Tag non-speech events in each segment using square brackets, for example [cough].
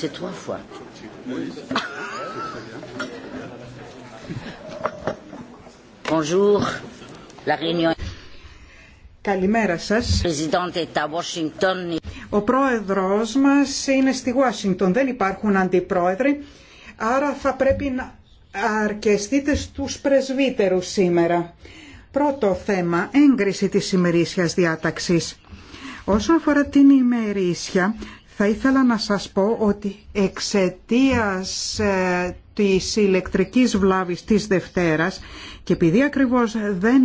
C'est trois fois. Bonjour. La réunion... Καλημέρα σας. Ο πρόεδρος μας είναι στη Ουάσιγκτον. Δεν υπάρχουν αντιπρόεδροι, άρα θα πρέπει να αρκεστείτε στους πρεσβύτερους σήμερα. Πρώτο θέμα, έγκριση της ημερήσιας διάταξης. Όσον αφορά την ημερήσια, θα ήθελα να σας πω ότι εξαιτίας ε, της ηλεκτρικής βλάβης της Δευτέρας και επειδή ακριβώς δεν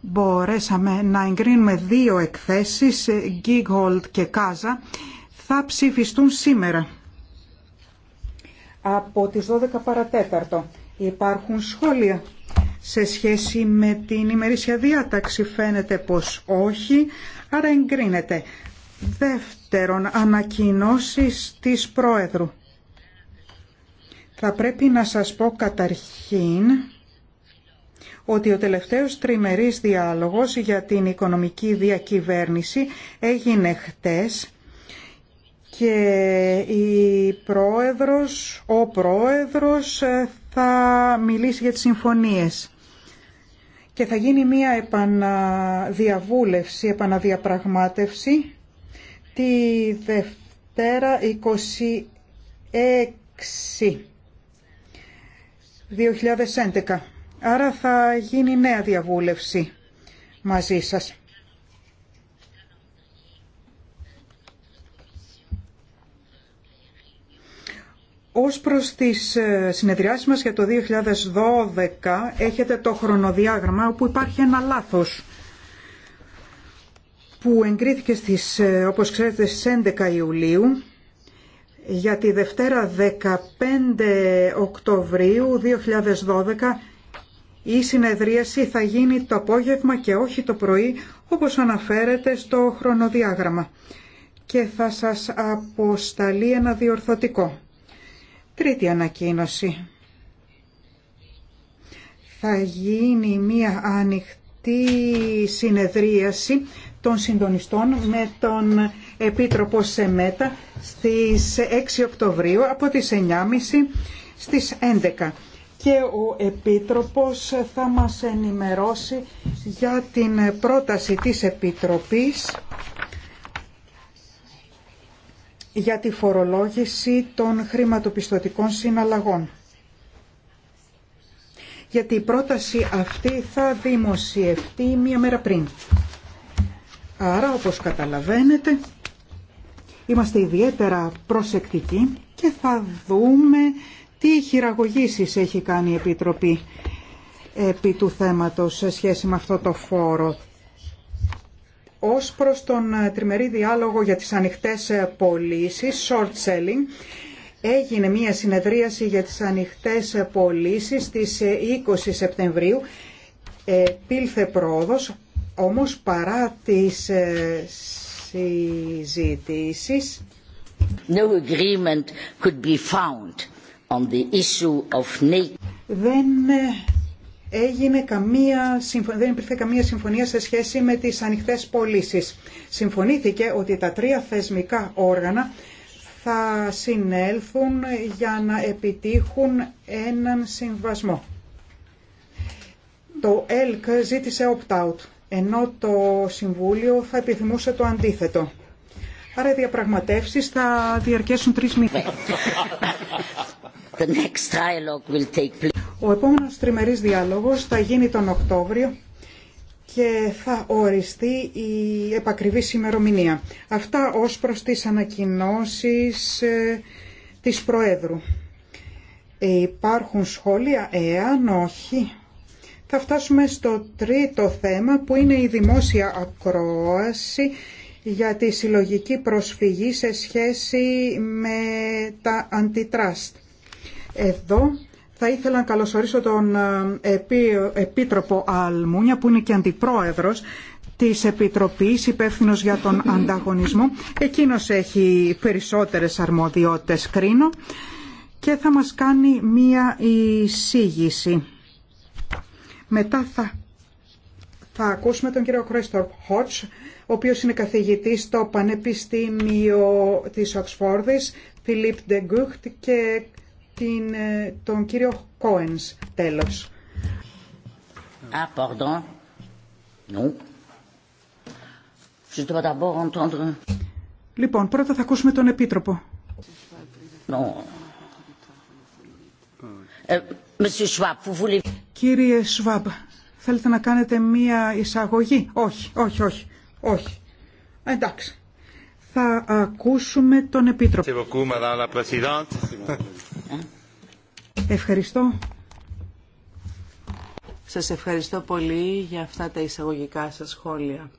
μπορέσαμε να εγκρίνουμε δύο εκθέσεις, Γκίγολτ ε, και Κάζα, θα ψηφιστούν σήμερα από τις 12 παρατέταρτο. Υπάρχουν σχόλια σε σχέση με την ημερήσια διάταξη. Φαίνεται πως όχι, άρα εγκρίνεται. Δεύτερον, ανακοινώσεις της Πρόεδρου. Θα πρέπει να σας πω καταρχήν ότι ο τελευταίος τριμερής διάλογος για την οικονομική διακυβέρνηση έγινε χτες και η πρόεδρος, ο πρόεδρος ε, θα μιλήσει για τις συμφωνίες και θα γίνει μια επαναδιαβούλευση, επαναδιαπραγμάτευση τη Δευτέρα 26 2011. Άρα θα γίνει νέα διαβούλευση μαζί σας. Ως προς τις ε, συνεδριάσεις μας για το 2012 έχετε το χρονοδιάγραμμα όπου υπάρχει ένα λάθος που εγκρίθηκε στις, ε, όπως ξέρετε στις 11 Ιουλίου για τη Δευτέρα 15 Οκτωβρίου 2012 η συνεδρίαση θα γίνει το απόγευμα και όχι το πρωί όπως αναφέρεται στο χρονοδιάγραμμα και θα σας αποσταλεί ένα διορθωτικό. Τρίτη ανακοίνωση. Θα γίνει μία ανοιχτή συνεδρίαση των συντονιστών με τον Επίτροπο Σεμέτα στις 6 Οκτωβρίου από τις 9.30 στις 11. Και ο Επίτροπος θα μας ενημερώσει για την πρόταση της Επιτροπής για τη φορολόγηση των χρηματοπιστωτικών συναλλαγών. Γιατί η πρόταση αυτή θα δημοσιευτεί μία μέρα πριν. Άρα, όπως καταλαβαίνετε, είμαστε ιδιαίτερα προσεκτικοί και θα δούμε τι χειραγωγήσεις έχει κάνει η Επιτροπή επί του θέματος σε σχέση με αυτό το φόρο ως προς τον ε, τριμερή διάλογο για τις ανοιχτές ε, πωλήσει, short selling, έγινε μια συνεδρίαση για τις ανοιχτές ε, πωλήσει στις 20 Σεπτεμβρίου. Πήλθε πρόοδος, όμως παρά τις συζητήσεις δεν έγινε καμία, δεν υπήρχε καμία συμφωνία σε σχέση με τις ανοιχτές πωλήσει. Συμφωνήθηκε ότι τα τρία θεσμικά όργανα θα συνέλθουν για να επιτύχουν έναν συμβασμό. Το ΕΛΚ ζήτησε opt-out ενώ το Συμβούλιο θα επιθυμούσε το αντίθετο. Άρα οι διαπραγματεύσεις θα διαρκέσουν τρεις μήνες. Ο επόμενος τριμερής διάλογος θα γίνει τον Οκτώβριο και θα οριστεί η επακριβή ημερομηνία. Αυτά ως προς τις ανακοινώσεις ε, της Προέδρου. Ε, υπάρχουν σχόλια, εάν όχι, θα φτάσουμε στο τρίτο θέμα που είναι η δημόσια ακρόαση για τη συλλογική προσφυγή σε σχέση με τα αντιτράστ. Εδώ θα ήθελα να καλωσορίσω τον ε, Επίτροπο Αλμούνια που είναι και αντιπρόεδρος της Επιτροπής υπεύθυνος για τον ανταγωνισμό. Εκείνος έχει περισσότερες αρμοδιότητες κρίνω και θα μας κάνει μία εισήγηση. Μετά θα, θα ακούσουμε τον κύριο Κρέστορ Χότς, ο οποίος είναι καθηγητής στο Πανεπιστήμιο της Οξφόρδης, Φιλίπ Ντεγκούχτ και ε, τον κύριο Κόενς, τέλος. Ah, λοιπόν, πρώτα θα ακούσουμε τον Επίτροπο. Ε, Κύριε Σβάμπ, θέλετε να κάνετε μία εισαγωγή. Όχι, όχι, όχι, όχι. Εντάξει. Θα ακούσουμε τον Επίτροπο. Ε, ευχαριστώ. Σας ευχαριστώ πολύ για αυτά τα εισαγωγικά σας σχόλια.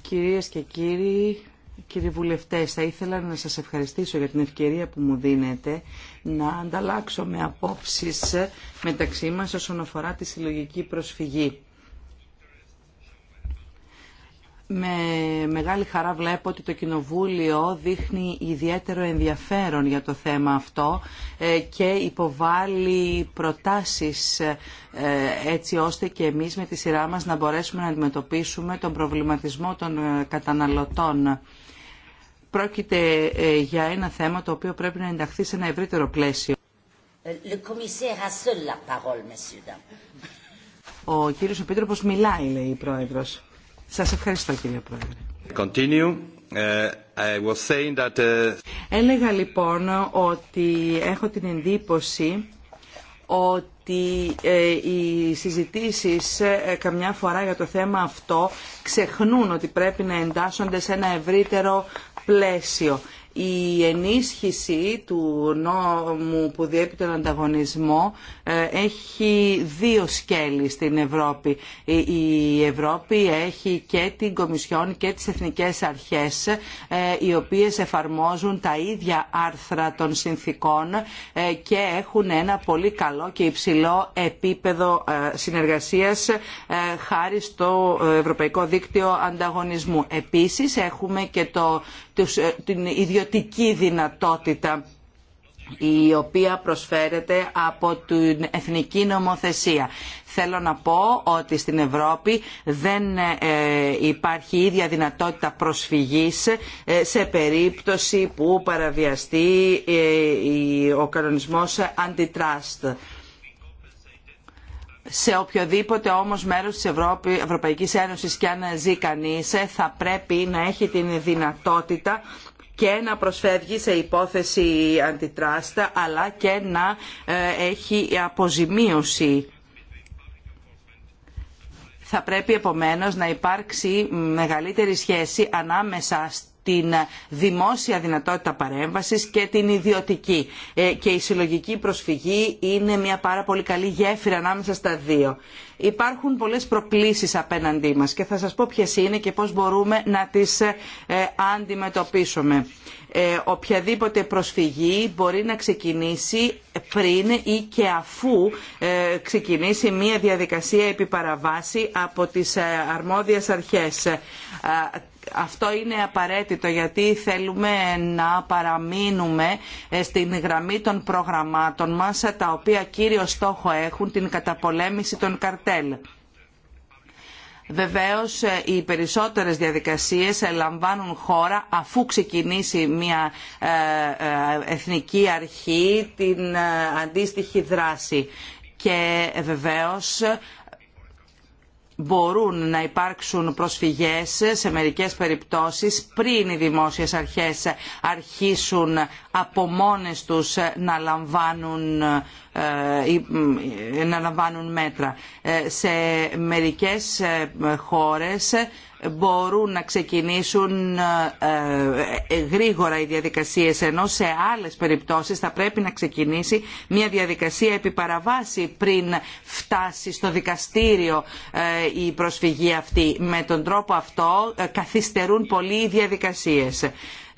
Κυρίες και κύριοι, Κύριε Βουλευτές, θα ήθελα να σας ευχαριστήσω για την ευκαιρία που μου δίνετε να ανταλλάξω με απόψεις μεταξύ μας όσον αφορά τη συλλογική προσφυγή. Με μεγάλη χαρά βλέπω ότι το Κοινοβούλιο δείχνει ιδιαίτερο ενδιαφέρον για το θέμα αυτό ε, και υποβάλλει προτάσεις ε, έτσι ώστε και εμείς με τη σειρά μας να μπορέσουμε να αντιμετωπίσουμε τον προβληματισμό των ε, καταναλωτών πρόκειται ε, για ένα θέμα το οποίο πρέπει να ενταχθεί σε ένα ευρύτερο πλαίσιο. Ε, Ο κύριος Επίτροπο μιλάει, λέει η πρόεδρο. Σας ευχαριστώ κύριε Πρόεδρε. Continue. Ε, Έλεγα λοιπόν ότι έχω την εντύπωση ότι οι συζητήσεις καμιά φορά για το θέμα αυτό ξεχνούν ότι πρέπει να εντάσσονται σε ένα ευρύτερο πλαίσιο. Η ενίσχυση του νόμου που διέπει τον ανταγωνισμό ε, έχει δύο σκέλη στην Ευρώπη. Η Ευρώπη έχει και την Κομισιόν και τις Εθνικές Αρχές ε, οι οποίες εφαρμόζουν τα ίδια άρθρα των συνθήκων ε, και έχουν ένα πολύ καλό και υψηλό επίπεδο συνεργασίας χάρη στο Ευρωπαϊκό Δίκτυο Ανταγωνισμού. Επίσης έχουμε και το τους, ε, την ιδιωτική δυνατότητα η οποία προσφέρεται από την εθνική νομοθεσία. Θέλω να πω ότι στην Ευρώπη δεν ε, υπάρχει ίδια δυνατότητα προσφυγής ε, σε περίπτωση που παραβιαστεί ο κανονισμός αντιτράστ σε οποιοδήποτε όμως μέρος της Ευρώπη, Ευρωπαϊκής Ένωσης και αν ζει κανείς ε, θα πρέπει να έχει την δυνατότητα και να προσφεύγει σε υπόθεση αντιτράστα αλλά και να ε, έχει αποζημίωση. Θα πρέπει επομένως να υπάρξει μεγαλύτερη σχέση ανάμεσα την δημόσια δυνατότητα παρέμβασης και την ιδιωτική. Ε, και η συλλογική προσφυγή είναι μια πάρα πολύ καλή γέφυρα ανάμεσα στα δύο. Υπάρχουν πολλές προκλήσεις απέναντί μας και θα σας πω ποιες είναι και πώς μπορούμε να τις ε, αντιμετωπίσουμε. Ε, οποιαδήποτε προσφυγή μπορεί να ξεκινήσει πριν ή και αφού ξεκινήσει μια διαδικασία επιπαραβάση από τις αρμόδιες αρχές αυτό είναι απαραίτητο γιατί θέλουμε να παραμείνουμε ε, στην γραμμή των προγραμμάτων μας τα οποία κύριο στόχο έχουν την καταπολέμηση των καρτέλ. Βεβαίως ε, οι περισσότερες διαδικασίες ε, λαμβάνουν χώρα αφού ξεκινήσει μια εθνική αρχή την αντίστοιχη δράση και βεβαίως μπορούν να υπάρξουν προσφυγές σε μερικές περιπτώσεις πριν οι δημόσιες αρχές αρχίσουν από μόνες τους να λαμβάνουν, ε, ε, να λαμβάνουν μέτρα. Ε, σε μερικές χώρες μπορούν να ξεκινήσουν ε, ε, γρήγορα οι διαδικασίες ενώ σε άλλες περιπτώσεις θα πρέπει να ξεκινήσει μια διαδικασία επί πριν φτάσει στο δικαστήριο ε, η προσφυγή αυτή. Με τον τρόπο αυτό καθυστερούν πολύ οι διαδικασίες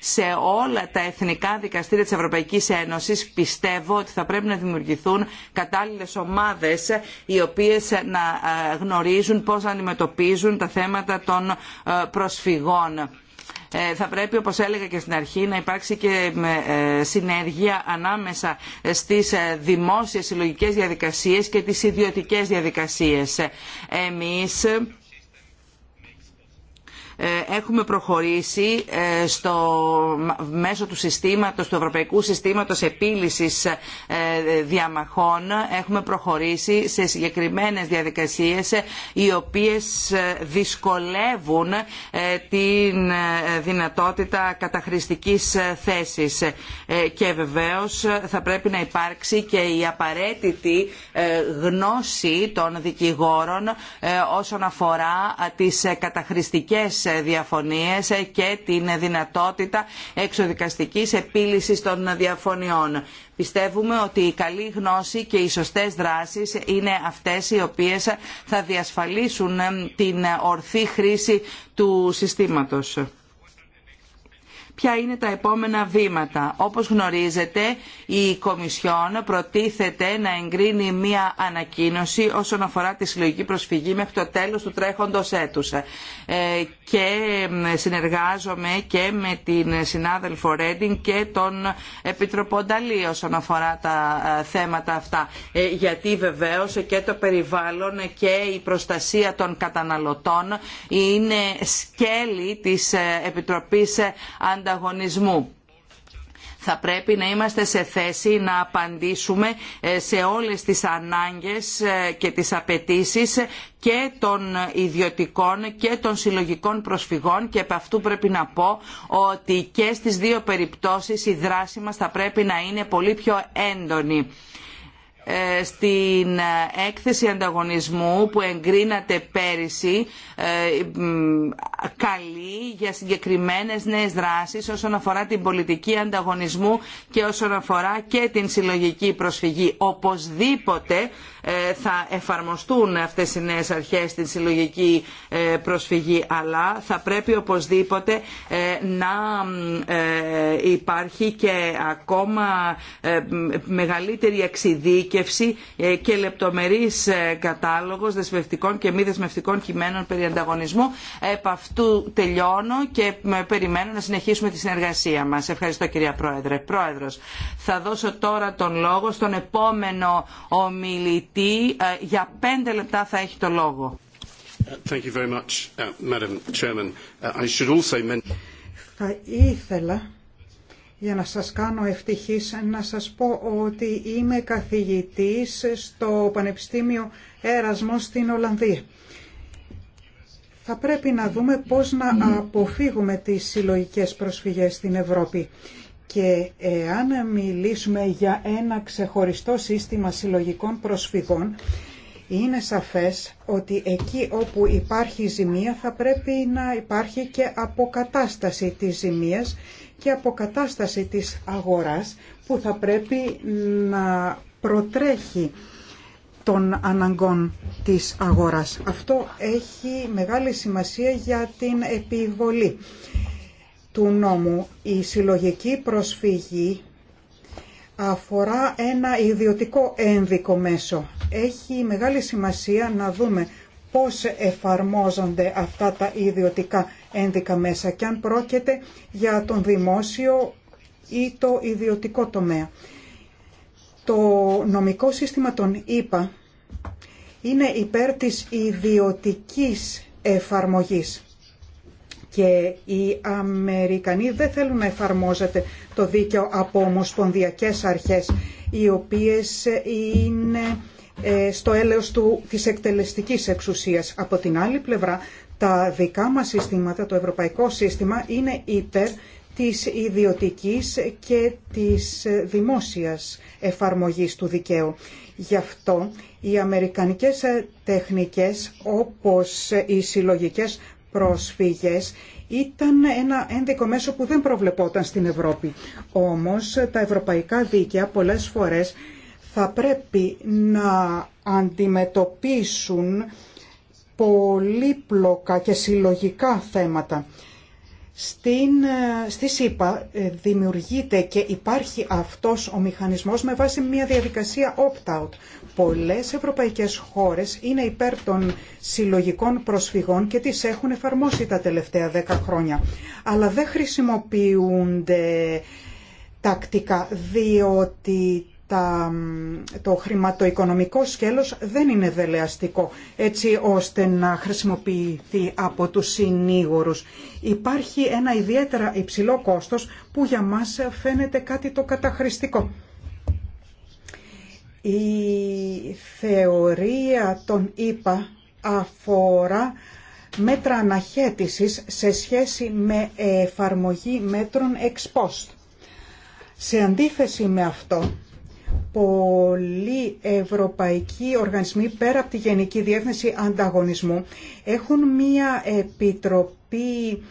σε όλα τα εθνικά δικαστήρια της Ευρωπαϊκής Ένωσης πιστεύω ότι θα πρέπει να δημιουργηθούν κατάλληλες ομάδες οι οποίες να ε, γνωρίζουν πώς να αντιμετωπίζουν τα θέματα των ε, προσφυγών ε, θα πρέπει όπως έλεγα και στην αρχή να υπάρξει και συνέργεια ανάμεσα στις δημόσιες συλλογικές διαδικασίες και τις ιδιωτικές διαδικασίες. Εμείς ε, έχουμε προχωρήσει ε, στο, μέσω του συστήματος, του ευρωπαϊκού συστήματος επίλυσης ε, διαμαχών, έχουμε προχωρήσει σε συγκεκριμένες διαδικασίες οι οποίες δυσκολεύουν την δυνατότητα καταχρηστικής θέσης. Και βεβαίως θα πρέπει να υπάρξει και η απαραίτητη γνώση των δικηγόρων όσον αφορά τις καταχρηστικές ε, διαφωνίες ε, και την δυνατότητα εξοδικαστικής επίλυσης των διαφωνιών. Πιστεύουμε ότι η καλή γνώση και οι σωστές δράσεις είναι αυτές οι οποίες θα διασφαλίσουν ε, την ορθή χρήση του συστήματος ποια είναι τα επόμενα βήματα. Όπως γνωρίζετε, η Κομισιόν προτίθεται να εγκρίνει μία ανακοίνωση όσον αφορά τη συλλογική προσφυγή μέχρι το τέλος του τρέχοντος έτους. Ε, και συνεργάζομαι και με την συνάδελφο Ρέντιν και τον Επιτροπό Νταλή όσον αφορά τα ε, θέματα αυτά. Ε, γιατί βεβαίως και το περιβάλλον και η προστασία των καταναλωτών είναι σκέλη της Επιτροπής ανταγωνισμού θα πρέπει να είμαστε σε θέση να απαντήσουμε ε, σε όλες τις ανάγκες ε, και τις απαιτήσεις ε, και των ιδιωτικών και των συλλογικών προσφυγών και από αυτού πρέπει να πω ότι και στις δύο περιπτώσεις η δράση μας θα πρέπει να είναι πολύ πιο έντονη ε, στην ε, έκθεση ανταγωνισμού που εγκρίνατε πέρυσι ε, καλή για συγκεκριμένες νέες δράσεις όσον αφορά την πολιτική ανταγωνισμού και όσον αφορά και την συλλογική προσφυγή. Οπωσδήποτε θα εφαρμοστούν αυτές οι νέες αρχές στην συλλογική προσφυγή αλλά θα πρέπει οπωσδήποτε να υπάρχει και ακόμα μεγαλύτερη εξειδίκη εξειδίκευση ε, και λεπτομερής ε, κατάλογος δεσμευτικών και μη δεσμευτικών κειμένων περί ανταγωνισμού. Επ' αυτού τελειώνω και ε, περιμένω να συνεχίσουμε τη συνεργασία μας. Ευχαριστώ κυρία Πρόεδρε. Πρόεδρος, θα δώσω τώρα τον λόγο στον επόμενο ομιλητή. Για πέντε λεπτά θα έχει το λόγο. Thank you very much, uh, Madam Chairman. Uh, I should also... Θα για να σας κάνω ευτυχής, να σας πω ότι είμαι καθηγητής στο Πανεπιστήμιο Έρασμος στην Ολλανδία. Θα πρέπει να δούμε πώς να αποφύγουμε τις συλλογικές προσφυγές στην Ευρώπη. Και εάν μιλήσουμε για ένα ξεχωριστό σύστημα συλλογικών προσφυγών, είναι σαφές ότι εκεί όπου υπάρχει ζημία θα πρέπει να υπάρχει και αποκατάσταση της ζημίας και αποκατάσταση της αγοράς που θα πρέπει να προτρέχει των αναγκών της αγοράς. Αυτό έχει μεγάλη σημασία για την επιβολή του νόμου. Η συλλογική προσφυγή αφορά ένα ιδιωτικό ένδικο μέσο. Έχει μεγάλη σημασία να δούμε πώς εφαρμόζονται αυτά τα ιδιωτικά μέσα και αν πρόκειται για τον δημόσιο ή το ιδιωτικό τομέα. Το νομικό σύστημα των ΙΠΑ είναι υπέρ της ιδιωτικής εφαρμογής και οι Αμερικανοί δεν θέλουν να εφαρμόζεται το δίκαιο από ομοσπονδιακές αρχές οι οποίες είναι ε, στο έλεος του, της εκτελεστικής εξουσίας. Από την άλλη πλευρά τα δικά μας συστήματα, το ευρωπαϊκό σύστημα, είναι είτε της ιδιωτικής και της δημόσιας εφαρμογής του δικαίου. Γι' αυτό οι αμερικανικές τεχνικές όπως οι συλλογικές πρόσφυγες ήταν ένα ένδικο μέσο που δεν προβλεπόταν στην Ευρώπη. Όμως τα ευρωπαϊκά δίκαια πολλές φορές θα πρέπει να αντιμετωπίσουν πολύπλοκα και συλλογικά θέματα. Στην, ε, στη ΣΥΠΑ ε, δημιουργείται και υπάρχει αυτός ο μηχανισμός με βάση μια διαδικασία opt-out. Πολλές ευρωπαϊκές χώρες είναι υπέρ των συλλογικών προσφυγών και τις έχουν εφαρμόσει τα τελευταία δέκα χρόνια. Αλλά δεν χρησιμοποιούνται τακτικά διότι το χρηματοοικονομικό σκέλος δεν είναι δελεαστικό έτσι ώστε να χρησιμοποιηθεί από τους συνήγορους. Υπάρχει ένα ιδιαίτερα υψηλό κόστος που για μας φαίνεται κάτι το καταχρηστικό. Η θεωρία των ΙΠΑ αφορά μέτρα αναχέτησης σε σχέση με εφαρμογή μέτρων ex Σε αντίθεση με αυτό, πολλοί ευρωπαϊκοί οργανισμοί πέρα από τη Γενική Διεύθυνση Ανταγωνισμού έχουν μία επιτροπή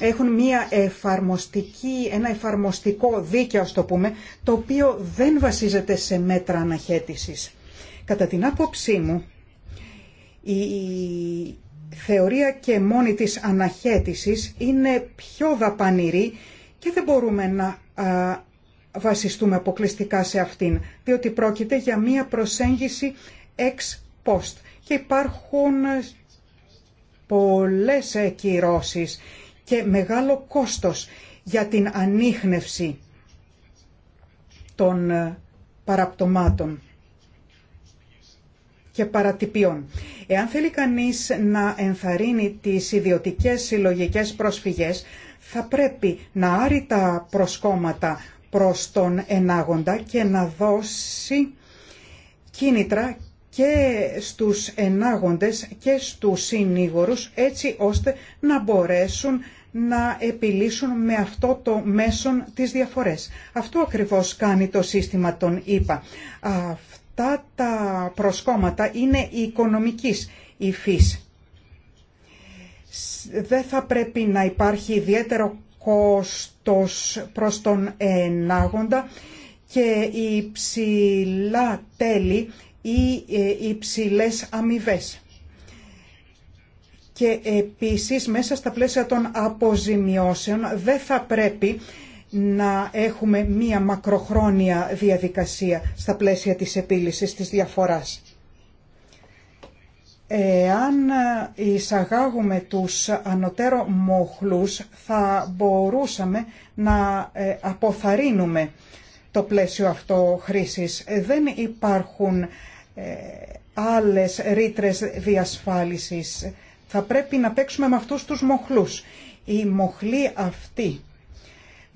έχουν μία εφαρμοστική, ένα εφαρμοστικό δίκαιο, ας το πούμε, το οποίο δεν βασίζεται σε μέτρα αναχέτησης. Κατά την άποψή μου, η θεωρία και μόνη της αναχέτησης είναι πιο δαπανηρή και δεν μπορούμε να βασιστούμε αποκλειστικά σε αυτήν, διότι πρόκειται για μία προσέγγιση ex post και υπάρχουν πολλές κυρώσεις και μεγάλο κόστος για την ανείχνευση των ε, παραπτωμάτων και παρατυπιών. Εάν θέλει κανείς να ενθαρρύνει τις ιδιωτικές συλλογικές προσφυγές, θα πρέπει να άρει τα προσκόμματα προς τον ενάγοντα και να δώσει κίνητρα και στους ενάγοντες και στους συνήγορους έτσι ώστε να μπορέσουν να επιλύσουν με αυτό το μέσον τις διαφορές. Αυτό ακριβώς κάνει το σύστημα των ΙΠΑ. Αυτά τα προσκόμματα είναι οικονομικής υφής. Δεν θα πρέπει να υπάρχει ιδιαίτερο κόστος προς τον ενάγοντα και υψηλά τέλη ή ε, υψηλές αμοιβέ. Και επίσης μέσα στα πλαίσια των αποζημιώσεων δεν θα πρέπει να έχουμε μία μακροχρόνια διαδικασία στα πλαίσια της επίλυσης της διαφοράς. Εάν εισαγάγουμε τους ανωτέρω μοχλούς θα μπορούσαμε να ε, αποθαρρύνουμε το πλαίσιο αυτό χρήσης. Ε, δεν υπάρχουν ε, άλλες ρήτρες διασφάλισης. Θα πρέπει να παίξουμε με αυτούς τους μοχλούς. Οι μοχλοί αυτοί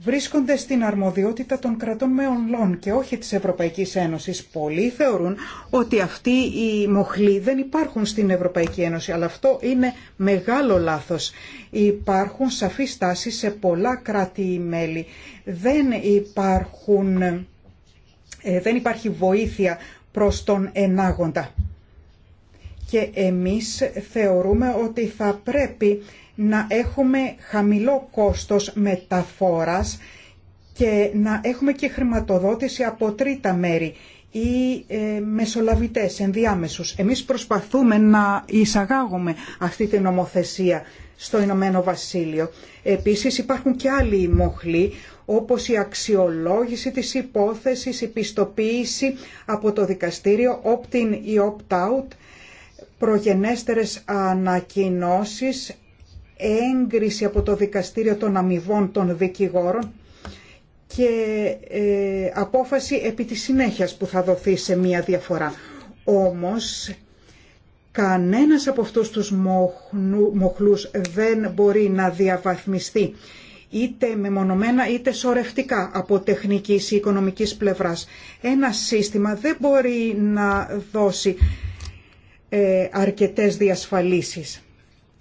βρίσκονται στην αρμοδιότητα των κρατών μελών και όχι της Ευρωπαϊκής Ένωσης. Πολλοί θεωρούν ότι αυτοί οι μοχλοί δεν υπάρχουν στην Ευρωπαϊκή Ένωση, αλλά αυτό είναι μεγάλο λάθος. Υπάρχουν σαφείς στάσεις σε πολλά κράτη-μέλη. Δεν, υπάρχουν, ε, δεν υπάρχει βοήθεια προς τον ενάγοντα. Και εμείς θεωρούμε ότι θα πρέπει να έχουμε χαμηλό κόστος μεταφόρας και να έχουμε και χρηματοδότηση από τρίτα μέρη ή ε, μεσολαβητές, ενδιάμεσους. Εμείς προσπαθούμε να εισαγάγουμε αυτή την νομοθεσία στο Ηνωμένο Βασίλειο. Επίσης υπάρχουν και άλλοι μοχλοί όπως η μεσολαβητες ενδιαμεσους εμεις προσπαθουμε να εισαγαγουμε της υπόθεσης, η πιστοποίηση από το δικαστήριο, opt-in ή opt-out, προγενέστερες ανακοινώσεις, έγκριση από το Δικαστήριο των Αμοιβών των Δικηγόρων και ε, απόφαση επί της συνέχειας που θα δοθεί σε μία διαφορά. Όμως, κανένας από αυτούς τους μοχνου, μοχλούς δεν μπορεί να διαβαθμιστεί είτε μεμονωμένα είτε σωρευτικά από τεχνικής ή οικονομικής πλευράς. Ένα σύστημα δεν μπορεί να δώσει ε, αρκετές διασφαλίσεις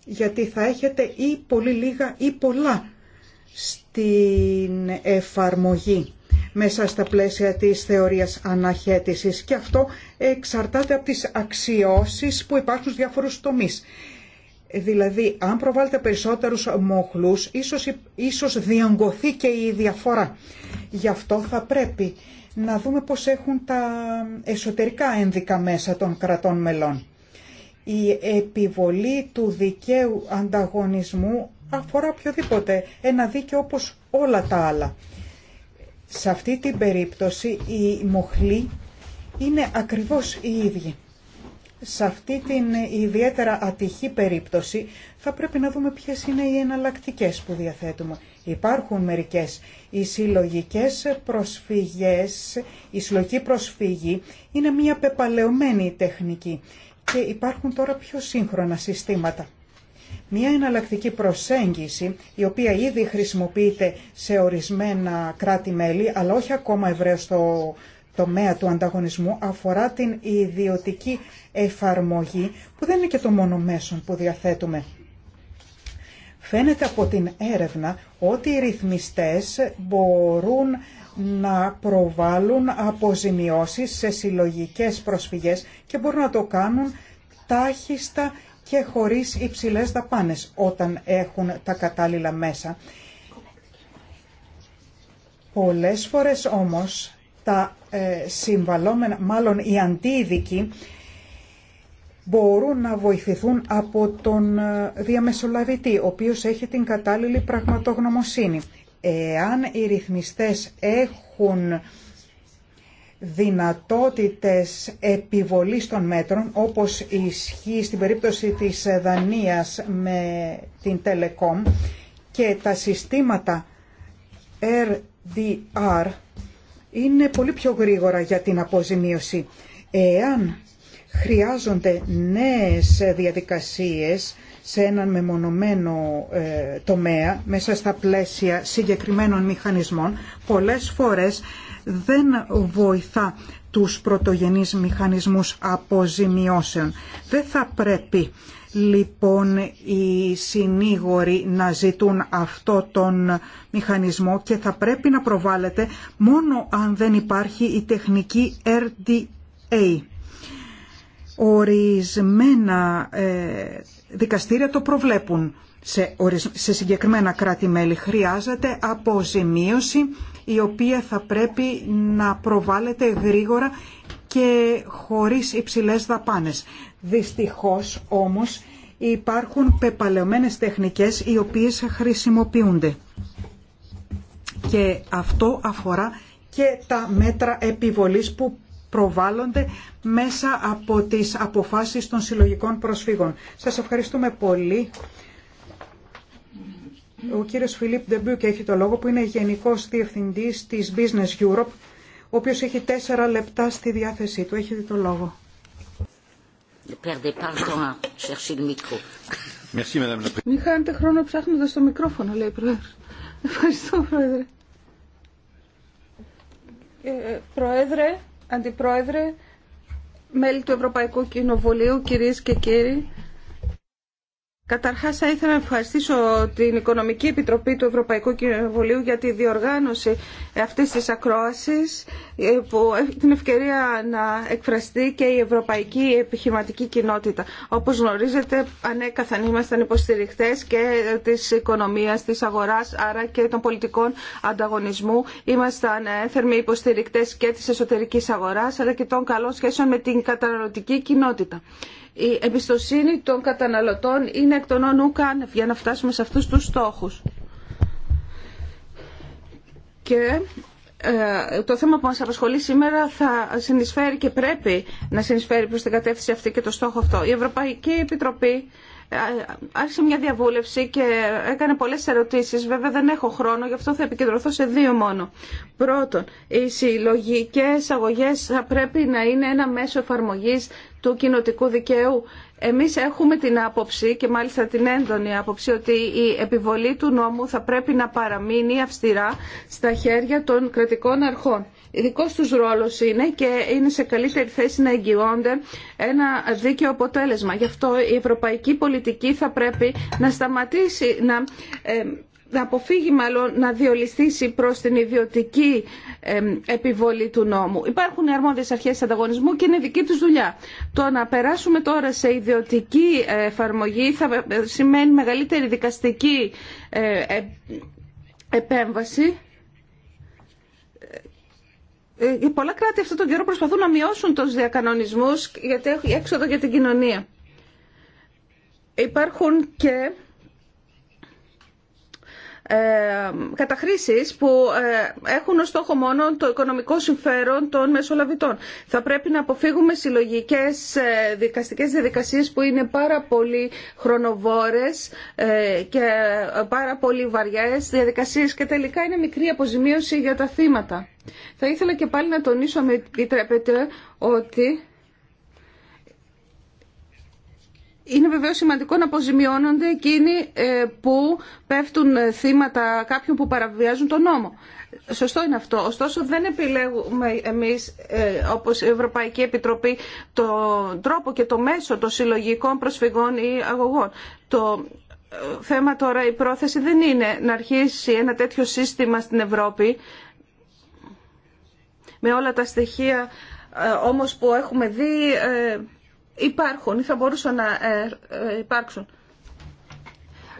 γιατί θα έχετε ή πολύ λίγα ή πολλά στην εφαρμογή μέσα στα πλαίσια της θεωρίας αναχέτησης και αυτό εξαρτάται από τις αξιώσεις που υπάρχουν στους διάφορους τομείς. Δηλαδή, αν προβάλλετε περισσότερους μοχλούς, ίσως, ίσως διαγκωθεί και η διαφορά. Γι' αυτό θα πρέπει να δούμε πώς έχουν τα εσωτερικά ένδικα μέσα των κρατών μελών η επιβολή του δικαίου ανταγωνισμού αφορά οποιοδήποτε ένα δίκαιο όπως όλα τα άλλα. Σε αυτή την περίπτωση η μοχλή είναι ακριβώς η ίδια. Σε αυτή την ιδιαίτερα ατυχή περίπτωση θα πρέπει να δούμε ποιες είναι οι εναλλακτικές που διαθέτουμε. Υπάρχουν μερικές. Οι συλλογικές προσφυγές, η συλλογική προσφύγη είναι μια πεπαλαιωμένη τεχνική και υπάρχουν τώρα πιο σύγχρονα συστήματα. Μία εναλλακτική προσέγγιση, η οποία ήδη χρησιμοποιείται σε ορισμένα κράτη-μέλη, αλλά όχι ακόμα ευρέως στο τομέα του ανταγωνισμού, αφορά την ιδιωτική εφαρμογή, που δεν είναι και το μόνο μέσο που διαθέτουμε. Φαίνεται από την έρευνα ότι οι ρυθμιστές μπορούν να προβάλλουν αποζημιώσεις σε συλλογικές προσφυγές και μπορούν να το κάνουν τάχιστα και χωρίς υψηλές δαπάνες όταν έχουν τα κατάλληλα μέσα. Πολλές φορές όμως τα ε, συμβαλόμενα, μάλλον οι αντίδικοι, μπορούν να βοηθηθούν από τον ε, διαμεσολαβητή, ο οποίος έχει την κατάλληλη πραγματογνωμοσύνη. Εάν οι ρυθμιστές έχουν δυνατότητες επιβολής των μέτρων, όπως ισχύει στην περίπτωση της Δανίας με την Telecom και τα συστήματα RDR είναι πολύ πιο γρήγορα για την αποζημίωση. Εάν χρειάζονται νέες διαδικασίες σε έναν μεμονωμένο ε, τομέα μέσα στα πλαίσια συγκεκριμένων μηχανισμών πολλές φορές δεν βοηθά τους πρωτογενείς μηχανισμούς αποζημιώσεων. Δεν θα πρέπει λοιπόν οι συνήγοροι να ζητούν αυτό τον μηχανισμό και θα πρέπει να προβάλλεται μόνο αν δεν υπάρχει η τεχνική RDA Ορισμένα ε, δικαστήρια το προβλέπουν σε συγκεκριμένα κράτη-μέλη. Χρειάζεται αποζημίωση η οποία θα πρέπει να προβάλλεται γρήγορα και χωρίς υψηλές δαπάνες. Δυστυχώς όμως υπάρχουν πεπαλαιωμένες τεχνικές οι οποίες χρησιμοποιούνται. Και αυτό αφορά και τα μέτρα επιβολής που προβάλλονται μέσα από τις αποφάσεις των συλλογικών προσφύγων. Σας ευχαριστούμε πολύ. Ο κύριος Φιλίπ Ντεμπούκ έχει το λόγο που είναι γενικός διευθυντής της Business Europe, ο οποίος έχει τέσσερα λεπτά στη διάθεσή του. Έχετε το λόγο. Μην χάνετε χρόνο ψάχνοντας το μικρόφωνο, λέει η Ευχαριστώ, Πρόεδρε. Ε, ε πρόεδρε, Αντιπρόεδρε, μέλη του Ευρωπαϊκού Κοινοβουλίου, κυρίες και κύριοι, Καταρχάς θα ήθελα να ευχαριστήσω την Οικονομική Επιτροπή του Ευρωπαϊκού Κοινοβουλίου για τη διοργάνωση αυτής της ακρόασης ε, που έχει την ευκαιρία να εκφραστεί και η Ευρωπαϊκή Επιχειρηματική Κοινότητα. Όπως γνωρίζετε ανέκαθαν ήμασταν υποστηριχτές και της οικονομίας, της αγοράς άρα και των πολιτικών ανταγωνισμού. Ήμασταν ε, θερμοί υποστηρικτές και της εσωτερικής αγοράς αλλά και των καλών σχέσεων με την καταναλωτική κοινότητα η εμπιστοσύνη των καταναλωτών είναι εκ των όνου κάνευ για να φτάσουμε σε αυτούς τους στόχους. Και ε, το θέμα που μας απασχολεί σήμερα θα συνεισφέρει και πρέπει να συνεισφέρει προς την κατεύθυνση αυτή και το στόχο αυτό. Η Ευρωπαϊκή Επιτροπή ε, άρχισε μια διαβούλευση και έκανε πολλές ερωτήσεις. Βέβαια δεν έχω χρόνο, γι' αυτό θα επικεντρωθώ σε δύο μόνο. Πρώτον, οι συλλογικέ αγωγές θα πρέπει να είναι ένα μέσο εφαρμογής του κοινοτικού δικαίου. Εμείς έχουμε την άποψη και μάλιστα την έντονη άποψη ότι η επιβολή του νόμου θα πρέπει να παραμείνει αυστηρά στα χέρια των κρατικών αρχών. Ειδικό του ρόλο είναι και είναι σε καλύτερη θέση να εγγυώνται ένα δίκαιο αποτέλεσμα. Γι' αυτό η ευρωπαϊκή πολιτική θα πρέπει να σταματήσει να ε, να αποφύγει μάλλον να διολυστήσει προς την ιδιωτική επιβολή του νόμου. Υπάρχουν αρμόδιες αρχές ανταγωνισμού και είναι δική τους δουλειά. Το να περάσουμε τώρα σε ιδιωτική ε, εφαρμογή θα ε, σημαίνει μεγαλύτερη δικαστική ε, επέμβαση πολλά κράτη αυτόν τον καιρό προσπαθούν να μειώσουν τους διακανονισμούς γιατί έχουν έξοδο για την κοινωνία. Υπάρχουν και ε, καταχρήσεις που ε, έχουν ως στόχο μόνο το οικονομικό συμφέρον των μεσολαβητών. Θα πρέπει να αποφύγουμε συλλογικές ε, δικαστικές διαδικασίες που είναι πάρα πολύ χρονοβόρες και πάρα πολύ βαριές διαδικασίες και τελικά είναι μικρή αποζημίωση για τα θύματα. Θα ήθελα και πάλι να τονίσω, με επιτρέπετε, ότι Είναι βεβαίως σημαντικό να αποζημιώνονται εκείνοι ε, που πέφτουν θύματα κάποιων που παραβιάζουν τον νόμο. Σωστό είναι αυτό. Ωστόσο δεν επιλέγουμε εμείς ε, όπως η Ευρωπαϊκή Επιτροπή τον τρόπο και το μέσο των συλλογικών προσφυγών ή αγωγών. Το ε, θέμα τώρα η πρόθεση δεν είναι να αρχίσει ένα τέτοιο σύστημα στην Ευρώπη με όλα τα στοιχεία όμως που έχουμε δει υπάρχουν ή θα μπορούσαν να ε, ε, υπάρξουν.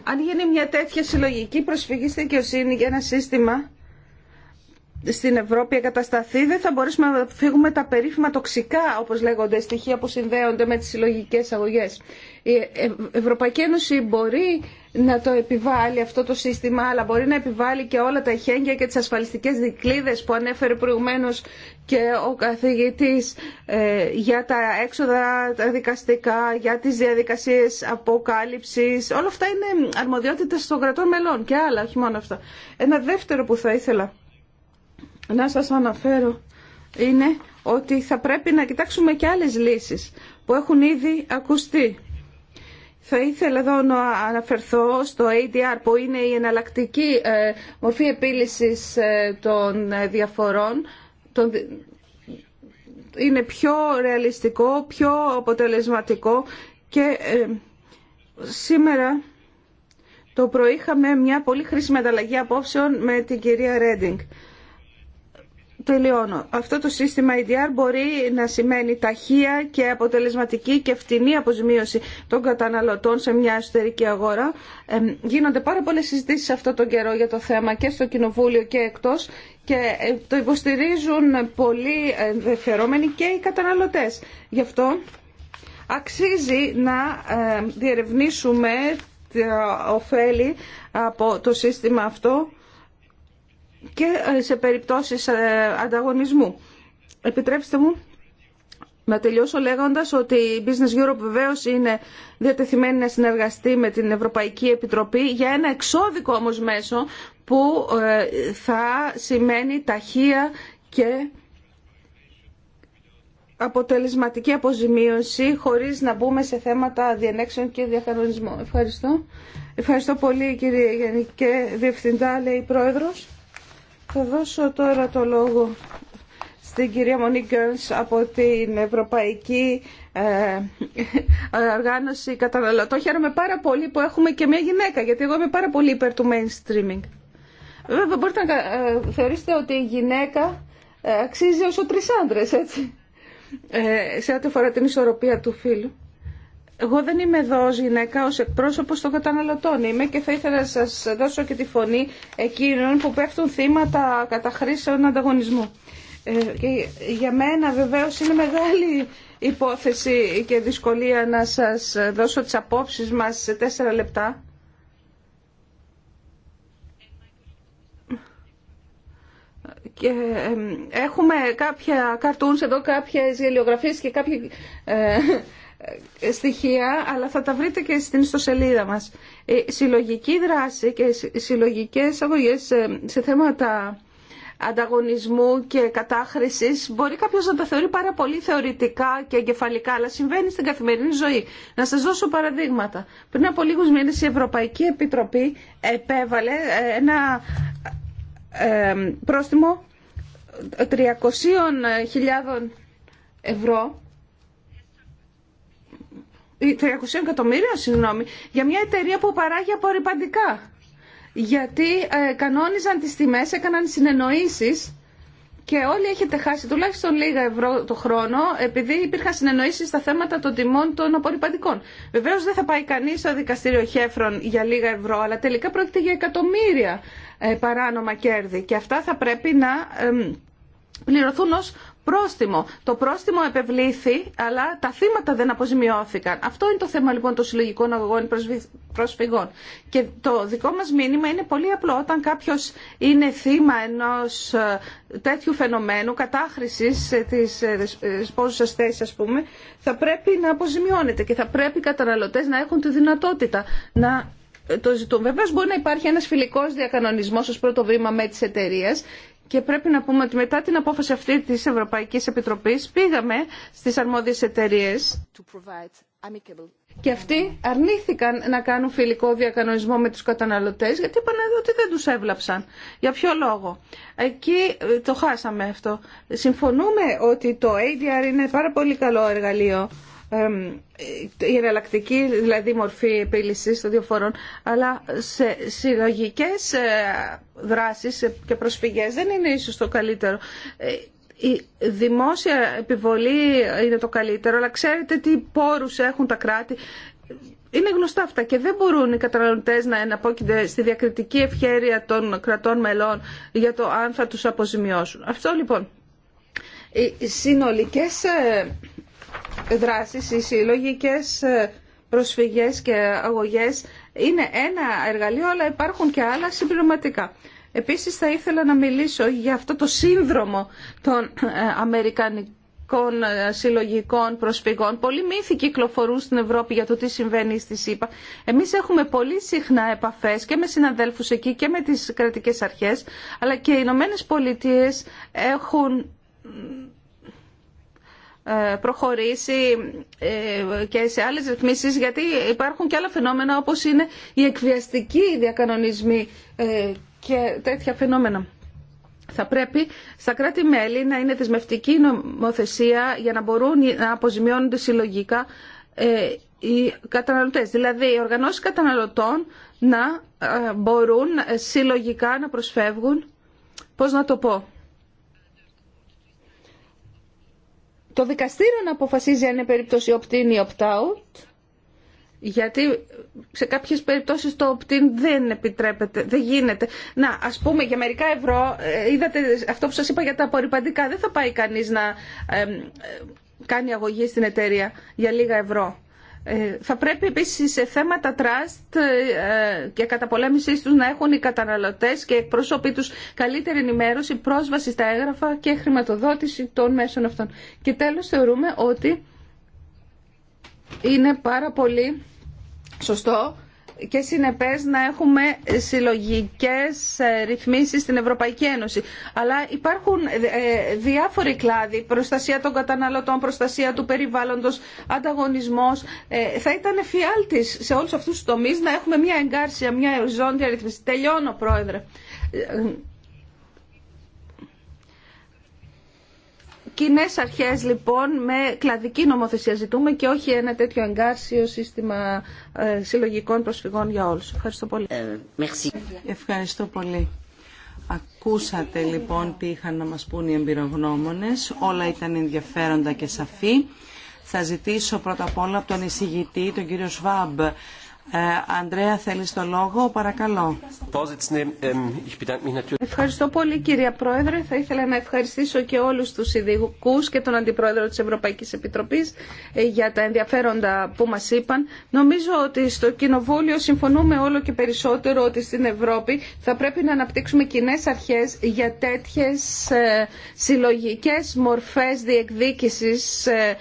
Αν γίνει μια τέτοια συλλογική προσφυγή στη δικαιοσύνη για ένα σύστημα στην Ευρώπη εγκατασταθεί, δεν θα μπορέσουμε να φύγουμε τα περίφημα τοξικά, όπω λέγονται, στοιχεία που συνδέονται με τι συλλογικέ αγωγέ. Η ε, Ευρωπαϊκή Ένωση μπορεί να το επιβάλλει αυτό το σύστημα, αλλά μπορεί να επιβάλλει και όλα τα ειχέγγια και τι ασφαλιστικέ δικλίδες που ανέφερε προηγουμένω και ο Καθηγήτη ε, για τα έξοδα τα δικαστικά, για τι διαδικασίε αποκάλυψη. Όλα αυτά είναι αρμοδιότητα των κρατών μελών και άλλα, όχι μόνο αυτά. Ένα δεύτερο που θα ήθελα να σας αναφέρω είναι ότι θα πρέπει να κοιτάξουμε και άλλες λύσεις που έχουν ήδη ακουστεί. Θα ήθελα εδώ να αναφερθώ στο ADR που είναι η εναλλακτική ε, μορφή επίλυσης ε, των διαφορών. Είναι πιο ρεαλιστικό, πιο αποτελεσματικό και ε, σήμερα το πρωί μια πολύ χρήσιμη ανταλλαγή απόψεων με την κυρία Ρέντινγκ. Τελειώνω. Αυτό το σύστημα EDR μπορεί να σημαίνει ταχεία και αποτελεσματική και φτηνή αποζημίωση των καταναλωτών σε μια εσωτερική αγορά. γίνονται πάρα πολλές συζητήσεις αυτόν τον καιρό για το θέμα και στο Κοινοβούλιο και εκτός και ε, το υποστηρίζουν πολύ ενδιαφερόμενοι και οι καταναλωτές. Γι' αυτό αξίζει να ε, διερευνήσουμε τα ωφέλη από το σύστημα αυτό και ε, σε περιπτώσεις ε, ανταγωνισμού. Επιτρέψτε μου να τελειώσω λέγοντας ότι η Business Europe βεβαίω είναι διατεθειμένη να συνεργαστεί με την Ευρωπαϊκή Επιτροπή για ένα εξώδικο όμως μέσο που ε, θα σημαίνει ταχεία και αποτελεσματική αποζημίωση χωρίς να μπούμε σε θέματα διενέξεων και διακανονισμού. Ευχαριστώ. Ευχαριστώ πολύ κύριε Γενική Διευθυντά, λέει η Πρόεδρος. Θα δώσω τώρα το λόγο στην κυρία Μονή Γκέρνς από την Ευρωπαϊκή ε, Οργάνωση Καταναλωτών. Χαίρομαι πάρα πολύ που έχουμε και μια γυναίκα, γιατί εγώ είμαι πάρα πολύ υπέρ του mainstreaming. Βέβαια, μπορείτε να ε, θεωρήσετε ότι η γυναίκα ε, αξίζει όσο τρεις άντρες, έτσι, ε, σε ό,τι αφορά την ισορροπία του φίλου. Εγώ δεν είμαι εδώ ως γυναίκα, ως εκπρόσωπος των καταναλωτών είμαι και θα ήθελα να σας δώσω και τη φωνή εκείνων που πέφτουν θύματα χρήσεων ανταγωνισμού. Ε, και για μένα βεβαίως είναι μεγάλη υπόθεση και δυσκολία να σας δώσω τις απόψεις μας σε τέσσερα λεπτά. Και έχουμε κάποια καρτούν εδώ, κάποιες γελιογραφίες και ε, ε, στοιχεία, αλλά θα τα βρείτε και στην ιστοσελίδα μας. Η ε, συλλογική δράση και οι συλλογικές αγωγές ε, σε θέματα ανταγωνισμού και κατάχρησης μπορεί κάποιος να τα θεωρεί πάρα πολύ θεωρητικά και εγκεφαλικά, αλλά συμβαίνει στην καθημερινή ζωή. Να σας δώσω παραδείγματα. Πριν από λίγους μήνες η Ευρωπαϊκή Επιτροπή επέβαλε ένα πρόστιμο 300.000 ευρώ 300 εκατομμύρια, συγγνώμη, για μια εταιρεία που παράγει απορριπαντικά. Γιατί ε, κανόνιζαν τις τιμές, έκαναν συνεννοήσεις και όλοι έχετε χάσει τουλάχιστον λίγα ευρώ το χρόνο επειδή υπήρχαν συνεννοήσεις στα θέματα των τιμών των απορριπαντικών. Βεβαίως δεν θα πάει κανείς στο δικαστήριο χέφρον για λίγα ευρώ, αλλά τελικά πρόκειται για εκατομμύρια ε, παράνομα κέρδη και αυτά θα πρέπει να... Ε, πληρωθούν ως πρόστιμο. Το πρόστιμο επευλήθη, αλλά τα θύματα δεν αποζημιώθηκαν. Αυτό είναι το θέμα λοιπόν των συλλογικών αγωγών προσφυγών. Και το δικό μας μήνυμα είναι πολύ απλό. Όταν κάποιος είναι θύμα ενός ε, τέτοιου φαινομένου, κατάχρησης ε, της ε, σπόζουσας θέσης ας πούμε, θα πρέπει να αποζημιώνεται και θα πρέπει οι καταναλωτές να έχουν τη δυνατότητα να το ζητούν. Βεβαίω μπορεί να υπάρχει ένα φιλικό διακανονισμό ω πρώτο βήμα με τι εταιρείε και πρέπει να πούμε ότι μετά την απόφαση αυτή της Ευρωπαϊκής Επιτροπής πήγαμε στις αρμόδιες εταιρείε και αυτοί αρνήθηκαν να κάνουν φιλικό διακανονισμό με τους καταναλωτές γιατί είπαν ότι δεν τους έβλαψαν. Για ποιο λόγο. Εκεί ε, το χάσαμε αυτό. Συμφωνούμε ότι το ADR είναι πάρα πολύ καλό εργαλείο η εναλλακτική δηλαδή μορφή επίλυσης των φορών αλλά σε συλλογικές ε, δράσεις και προσφυγές δεν είναι ίσως το καλύτερο. Ε, η δημόσια επιβολή είναι το καλύτερο, αλλά ξέρετε τι πόρους έχουν τα κράτη. Είναι γνωστά αυτά και δεν μπορούν οι καταναλωτέ να εναπόκεινται στη διακριτική ευχέρεια των κρατών μελών για το αν θα τους αποζημιώσουν. Αυτό λοιπόν. Οι συνολικές ε, δράσεις, οι συλλογικές ε, προσφυγές και αγωγές είναι ένα εργαλείο, αλλά υπάρχουν και άλλα συμπληρωματικά. Επίσης θα ήθελα να μιλήσω για αυτό το σύνδρομο των ε, Αμερικανικών ε, συλλογικών προσφυγών. Πολλοί μύθοι κυκλοφορούν στην Ευρώπη για το τι συμβαίνει στη ΣΥΠΑ. Εμείς έχουμε πολύ συχνά επαφές και με συναδέλφους εκεί και με τις κρατικές αρχές, αλλά και οι Ηνωμένε Πολιτείε έχουν ε, προχωρήσει ε, και σε άλλες ρυθμίσεις γιατί υπάρχουν και άλλα φαινόμενα όπως είναι οι εκβιαστικοί διακανονισμοί ε, και τέτοια φαινόμενα. Θα πρέπει στα κράτη-μέλη να είναι δεσμευτική νομοθεσία για να μπορούν να αποζημιώνονται συλλογικά οι καταναλωτές. Δηλαδή, οι οργανώσεις καταναλωτών να μπορούν συλλογικά να προσφεύγουν, πώς να το πω, Το δικαστήριο να αποφασίζει αν είναι περίπτωση opt-in ή opt-out, γιατί σε κάποιες περιπτώσεις το opt-in δεν επιτρέπεται, δεν γίνεται. Να, ας πούμε για μερικά ευρώ, ε, είδατε αυτό που σας είπα για τα απορριπαντικά, δεν θα πάει κανείς να ε, ε, κάνει αγωγή στην εταιρεία για λίγα ευρώ. Ε, θα πρέπει επίσης σε θέματα τραστ ε, και καταπολέμησής τους να έχουν οι καταναλωτές και εκπρόσωποι τους καλύτερη ενημέρωση, πρόσβαση στα έγγραφα και χρηματοδότηση των μέσων αυτών. Και τέλος θεωρούμε ότι είναι πάρα πολύ σωστό και συνεπές να έχουμε συλλογικές ε, ρυθμίσεις στην Ευρωπαϊκή Ένωση. Αλλά υπάρχουν ε, ε, διάφοροι κλάδοι, προστασία των καταναλωτών, προστασία του περιβάλλοντος, ανταγωνισμός. Θα ήταν φιάλτης σε όλους αυτούς τους τομείς να έχουμε μια εγκάρσια, μια οριζόντια ρυθμίση. Τελειώνω, Πρόεδρε. Κοινέ αρχές λοιπόν με κλαδική νομοθεσία ζητούμε και όχι ένα τέτοιο εγκάρσιο σύστημα ε, συλλογικών προσφυγών για όλους. Ευχαριστώ πολύ. Ε, Ευχαριστώ πολύ. Ακούσατε λοιπόν τι είχαν να μας πούν οι εμπειρογνώμονες. Όλα ήταν ενδιαφέροντα και σαφή. Θα ζητήσω πρώτα απ' όλα από τον εισηγητή, τον κύριο Σβάμπ, ε, Ανδρέα, θέλει το λόγο, παρακαλώ. Ευχαριστώ πολύ κυρία Πρόεδρε. Θα ήθελα να ευχαριστήσω και όλους τους ειδικού και τον Αντιπρόεδρο της Ευρωπαϊκής Επιτροπής ε, για τα ενδιαφέροντα που μας είπαν. Νομίζω ότι στο Κοινοβούλιο συμφωνούμε όλο και περισσότερο ότι στην Ευρώπη θα πρέπει να αναπτύξουμε κοινέ αρχέ για τέτοιε συλλογικέ μορφέ διεκδίκηση. Ε,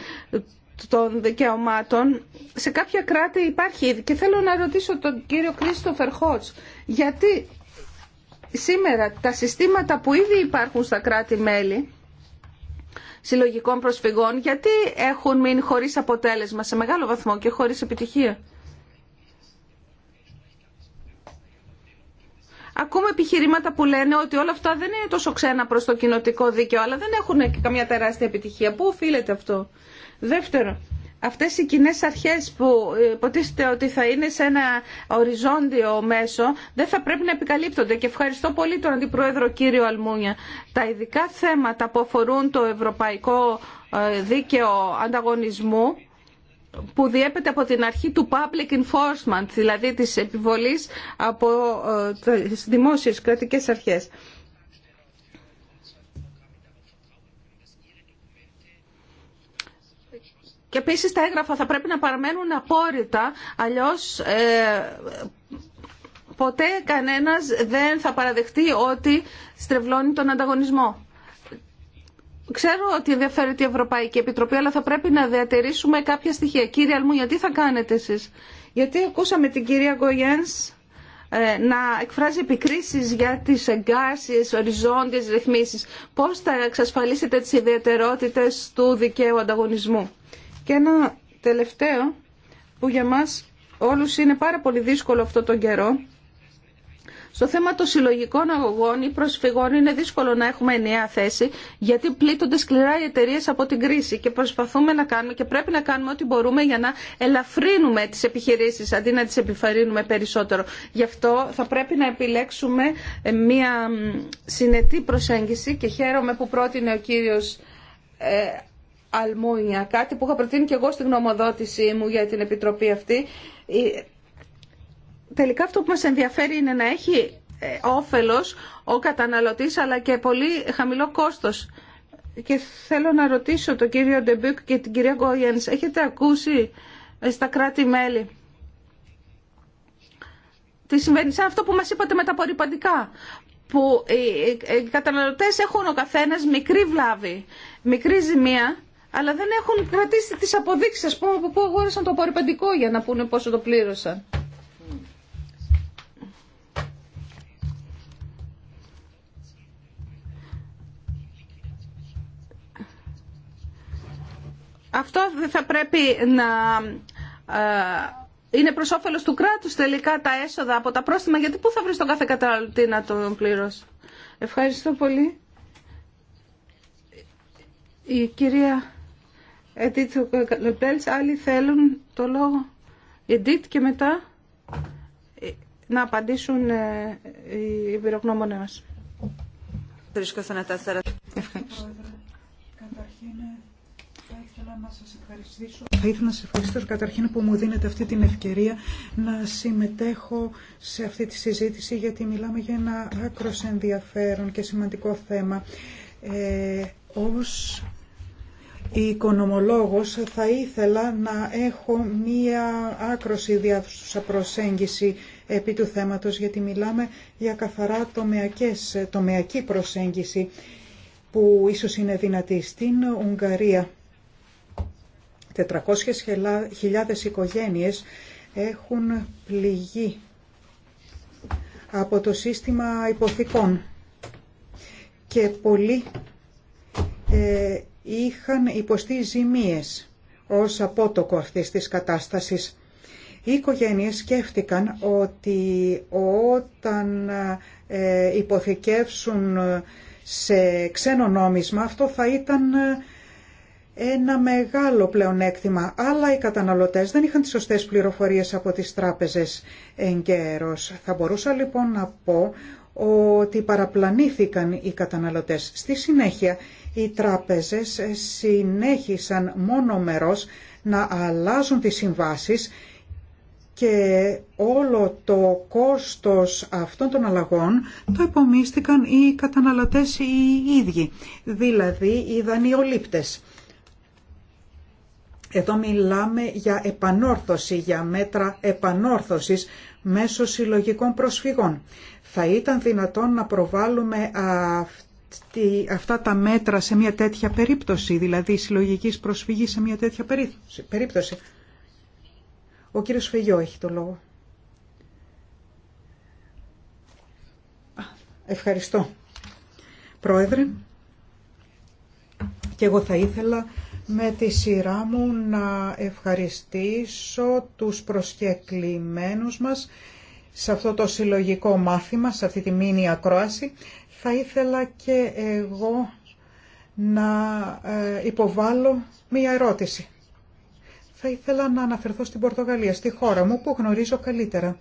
των δικαιωμάτων σε κάποια κράτη υπάρχει και θέλω να ρωτήσω τον κύριο Κρίστοφερ Χότς γιατί σήμερα τα συστήματα που ήδη υπάρχουν στα κράτη-μέλη συλλογικών προσφυγών γιατί έχουν μείνει χωρίς αποτέλεσμα σε μεγάλο βαθμό και χωρίς επιτυχία. Ακούμε επιχειρήματα που λένε ότι όλα αυτά δεν είναι τόσο ξένα προς το κοινοτικό δίκαιο, αλλά δεν έχουν καμιά τεράστια επιτυχία. Πού οφείλεται αυτό. Δεύτερον, αυτές οι κοινέ αρχές που υποτίθεται ότι θα είναι σε ένα οριζόντιο μέσο δεν θα πρέπει να επικαλύπτονται και ευχαριστώ πολύ τον Αντιπρόεδρο κύριο Αλμούνια. Τα ειδικά θέματα που αφορούν το ευρωπαϊκό ε, δίκαιο ανταγωνισμού που διέπεται από την αρχή του public enforcement, δηλαδή της επιβολής από ε, τις δημόσιες κρατικές αρχές. Και επίση τα έγγραφα θα πρέπει να παραμένουν απόρριτα, αλλιώ ε, ποτέ κανένα δεν θα παραδεχτεί ότι στρεβλώνει τον ανταγωνισμό. Ξέρω ότι ενδιαφέρεται η Ευρωπαϊκή Επιτροπή, αλλά θα πρέπει να διατηρήσουμε κάποια στοιχεία. Κύριε Αλμού, γιατί θα κάνετε εσείς. Γιατί ακούσαμε την κυρία Γκογιένς ε, να εκφράζει επικρίσεις για τις εγκάσεις, οριζόντιες ρυθμίσεις. Πώς θα εξασφαλίσετε τις ιδιαιτερότητε του δικαίου ανταγωνισμού. Και ένα τελευταίο που για μας όλους είναι πάρα πολύ δύσκολο αυτό τον καιρό. Στο θέμα των συλλογικών αγωγών ή προσφυγών είναι δύσκολο να έχουμε ενιαία θέση γιατί πλήττονται σκληρά οι εταιρείε από την κρίση και προσπαθούμε να κάνουμε και πρέπει να κάνουμε ό,τι μπορούμε για να ελαφρύνουμε τις επιχειρήσεις αντί να τις επιφαρύνουμε περισσότερο. Γι' αυτό θα πρέπει να επιλέξουμε ε, μια συνετή προσέγγιση και χαίρομαι που πρότεινε ο κύριος ε, Αλμούνια, κάτι που είχα προτείνει και εγώ στην γνωμοδότησή μου για την Επιτροπή αυτή. Τελικά αυτό που μας ενδιαφέρει είναι να έχει ε, όφελος ο καταναλωτής αλλά και πολύ χαμηλό κόστος. Και θέλω να ρωτήσω τον κύριο Ντεμπίκ και την κυρία Γκόγιανς, έχετε ακούσει ε, στα κράτη-μέλη τι συμβαίνει σαν αυτό που μας είπατε με τα πορυπαντικά που οι καταναλωτές έχουν ο καθένας μικρή βλάβη, μικρή ζημία αλλά δεν έχουν κρατήσει τις αποδείξεις, ας πούμε, από πού αγόρασαν το απορριπαντικό για να πούνε πόσο το πλήρωσαν. Αυτό δεν θα πρέπει να ε, είναι προς όφελος του κράτους τελικά τα έσοδα από τα πρόστιμα, γιατί πού θα βρει τον κάθε καταναλωτή να τον πληρώσει. Ευχαριστώ πολύ. Η κυρία Edith Λεπέλς, άλλοι θέλουν το λόγο. εντίτ και μετά ε, να απαντήσουν ε, οι εμπειρογνώμονε μας. Ευχαριστώ. Καταρχήν, ε, θα ήθελα να σας ευχαριστήσω. Θα ήθελα να σας ευχαριστήσω καταρχήν που μου δίνετε αυτή την ευκαιρία να συμμετέχω σε αυτή τη συζήτηση γιατί μιλάμε για ένα άκρος ενδιαφέρον και σημαντικό θέμα η οικονομολόγος θα ήθελα να έχω μία άκρωση προσέγγιση επί του θέματος γιατί μιλάμε για καθαρά τομεακές, τομεακή προσέγγιση που ίσως είναι δυνατή στην Ουγγαρία. 400.000 οικογένειες έχουν πληγεί από το σύστημα υποθηκών και πολλοί ε, είχαν υποστεί ζημίες ως απότοκο αυτής της κατάστασης. Οι οικογένειες σκέφτηκαν ότι όταν ε, υποθηκεύσουν σε ξένο νόμισμα αυτό θα ήταν ε, ένα μεγάλο πλεονέκτημα, αλλά οι καταναλωτές δεν είχαν τις σωστές πληροφορίες από τις τράπεζες εγκαίρως. Θα μπορούσα λοιπόν να πω ότι παραπλανήθηκαν οι καταναλωτές. Στη συνέχεια οι τράπεζες ε, συνέχισαν μόνο μερός να αλλάζουν τις συμβάσεις και όλο το κόστος αυτών των αλλαγών το υπομίστηκαν οι καταναλωτές οι ίδιοι, δηλαδή οι δανειολήπτες. Εδώ μιλάμε για επανόρθωση, για μέτρα επανόρθωσης μέσω συλλογικών προσφυγών. Θα ήταν δυνατόν να προβάλλουμε αυτή αυτά τα μέτρα σε μια τέτοια περίπτωση, δηλαδή συλλογική προσφυγή σε μια τέτοια περίπτωση. Ο κύριος Φεγιό έχει το λόγο. Ευχαριστώ. Πρόεδρε, και εγώ θα ήθελα με τη σειρά μου να ευχαριστήσω τους προσκεκλημένους μας σε αυτό το συλλογικό μάθημα, σε αυτή τη μήνυα ακρόαση θα ήθελα και εγώ να ε, υποβάλω μία ερώτηση. Θα ήθελα να αναφερθώ στην Πορτογαλία, στη χώρα μου που γνωρίζω καλύτερα,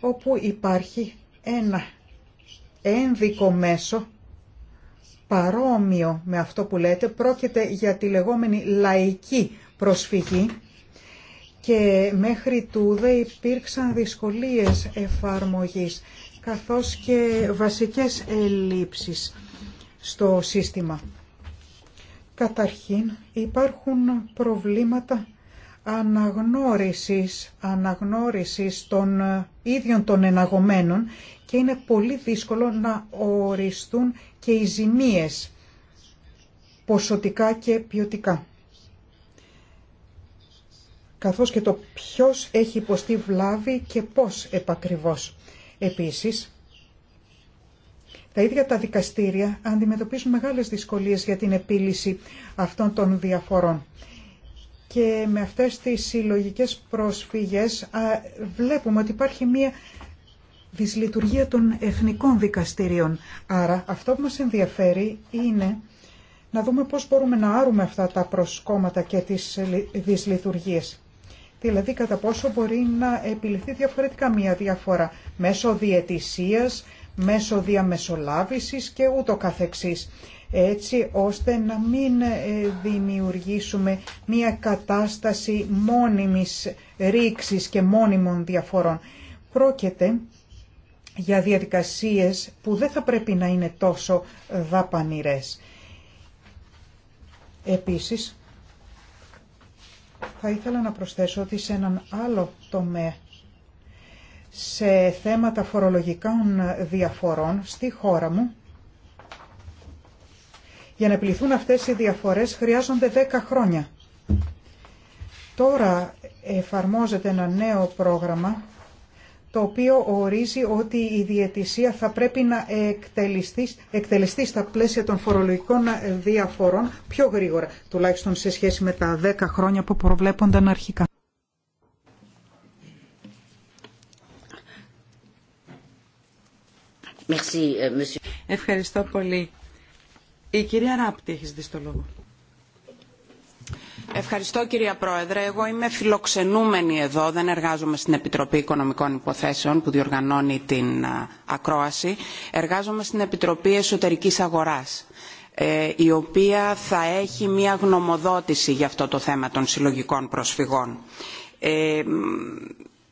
όπου υπάρχει ένα ένδικο μέσο παρόμοιο με αυτό που λέτε, πρόκειται για τη λεγόμενη λαϊκή προσφυγή και μέχρι τούδε υπήρξαν δυσκολίες εφαρμογής καθώς και βασικές ελλείψεις στο σύστημα. Καταρχήν υπάρχουν προβλήματα αναγνώρισης, αναγνώρισης των ίδιων των εναγωμένων και είναι πολύ δύσκολο να οριστούν και οι ζημίες ποσοτικά και ποιοτικά. Καθώς και το ποιος έχει υποστεί βλάβη και πώς επακριβώς. Επίσης, τα ίδια τα δικαστήρια αντιμετωπίζουν μεγάλες δυσκολίες για την επίλυση αυτών των διαφορών. Και με αυτές τις συλλογικέ προσφυγές α, βλέπουμε ότι υπάρχει μία δυσλειτουργία των εθνικών δικαστηρίων. Άρα αυτό που μας ενδιαφέρει είναι να δούμε πώς μπορούμε να άρουμε αυτά τα προσκόμματα και τις δυσλειτουργίες δηλαδή κατά πόσο μπορεί να επιληθεί διαφορετικά μία διαφορά μέσω διαιτησίας, μέσω διαμεσολάβησης και ούτω καθεξής έτσι ώστε να μην ε, δημιουργήσουμε μία κατάσταση μόνιμης ρήξης και μόνιμων διαφορών. Πρόκειται για διαδικασίες που δεν θα πρέπει να είναι τόσο δαπανηρές. Επίσης, θα ήθελα να προσθέσω ότι σε έναν άλλο τομέα, σε θέματα φορολογικών διαφορών στη χώρα μου, για να πληθούν αυτές οι διαφορές χρειάζονται 10 χρόνια. Τώρα εφαρμόζεται ένα νέο πρόγραμμα το οποίο ορίζει ότι η διαιτησία θα πρέπει να εκτελεστεί, εκτελεστεί στα πλαίσια των φορολογικών διαφορών πιο γρήγορα, τουλάχιστον σε σχέση με τα 10 χρόνια που προβλέπονταν αρχικά. Euh, Ευχαριστώ πολύ. Η κυρία Ράπτη έχει δει στο λόγο. Ευχαριστώ κυρία Πρόεδρε. Εγώ είμαι φιλοξενούμενη εδώ, δεν εργάζομαι στην Επιτροπή Οικονομικών Υποθέσεων που διοργανώνει την ακρόαση. Εργάζομαι στην Επιτροπή Εσωτερικής Αγοράς ε, η οποία θα έχει μία γνωμοδότηση για αυτό το θέμα των συλλογικών προσφυγών. Ε,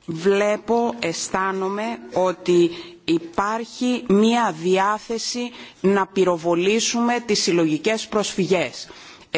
βλέπω, αισθάνομαι ότι υπάρχει μία διάθεση να πυροβολήσουμε τις συλλογικές προσφυγές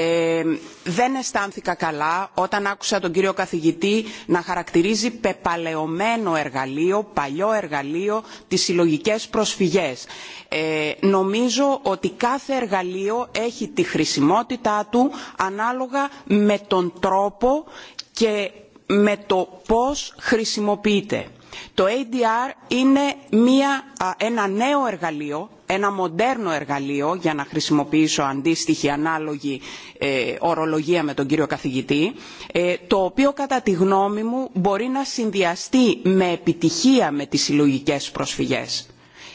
ε, δεν αισθάνθηκα καλά όταν άκουσα τον κύριο καθηγητή να χαρακτηρίζει πεπαλαιωμένο εργαλείο, παλιό εργαλείο, τις συλλογικές προσφυγές. Ε, νομίζω ότι κάθε εργαλείο έχει τη χρησιμότητά του ανάλογα με τον τρόπο και με το πώς χρησιμοποιείται το ADR είναι μια, ένα νέο εργαλείο, ένα μοντέρνο εργαλείο, για να χρησιμοποιήσω αντίστοιχη ανάλογη ε, ορολογία με τον κύριο καθηγητή, ε, το οποίο κατά τη γνώμη μου μπορεί να συνδυαστεί με επιτυχία με τις συλλογικέ προσφυγές.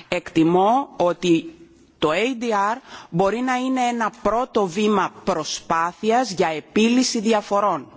Εκτιμώ ότι το ADR μπορεί να είναι ένα πρώτο βήμα προσπάθειας για επίλυση διαφορών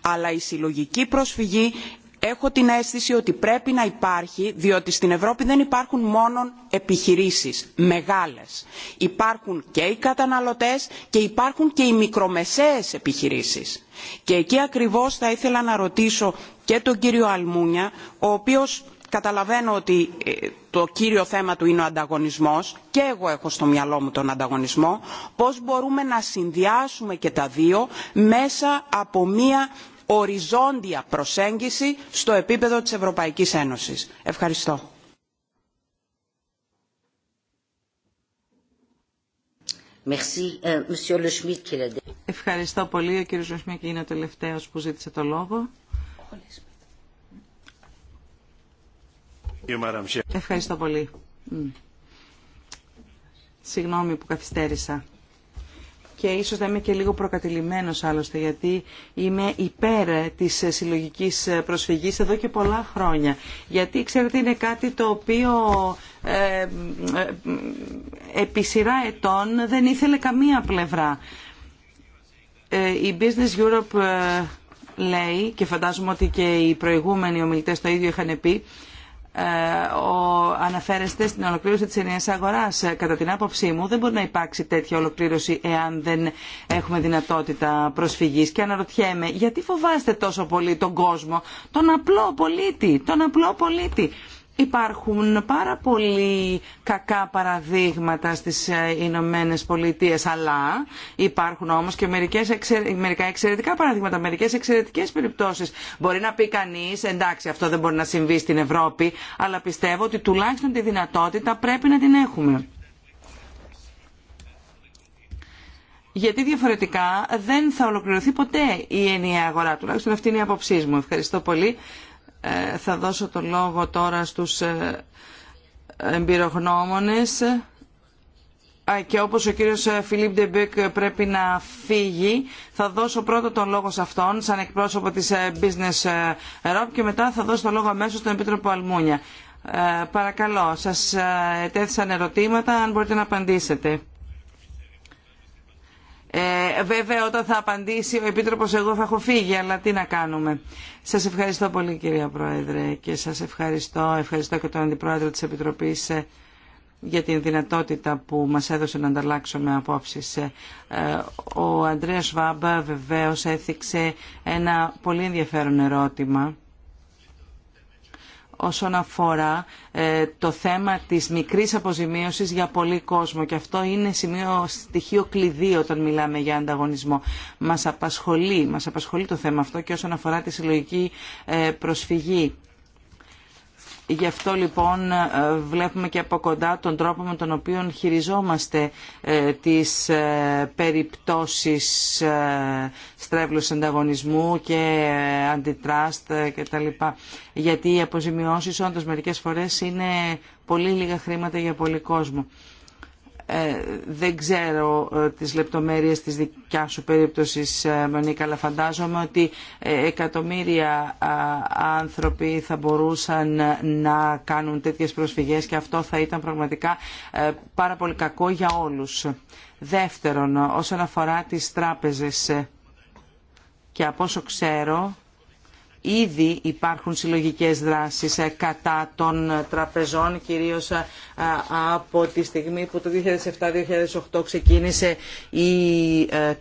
αλλά η συλλογική προσφυγή έχω την αίσθηση ότι πρέπει να υπάρχει διότι στην ευρώπη δεν υπάρχουν μόνο επιχειρήσεις μεγάλες υπάρχουν και οι καταναλωτές και υπάρχουν και οι μικρομεσαίες επιχειρήσεις και εκεί ακριβώς θα ήθελα να ρωτήσω και τον κύριο αλμούνια ο οποίος καταλαβαίνω ότι ε, το κύριο θέμα του είναι ο ανταγωνισμός και εγώ έχω στο μυαλό μου τον ανταγωνισμό πώς μπορούμε να συνδυάσουμε και τα δύο μέσα από μια οριζόντια προσέγγιση στο επίπεδο της Ευρωπαϊκής Ένωσης. Ευχαριστώ. Euh, Ευχαριστώ πολύ. Ο κύριος Λεσμίκη είναι ο τελευταίος που ζήτησε το λόγο. Ευχαριστώ πολύ. Συγγνώμη που καθυστέρησα και ίσως να είμαι και λίγο προκατηλημένος άλλωστε γιατί είμαι υπέρ της συλλογικής προσφυγής εδώ και πολλά χρόνια. Γιατί ξέρετε είναι κάτι το οποίο ε, ε επί σειρά ετών δεν ήθελε καμία πλευρά. Ε, η Business Europe ε, λέει και φαντάζομαι ότι και οι προηγούμενοι ομιλητές το ίδιο είχαν πει ε, ο, αναφέρεστε στην ολοκλήρωση της ενιαίας αγοράς. Ε, κατά την άποψή μου δεν μπορεί να υπάρξει τέτοια ολοκλήρωση εάν δεν έχουμε δυνατότητα προσφυγής. Και αναρωτιέμαι γιατί φοβάστε τόσο πολύ τον κόσμο, τον απλό πολίτη, τον απλό πολίτη. Υπάρχουν πάρα πολύ κακά παραδείγματα στις ε, Ηνωμένε Πολιτείε, αλλά υπάρχουν όμως και μερικές μερικά εξαιρετικά παραδείγματα, μερικές εξαιρετικές περιπτώσεις. Μπορεί να πει κανείς, εντάξει αυτό δεν μπορεί να συμβεί στην Ευρώπη, αλλά πιστεύω ότι τουλάχιστον τη δυνατότητα πρέπει να την έχουμε. Γιατί διαφορετικά δεν θα ολοκληρωθεί ποτέ η ενιαία αγορά. Τουλάχιστον αυτή είναι η άποψή μου. Ευχαριστώ πολύ. Ε, θα δώσω το λόγο τώρα στους ε, εμπειρογνώμονες και όπως ο κύριος ε, Φιλίπ Ντεμπίκ πρέπει να φύγει, θα δώσω πρώτο τον λόγο σε αυτόν, σαν εκπρόσωπο της Business Europe και μετά θα δώσω το λόγο αμέσως στον Επίτροπο Αλμούνια. παρακαλώ, σας ετέθησαν ερωτήματα, αν μπορείτε να απαντήσετε. Ε, βέβαια όταν θα απαντήσει ο Επίτροπος εγώ θα έχω φύγει, αλλά τι να κάνουμε. Σας ευχαριστώ πολύ κυρία Πρόεδρε και σας ευχαριστώ, ευχαριστώ και τον Αντιπρόεδρο της Επιτροπής ε, για την δυνατότητα που μας έδωσε να ανταλλάξουμε απόψεις. Ε, ο Αντρέας Βάμπα βεβαίως έθιξε ένα πολύ ενδιαφέρον ερώτημα όσον αφορά ε, το θέμα της μικρής αποζημίωσης για πολύ κόσμο και αυτό είναι σημείο, στοιχείο κλειδί όταν μιλάμε για ανταγωνισμό. Μας απασχολεί, μας απασχολεί το θέμα αυτό και όσον αφορά τη συλλογική ε, προσφυγή Γι' αυτό λοιπόν ε, βλέπουμε και από κοντά τον τρόπο με τον οποίο χειριζόμαστε ε, τις ε, περιπτώσεις στρέβλους ανταγωνισμού και αντιτράστ λοιπά. Γιατί οι αποζημιώσεις όντως μερικές φορές είναι πολύ λίγα χρήματα για πολύ κόσμο. Ε, δεν ξέρω ε, τις λεπτομέρειες της δικιά σου περίπτωσης ε, Μονίκα, αλλά φαντάζομαι ότι εκατομμύρια άνθρωποι θα μπορούσαν να κάνουν τέτοιες προσφυγές και αυτό θα ήταν πραγματικά πάρα πολύ κακό για όλους. Δεύτερον, όσον αφορά τις τράπεζες και από όσο ξέρω ήδη υπάρχουν συλλογικές δράσεις ε, κατά των ε, τραπεζών, κυρίως ε, από τη στιγμή που το 2007-2008 ξεκίνησε η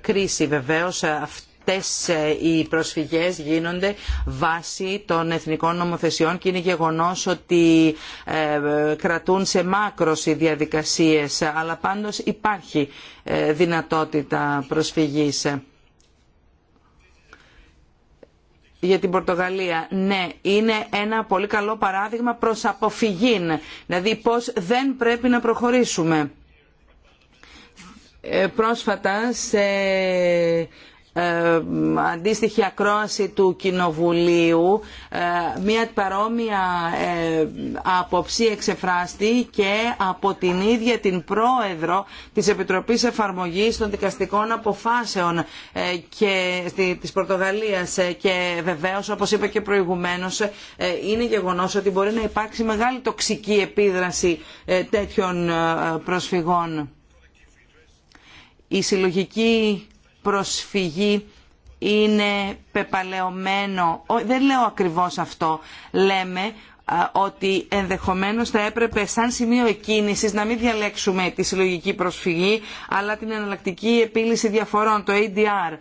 κρίση βεβαίως αυτές οι προσφυγές γίνονται βάσει των εθνικών νομοθεσιών και είναι γεγονός ότι κρατούν σε μάκρος οι διαδικασίες αλλά πάντως υπάρχει δυνατότητα προσφυγής για την Πορτογαλία, ναι, είναι ένα πολύ καλό παράδειγμα προς αποφυγήν, δηλαδή πώς δεν πρέπει να προχωρήσουμε. Ε, πρόσφατα σε ε, αντίστοιχη ακρόαση του Κοινοβουλίου ε, μια παρόμοια ε, άποψη εξεφράστη και από την ίδια την Πρόεδρο της Επιτροπής Εφαρμογής των Δικαστικών Αποφάσεων και της Πορτογαλίας και βεβαίως όπως είπα και προηγουμένως είναι γεγονός ότι μπορεί να υπάρξει μεγάλη τοξική επίδραση τέτοιων προσφυγών. Η συλλογική προσφυγή είναι πεπαλαιωμένο. Δεν λέω ακριβώς αυτό. Λέμε ότι ενδεχομένως θα έπρεπε σαν σημείο εκκίνησης να μην διαλέξουμε τη συλλογική προσφυγή αλλά την εναλλακτική επίλυση διαφορών, το ADR.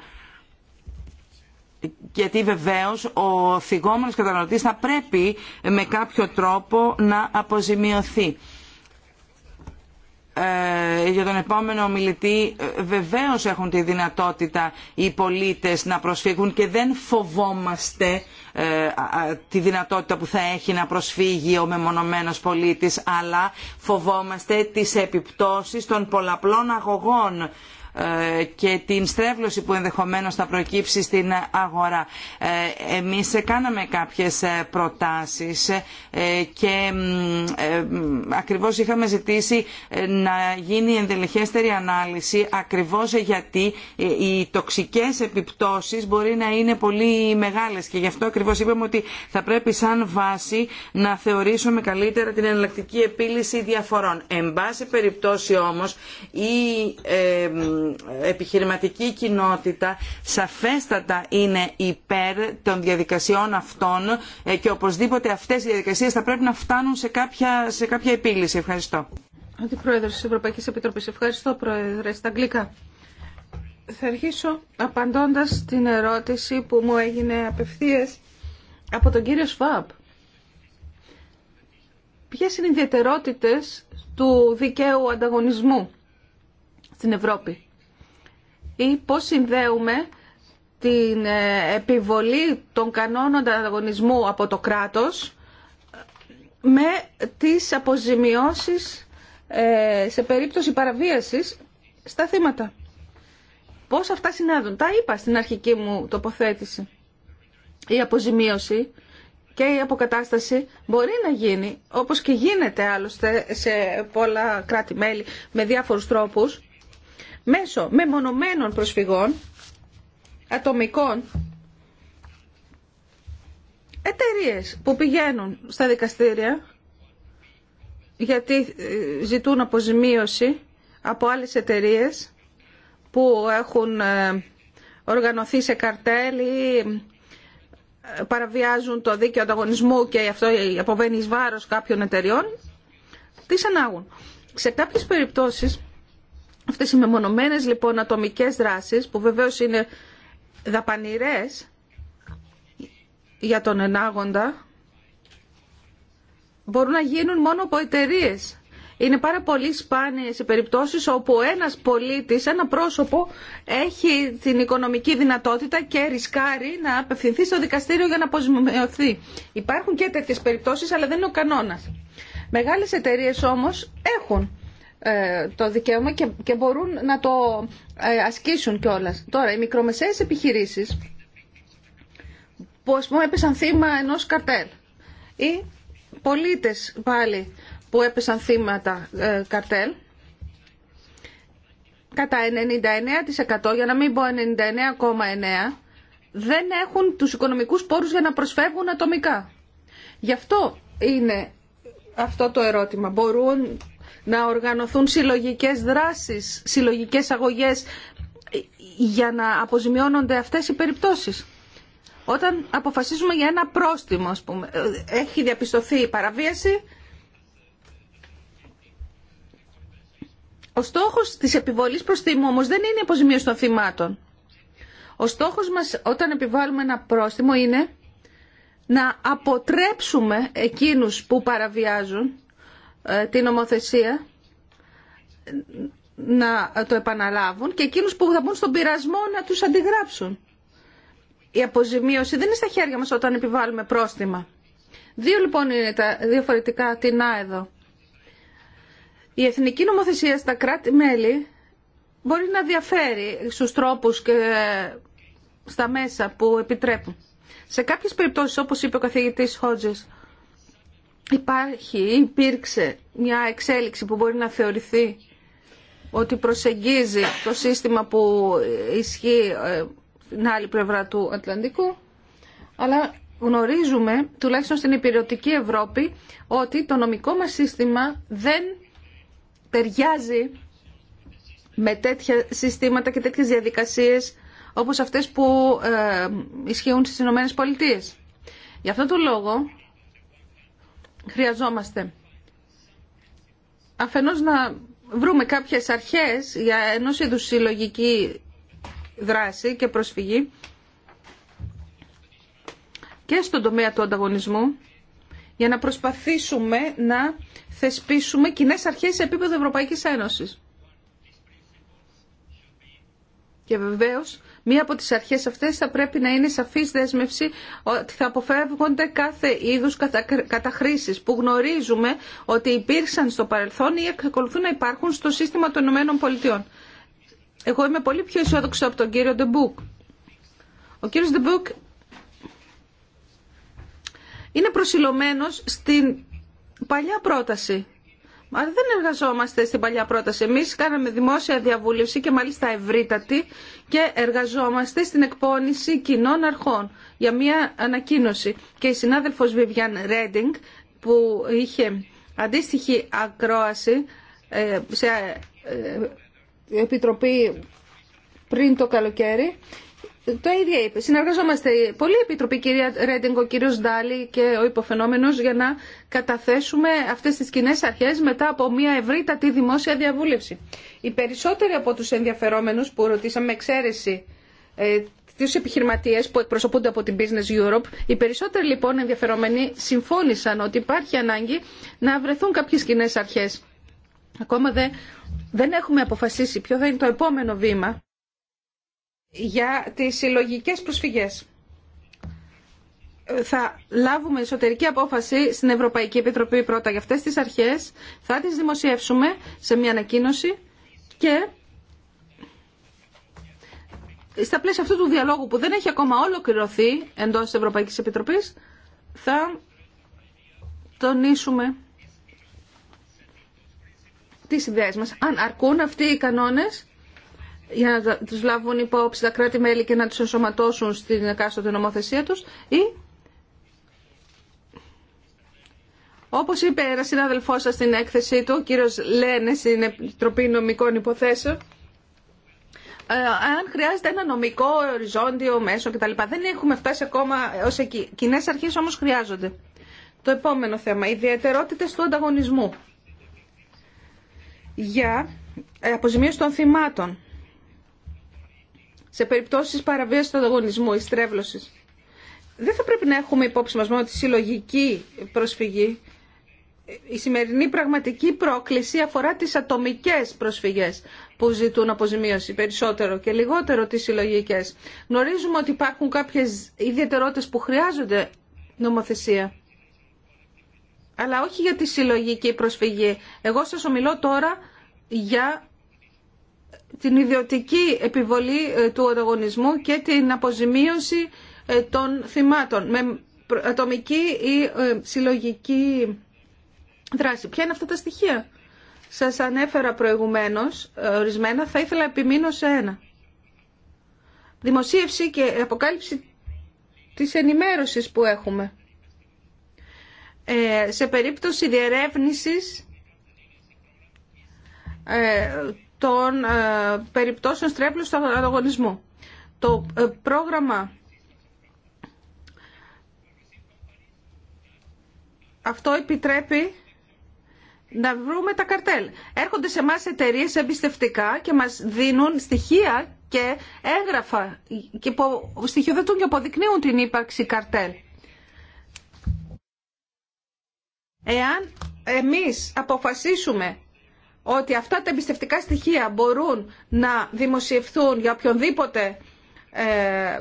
Γιατί βεβαίως ο θυγόμενος καταναλωτής θα πρέπει με κάποιο τρόπο να αποζημιωθεί. Ε, για τον επόμενο ομιλητή ε, βεβαίως έχουν τη δυνατότητα οι πολίτες να προσφύγουν και δεν φοβόμαστε ε, τη δυνατότητα που θα έχει να προσφύγει ο μεμονωμένος πολίτης αλλά φοβόμαστε τις επιπτώσεις των πολλαπλών αγωγών και την στρέβλωση που ενδεχομένως θα προκύψει στην αγορά. Ε, εμείς κάναμε κάποιες ε, προτάσεις ε, και ακριβώς είχαμε ζητήσει να γίνει ενδελεχέστερη ανάλυση ακριβώς γιατί οι τοξικές επιπτώσεις μπορεί να είναι πολύ μεγάλες και γι' αυτό ακριβώς είπαμε ότι θα πρέπει σαν βάση να θεωρήσουμε καλύτερα την εναλλακτική επίλυση διαφορών. Εν πάση περιπτώσει όμως η επιχειρηματική κοινότητα σαφέστατα είναι υπέρ των διαδικασιών αυτών ε, και οπωσδήποτε αυτές οι διαδικασίες θα πρέπει να φτάνουν σε κάποια, σε κάποια επίλυση. Ευχαριστώ. Αντιπρόεδρος της Ευρωπαϊκής Επιτροπής. Ευχαριστώ, Πρόεδρε. Στα αγγλικά. Θα αρχίσω απαντώντας την ερώτηση που μου έγινε απευθείας από τον κύριο Σφαπ Ποιες είναι οι ιδιαιτερότητες του δικαίου ανταγωνισμού στην Ευρώπη ή πώς συνδέουμε την ε, επιβολή των κανόνων ανταγωνισμού από το κράτος με τις αποζημιώσεις ε, σε περίπτωση παραβίασης στα θύματα. Πώς αυτά συνάδουν. Τα είπα στην αρχική μου τοποθέτηση. Η αποζημίωση και η αποκατάσταση μπορεί να γίνει, όπως και γίνεται άλλωστε σε πολλά κράτη-μέλη με διάφορους τρόπους, μέσω μεμονωμένων προσφυγών, ατομικών, εταιρείε που πηγαίνουν στα δικαστήρια γιατί ε, ζητούν αποζημίωση από άλλες εταιρείε που έχουν ε, οργανωθεί σε καρτέλ ή ε, παραβιάζουν το δίκαιο ανταγωνισμού και αυτό αποβαίνει εις βάρος κάποιων εταιριών, τις ανάγουν. Σε κάποιες περιπτώσεις Αυτές οι μεμονωμένες λοιπόν ατομικές δράσεις που βεβαίως είναι δαπανηρές για τον ενάγοντα μπορούν να γίνουν μόνο από εταιρείε. Είναι πάρα πολύ σπάνιες οι περιπτώσεις όπου ένας πολίτης, ένα πρόσωπο έχει την οικονομική δυνατότητα και ρισκάρει να απευθυνθεί στο δικαστήριο για να αποσμειωθεί. Υπάρχουν και τέτοιες περιπτώσεις αλλά δεν είναι ο κανόνας. Μεγάλες εταιρείε όμως έχουν ε, το δικαίωμα και μπορούν να το ε, ασκήσουν κιόλα. Τώρα, οι μικρομεσαίες επιχειρήσεις που έπεσαν θύμα ενός καρτέλ ή πολίτες πάλι που έπεσαν θύματα ε, καρτέλ κατά 99% για να μην πω 99,9% δεν έχουν τους οικονομικούς πόρους για να προσφεύγουν ατομικά. Γι' αυτό είναι αυτό το ερώτημα. Μπορούν να οργανωθούν συλλογικές δράσεις, συλλογικές αγωγές για να αποζημιώνονται αυτές οι περιπτώσεις. Όταν αποφασίζουμε για ένα πρόστιμο, ας πούμε, έχει διαπιστωθεί η παραβίαση, ο στόχος της επιβολής προστίμου όμως δεν είναι η αποζημίωση των θυμάτων. Ο στόχος μας όταν επιβάλλουμε ένα πρόστιμο είναι να αποτρέψουμε εκείνους που παραβιάζουν ε, την νομοθεσία να το επαναλάβουν και εκείνους που θα μπουν στον πειρασμό να τους αντιγράψουν. Η αποζημίωση δεν είναι στα χέρια μας όταν επιβάλλουμε πρόστιμα. Δύο λοιπόν είναι τα διαφορετικά την εδώ. Η εθνική νομοθεσία στα κράτη-μέλη μπορεί να διαφέρει στους τρόπους και στα μέσα που επιτρέπουν. Σε κάποιες περιπτώσεις, όπως είπε ο καθηγητής Χότζες, υπάρχει ή υπήρξε μια εξέλιξη που μπορεί να θεωρηθεί ότι προσεγγίζει το σύστημα που ισχύει ε, την άλλη πλευρά του Ατλαντικού, αλλά γνωρίζουμε, τουλάχιστον στην υπηρετική Ευρώπη, ότι το νομικό μας σύστημα δεν ταιριάζει με τέτοια συστήματα και τέτοιες διαδικασίες όπως αυτές που ε, ισχύουν στις Ηνωμένες Πολιτείες. Γι' αυτό το λόγο χρειαζόμαστε. Αφενός να βρούμε κάποιες αρχές για ενός είδους συλλογική δράση και προσφυγή και στον τομέα του ανταγωνισμού για να προσπαθήσουμε να θεσπίσουμε κοινέ αρχές σε επίπεδο Ευρωπαϊκής Ένωσης. Και βεβαίως Μία από τις αρχές αυτές θα πρέπει να είναι σαφής δέσμευση ότι θα αποφεύγονται κάθε είδους καταχρήσεις που γνωρίζουμε ότι υπήρξαν στο παρελθόν ή εξακολουθούν να υπάρχουν στο σύστημα των ΗΠΑ. Εγώ είμαι πολύ πιο αισιόδοξο από τον κύριο Ντεμπούκ. Ο κύριος Ντεμπούκ είναι προσιλωμένος στην παλιά πρόταση Μα δεν εργαζόμαστε στην παλιά πρόταση. Εμείς κάναμε δημόσια διαβούλευση και μάλιστα ευρύτατη και εργαζόμαστε στην εκπόνηση κοινών αρχών για μια ανακοίνωση. Και η συνάδελφος Βιβιάν Ρέντινγκ που είχε αντίστοιχη ακρόαση ε, σε ε, ε, επιτροπή πριν το καλοκαίρι το ίδιο είπε. Συνεργαζόμαστε πολύ επιτροπή, κυρία Ρέντινγκ, ο κύριο Ντάλι και ο υποφαινόμενο για να καταθέσουμε αυτέ τι κοινέ αρχέ μετά από μια ευρύτατη δημόσια διαβούλευση. Οι περισσότεροι από του ενδιαφερόμενου που ρωτήσαμε, με εξαίρεση ε, του επιχειρηματίε που εκπροσωπούνται από την Business Europe, οι περισσότεροι λοιπόν ενδιαφερόμενοι συμφώνησαν ότι υπάρχει ανάγκη να βρεθούν κάποιε κοινέ αρχέ. Ακόμα δε, δεν έχουμε αποφασίσει ποιο θα είναι το επόμενο βήμα για τις συλλογικέ προσφυγές. Θα λάβουμε εσωτερική απόφαση στην Ευρωπαϊκή Επιτροπή πρώτα για αυτές τις αρχές. Θα τις δημοσιεύσουμε σε μια ανακοίνωση και στα πλαίσια αυτού του διαλόγου που δεν έχει ακόμα ολοκληρωθεί εντός της Ευρωπαϊκής Επιτροπής θα τονίσουμε τις ιδέες μας. Αν αρκούν αυτοί οι κανόνες για να τους λάβουν υπόψη τα κράτη-μέλη και να τους ενσωματώσουν στην εκάστοτε νομοθεσία τους ή όπως είπε ένα συνάδελφό σας στην έκθεσή του, ο κύριος Λένε στην Επιτροπή Νομικών Υποθέσεων, ε, αν χρειάζεται ένα νομικό οριζόντιο μέσο κτλ. Δεν έχουμε φτάσει ακόμα ως εκεί. Κοινέ αρχές όμως χρειάζονται. Το επόμενο θέμα, ιδιαιτερότητες του ανταγωνισμού για ε, αποζημίωση των θυμάτων σε περιπτώσεις παραβίασης του ανταγωνισμού ή Δεν θα πρέπει να έχουμε υπόψη μας μόνο τη συλλογική προσφυγή. Η σημερινή πραγματική πρόκληση αφορά τις ατομικές προσφυγές που ζητούν αποζημίωση περισσότερο και λιγότερο τις συλλογικές. Γνωρίζουμε ότι υπάρχουν κάποιες ιδιαιτερότητες που χρειάζονται νομοθεσία. Αλλά όχι για τη συλλογική προσφυγή. Εγώ σας ομιλώ τώρα για την ιδιωτική επιβολή ε, του οργανισμού και την αποζημίωση ε, των θυμάτων με ατομική ή ε, συλλογική δράση. Ποια είναι αυτά τα στοιχεία. Σας ανέφερα προηγουμένως ορισμένα, θα ήθελα επιμείνω σε ένα. Δημοσίευση και αποκάλυψη της ενημέρωσης που έχουμε. σε περίπτωση διερεύνησης των ε, περιπτώσεων στρέπλου στον ανταγωνισμό. Το ε, πρόγραμμα αυτό επιτρέπει να βρούμε τα καρτέλ. Έρχονται σε εμά εταιρείες εμπιστευτικά και μας δίνουν στοιχεία και έγγραφα και στοιχειοδοτούν και αποδεικνύουν την ύπαρξη καρτέλ. Εάν εμείς αποφασίσουμε ότι αυτά τα εμπιστευτικά στοιχεία μπορούν να δημοσιευθούν για οποιονδήποτε ε,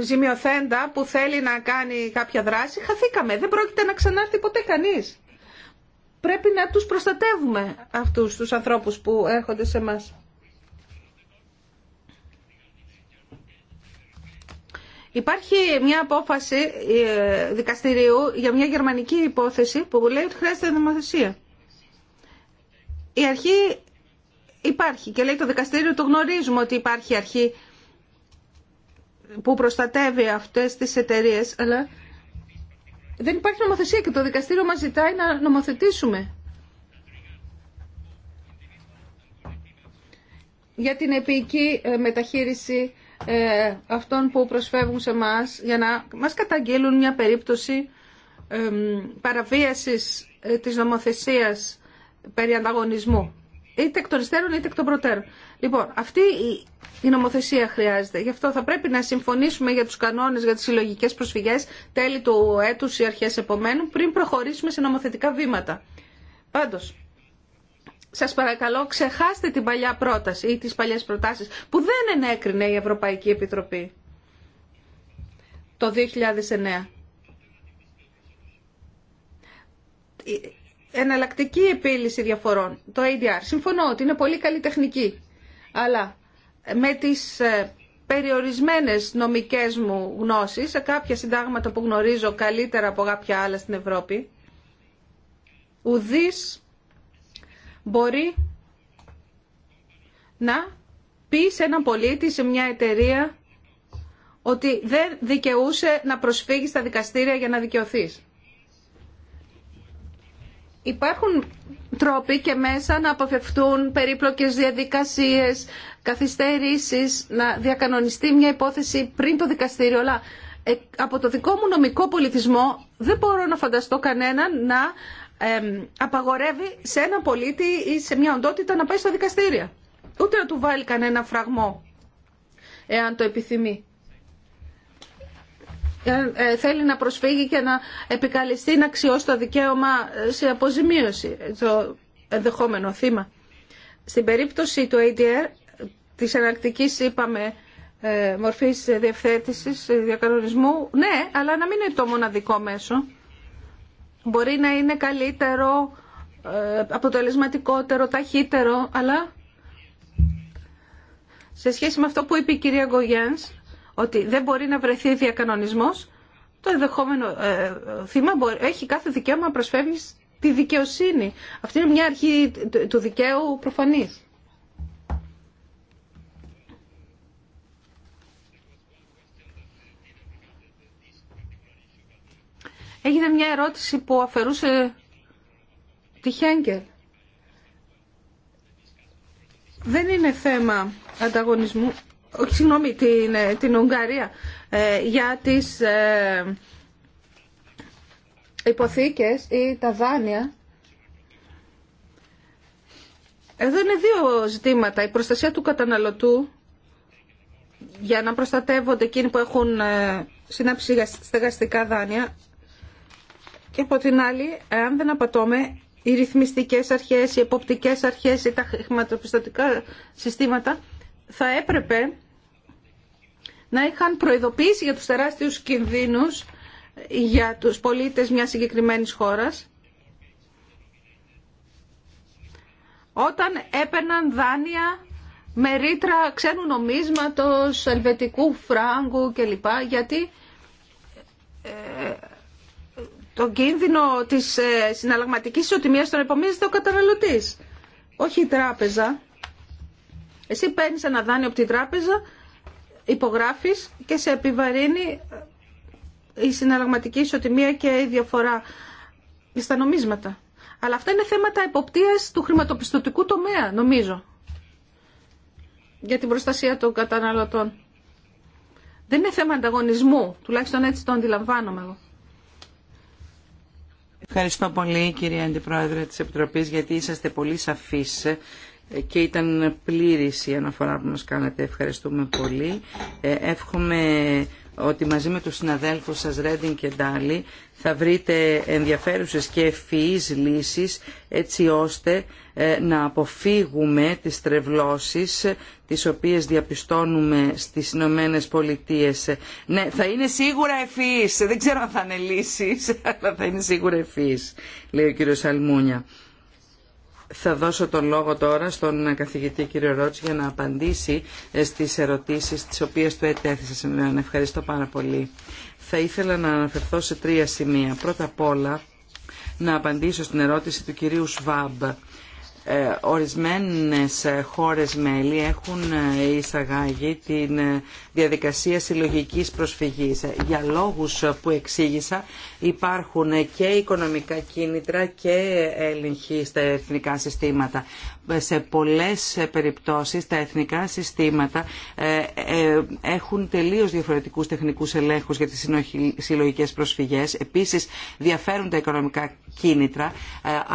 ζημιοθέντα που θέλει να κάνει κάποια δράση, χαθήκαμε. Δεν πρόκειται να ξανάρθει ποτέ κανείς. Πρέπει να τους προστατεύουμε αυτούς τους ανθρώπους που έρχονται σε μας. Υπάρχει μια απόφαση ε, δικαστηρίου για μια γερμανική υπόθεση που λέει ότι χρειάζεται δημοθεσία η αρχή υπάρχει και λέει το δικαστήριο το γνωρίζουμε ότι υπάρχει αρχή που προστατεύει αυτές τις εταιρείες αλλά δεν υπάρχει νομοθεσία και το δικαστήριο μας ζητάει να νομοθετήσουμε για την επίκη ε, μεταχείριση ε, αυτών που προσφεύγουν σε μας για να μας καταγγείλουν μια περίπτωση παραβίασης ε, της νομοθεσίας περί ανταγωνισμού. Είτε εκ των υστέρων είτε εκ των προτέρων. Λοιπόν, αυτή η νομοθεσία χρειάζεται. Γι' αυτό θα πρέπει να συμφωνήσουμε για του κανόνε για τι συλλογικέ προσφυγέ τέλη του έτου ή αρχέ επομένου πριν προχωρήσουμε σε νομοθετικά βήματα. Πάντω, σας παρακαλώ ξεχάστε την παλιά πρόταση ή τις παλιές προτάσει που δεν ενέκρινε η Ευρωπαϊκή Επιτροπή το 2009 εναλλακτική επίλυση διαφορών, το ADR. Συμφωνώ ότι είναι πολύ καλή τεχνική, αλλά με τις ε, περιορισμένες νομικές μου γνώσεις, σε κάποια συντάγματα που γνωρίζω καλύτερα από κάποια άλλα στην Ευρώπη, ουδής μπορεί να πει σε έναν πολίτη, σε μια εταιρεία, ότι δεν δικαιούσε να προσφύγει στα δικαστήρια για να δικαιωθείς. Υπάρχουν τρόποι και μέσα να αποφευθούν περίπλοκες διαδικασίες, καθυστερήσεις, να διακανονιστεί μια υπόθεση πριν το δικαστήριο. Αλλά ε, από το δικό μου νομικό πολιτισμό δεν μπορώ να φανταστώ κανέναν να απαγορεύει σε ένα πολίτη ή σε μια οντότητα να πάει στα δικαστήρια. Ούτε να του βάλει κανένα φραγμό, εάν το επιθυμεί. Ε, ε, θέλει να προσφύγει και να επικαλεστεί να αξιώσει το δικαίωμα σε αποζημίωση το ενδεχόμενο θύμα. Στην περίπτωση του ADR, της εναρκτικής είπαμε ε, μορφής διευθέτησης, διακανονισμού, ναι, αλλά να μην είναι το μοναδικό μέσο. Μπορεί να είναι καλύτερο, αποτελεσματικότερο, ταχύτερο, αλλά σε σχέση με αυτό που είπε η κυρία Γκογιάνς, ότι δεν μπορεί να βρεθεί διακανονισμό. το ενδεχόμενο ε, θύμα έχει κάθε δικαίωμα να προσφεύγει τη δικαιοσύνη. Αυτή είναι μια αρχή του δικαίου προφανής. Έγινε μια ερώτηση που αφαιρούσε τη Χέγκελ. Δεν είναι θέμα ανταγωνισμού όχι συγγνώμη, την, ε, την Ουγγαρία ε, για τις ε, υποθήκες ή τα δάνεια. Εδώ είναι δύο ζητήματα. Η προστασία του καταναλωτού για να προστατεύονται εκείνοι που έχουν συνάψει στεγαστικά δάνεια και από την άλλη, αν δεν απατώμε, οι ρυθμιστικές αρχές, οι εποπτικές αρχές ή τα χρηματοπιστωτικά συστήματα θα έπρεπε να είχαν προειδοποιήσει για τους τεράστιους κινδύνους για τους πολίτες μιας συγκεκριμένης χώρας όταν έπαιρναν δάνεια με ρήτρα ξένου νομίσματος, ελβετικού φράγκου κλπ. Γιατί ε, το κίνδυνο της ε, συναλλαγματικής ισοτιμίας τον επομίζεται ο καταναλωτής, όχι η τράπεζα. Εσύ παίρνει ένα δάνειο από την τράπεζα, υπογράφεις και σε επιβαρύνει η συναλλαγματική ισοτιμία και η διαφορά στα νομίσματα. Αλλά αυτά είναι θέματα εποπτείας του χρηματοπιστωτικού τομέα, νομίζω, για την προστασία των καταναλωτών. Δεν είναι θέμα ανταγωνισμού, τουλάχιστον έτσι το αντιλαμβάνομαι εγώ. Ευχαριστώ πολύ κυρία Αντιπρόεδρε της Επιτροπής γιατί είσαστε πολύ σαφείς και ήταν πλήρης η αναφορά που μας κάνατε. Ευχαριστούμε πολύ. Ε, εύχομαι ότι μαζί με τους συναδέλφους σας Ρέντιν και Ντάλι θα βρείτε ενδιαφέρουσες και ευφυείς λύσεις έτσι ώστε ε, να αποφύγουμε τις τρευλώσεις ε, τις οποίες διαπιστώνουμε στις Ηνωμένε Πολιτείες. Ναι, θα είναι σίγουρα ευφυείς. Δεν ξέρω αν θα είναι λύσεις, [laughs] αλλά θα είναι σίγουρα ευφυείς, λέει ο κύριος Αλμούνια. Θα δώσω τον λόγο τώρα στον καθηγητή κύριο Ρότς για να απαντήσει ε, στις ερωτήσεις τις οποίες του ετέθησα σήμερα. Ευχαριστώ πάρα πολύ. Θα ήθελα να αναφερθώ σε τρία σημεία. Πρώτα απ' όλα να απαντήσω στην ερώτηση του κυρίου Σβάμπ ε, ορισμένες χώρες μέλη έχουν ε, εισαγάγει την ε, διαδικασία συλλογικής προσφυγής. Για λόγους που εξήγησα υπάρχουν και οικονομικά κίνητρα και έλεγχοι στα εθνικά συστήματα. Σε πολλές περιπτώσεις τα εθνικά συστήματα έχουν τελείως διαφορετικούς τεχνικούς ελέγχους για τις συλλογικές προσφυγές. Επίσης διαφέρουν τα οικονομικά κίνητρα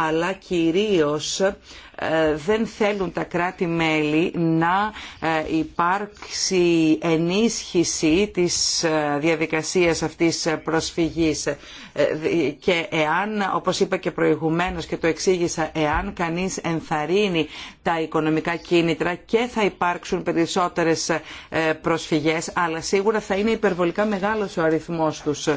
αλλά κυρίως ε, δεν θέλουν τα κράτη-μέλη να ε, υπάρξει ενίσχυση της ε, διαδικασίας αυτής προσφυγής και εάν, όπως είπα και προηγουμένως και το εξήγησα, εάν κανείς ενθαρρύνει τα οικονομικά κίνητρα και θα υπάρξουν περισσότερες προσφυγές, αλλά σίγουρα θα είναι υπερβολικά μεγάλος ο αριθμός τους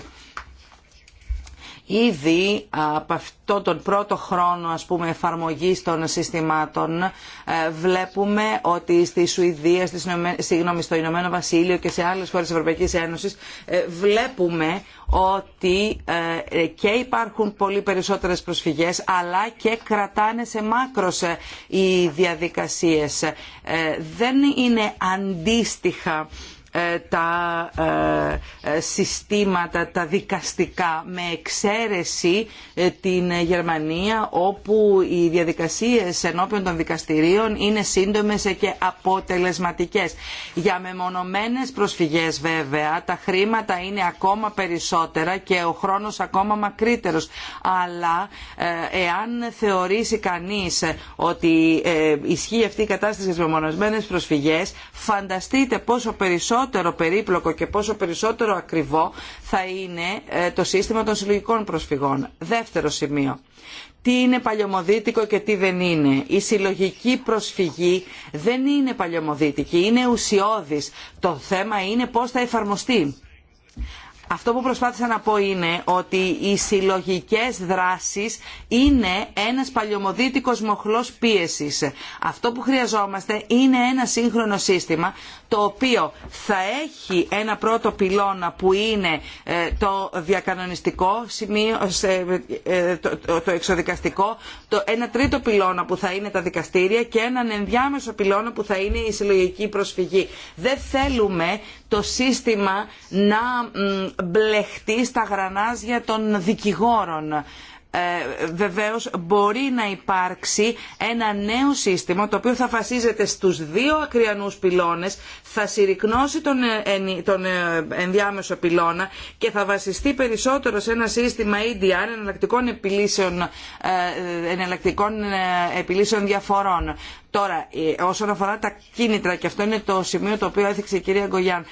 ήδη από αυτό τον πρώτο χρόνο ας πούμε εφαρμογής των συστημάτων ε, βλέπουμε ότι στη Σουηδία, στη, συγγνώμη, στο Ηνωμένο Βασίλειο και σε άλλες χώρες της Ευρωπαϊκής Ένωσης ε, βλέπουμε ότι ε, και υπάρχουν πολύ περισσότερες προσφυγές αλλά και κρατάνε σε μάκρος οι διαδικασίες. Δεν είναι αντίστοιχα ε, τα ε, συστήματα, τα δικαστικά με εξαίρεση ε, την Γερμανία όπου οι διαδικασίες ενώπιον των δικαστηρίων είναι σύντομες και αποτελεσματικές. Για μεμονωμένες προσφυγές βέβαια τα χρήματα είναι ακόμα περισσότερα και ο χρόνος ακόμα μακρύτερος. Αλλά εάν θεωρήσει κανείς ότι ισχύει αυτή η κατάσταση στις μεμονωμένες προσφυγές φανταστείτε πόσο περισσότερο περισσότερο περίπλοκο και πόσο περισσότερο ακριβό θα είναι ε, το σύστημα των συλλογικών προσφυγών. Δεύτερο σημείο. Τι είναι παλαιομοδίτικο και τι δεν είναι. Η συλλογική προσφυγή δεν είναι παλαιομοδίτικη, είναι ουσιώδης. Το θέμα είναι πώς θα εφαρμοστεί. Αυτό που προσπάθησα να πω είναι ότι οι συλλογικέ δράσεις είναι ένα παλιωμοδίτικο μοχλός πίεσης. Αυτό που χρειαζόμαστε είναι ένα σύγχρονο σύστημα το οποίο θα έχει ένα πρώτο πυλώνα που είναι ε, το διακανονιστικό ε, ε, το εξοδικαστικό, ένα τρίτο πυλώνα που θα είναι τα δικαστήρια και έναν ενδιάμεσο πυλώνα που θα είναι η συλλογική προσφυγή. Δεν θέλουμε το σύστημα να μπλεχτεί στα γρανάζια των δικηγόρων. Ε, βεβαίως μπορεί να υπάρξει ένα νέο σύστημα το οποίο θα βασίζεται στους δύο ακριανούς πυλώνες, θα συρρυκνώσει τον, ε, τον ε, ενδιάμεσο πυλώνα και θα βασιστεί περισσότερο σε ένα σύστημα EDR εναλλακτικών επιλύσεων, εναλλακτικών επιλύσεων διαφορών. Τώρα, όσον αφορά τα κίνητρα, και αυτό είναι το σημείο το οποίο έθιξε η κυρία Γκογιάν,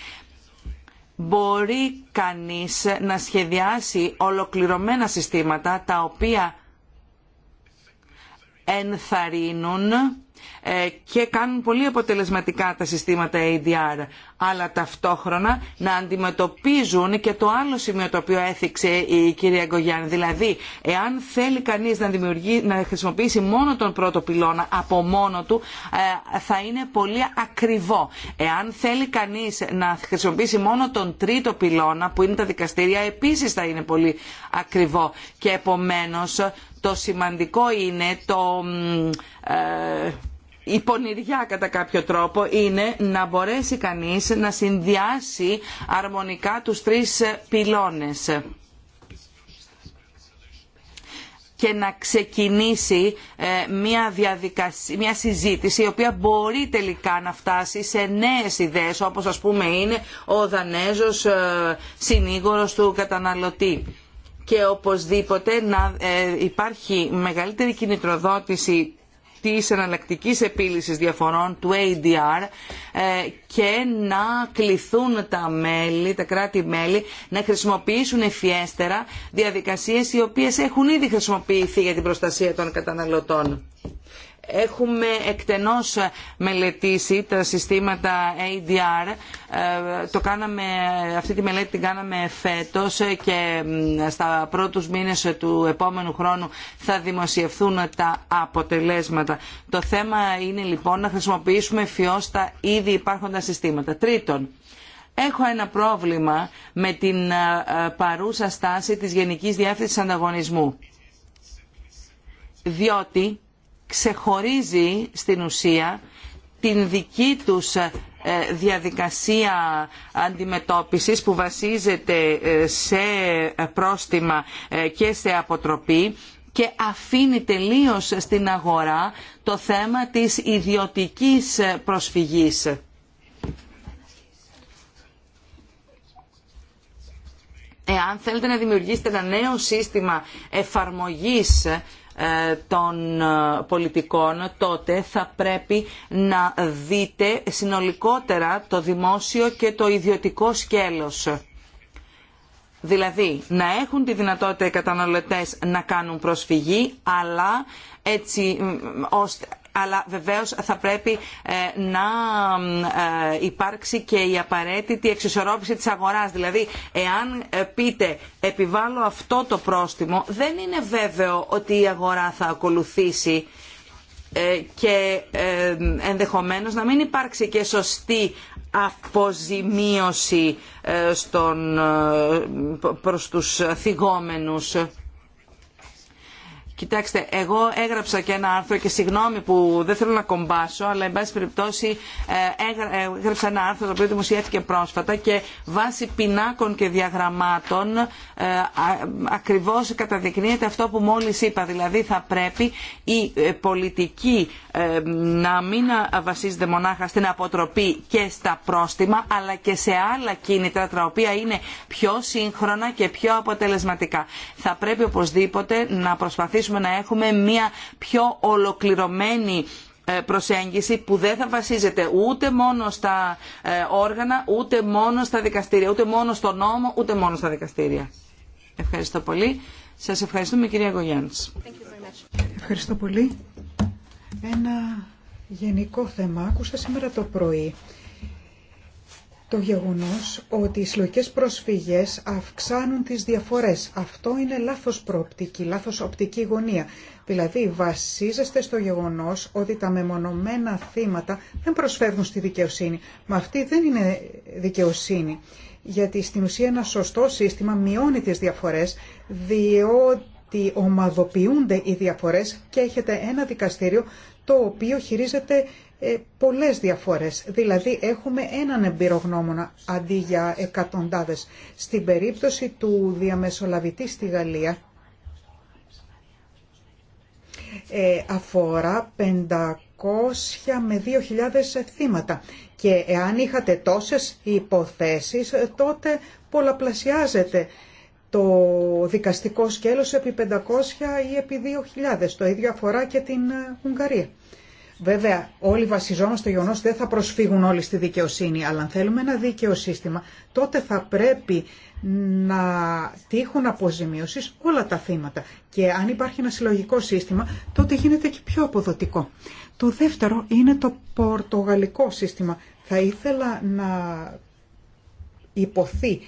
μπορεί κανείς να σχεδιάσει ολοκληρωμένα συστήματα τα οποία ενθαρρύνουν ε, και κάνουν πολύ αποτελεσματικά τα συστήματα ADR αλλά ταυτόχρονα να αντιμετωπίζουν και το άλλο σημείο το οποίο έθιξε η κυρία Γκογιάννη. Δηλαδή, εάν θέλει κανείς να, να χρησιμοποιήσει μόνο τον πρώτο πυλώνα από μόνο του, ε, θα είναι πολύ ακριβό. Εάν θέλει κανείς να χρησιμοποιήσει μόνο τον τρίτο πυλώνα, που είναι τα δικαστήρια, επίσης θα είναι πολύ ακριβό. Και επομένω, το σημαντικό είναι το... Ε, η πονηριά κατά κάποιο τρόπο είναι να μπορέσει κανείς να συνδυάσει αρμονικά τους τρεις πυλώνες και να ξεκινήσει ε, μια, διαδικασία, μια συζήτηση η οποία μπορεί τελικά να φτάσει σε νέες ιδέες όπως ας πούμε είναι ο Δανέζος ε, συνήγορος του καταναλωτή και οπωσδήποτε να ε, υπάρχει μεγαλύτερη κινητροδότηση της εναλλακτική επίλυσης διαφορών του ADR ε, και να κληθούν τα μέλη, τα κράτη-μέλη να χρησιμοποιήσουν ευφιέστερα διαδικασίες οι οποίες έχουν ήδη χρησιμοποιηθεί για την προστασία των καταναλωτών. Έχουμε εκτενώς μελετήσει τα συστήματα ADR. Ε, το κάναμε, αυτή τη μελέτη την κάναμε φέτος και στα πρώτους μήνες του επόμενου χρόνου θα δημοσιευθούν τα αποτελέσματα. Το θέμα είναι λοιπόν να χρησιμοποιήσουμε φιώς τα ήδη υπάρχοντα συστήματα. Τρίτον, Έχω ένα πρόβλημα με την ε, παρούσα στάση της Γενικής Διεύθυνσης Ανταγωνισμού. Διότι ξεχωρίζει στην ουσία την δική τους ε, διαδικασία αντιμετώπισης που βασίζεται ε, σε πρόστιμα ε, και σε αποτροπή και αφήνει τελείως στην αγορά το θέμα της ιδιωτικής προσφυγής. Εάν θέλετε να δημιουργήσετε ένα νέο σύστημα εφαρμογής ε, των ε, πολιτικών, τότε θα πρέπει να δείτε συνολικότερα το δημόσιο και το ιδιωτικό σκέλος. Δηλαδή, να έχουν τη δυνατότητα οι καταναλωτές να κάνουν προσφυγή, αλλά έτσι ώστε αλλά βεβαίως θα πρέπει ε, να ε, υπάρξει και η απαραίτητη εξισορρόπηση της αγοράς. Δηλαδή, εάν ε, πείτε επιβάλλω αυτό το πρόστιμο, δεν είναι βέβαιο ότι η αγορά θα ακολουθήσει και ενδεχομένως να μην υπάρξει και σωστή αποζημίωση στον, προς τους θυγόμενους. Κοιτάξτε, εγώ έγραψα και ένα άρθρο και συγγνώμη που δεν θέλω να κομπάσω, αλλά εν πάση περιπτώσει ε, ε, έγραψα ένα άρθρο το οποίο δημοσιεύτηκε πρόσφατα και βάσει πινάκων και διαγραμμάτων ε, ακριβώ ακριβώς καταδεικνύεται αυτό που μόλις είπα. Δηλαδή θα πρέπει η πολιτική να μην βασίζεται μονάχα στην αποτροπή και στα πρόστιμα, αλλά και σε άλλα κίνητρα τα οποία είναι πιο σύγχρονα και πιο αποτελεσματικά. Θα πρέπει οπωσδήποτε να προσπαθήσουμε να έχουμε μια πιο ολοκληρωμένη ε, προσέγγιση που δεν θα βασίζεται ούτε μόνο στα ε, όργανα, ούτε μόνο στα δικαστήρια, ούτε μόνο στο νόμο, ούτε μόνο στα δικαστήρια. Ευχαριστώ πολύ. Σας ευχαριστούμε κυρία Γογιάννης. Ευχαριστώ πολύ. Ένα γενικό θέμα άκουσα σήμερα το πρωί το γεγονός ότι οι συλλογικές προσφυγές αυξάνουν τις διαφορές. Αυτό είναι λάθος προοπτική, λάθος οπτική γωνία. Δηλαδή βασίζεστε στο γεγονός ότι τα μεμονωμένα θύματα δεν προσφεύγουν στη δικαιοσύνη. Μα αυτή δεν είναι δικαιοσύνη. Γιατί στην ουσία ένα σωστό σύστημα μειώνει τις διαφορές διότι ομαδοποιούνται οι διαφορές και έχετε ένα δικαστήριο το οποίο χειρίζεται ε, πολλές διαφορές. Δηλαδή έχουμε έναν εμπειρογνώμονα αντί για εκατοντάδες. Στην περίπτωση του διαμεσολαβητή στη Γαλλία ε, αφορά 500 με 2.000 θύματα. Και εάν είχατε τόσες υποθέσεις τότε πολλαπλασιάζεται το δικαστικό σκέλος επί 500 ή επί 2.000. Το ίδιο αφορά και την ε, Ουγγαρία. Βέβαια, όλοι βασιζόμαστε γεγονό ότι δεν θα προσφύγουν όλοι στη δικαιοσύνη, αλλά αν θέλουμε ένα δίκαιο σύστημα, τότε θα πρέπει να τύχουν αποζημίωση όλα τα θύματα. Και αν υπάρχει ένα συλλογικό σύστημα, τότε γίνεται και πιο αποδοτικό. Το δεύτερο είναι το πορτογαλικό σύστημα. Θα ήθελα να υποθεί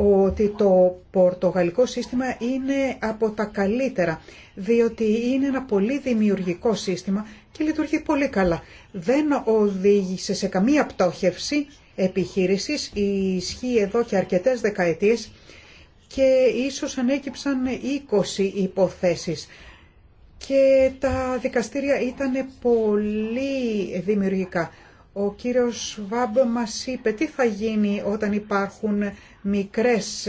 ότι το πορτογαλικό σύστημα είναι από τα καλύτερα, διότι είναι ένα πολύ δημιουργικό σύστημα και λειτουργεί πολύ καλά. Δεν οδήγησε σε καμία πτώχευση επιχείρησης, ισχύει εδώ και αρκετές δεκαετίες και ίσως ανέκυψαν 20 υποθέσεις. Και τα δικαστήρια ήταν πολύ δημιουργικά. Ο κύριος Βάμπ μας είπε τι θα γίνει όταν υπάρχουν μικρές,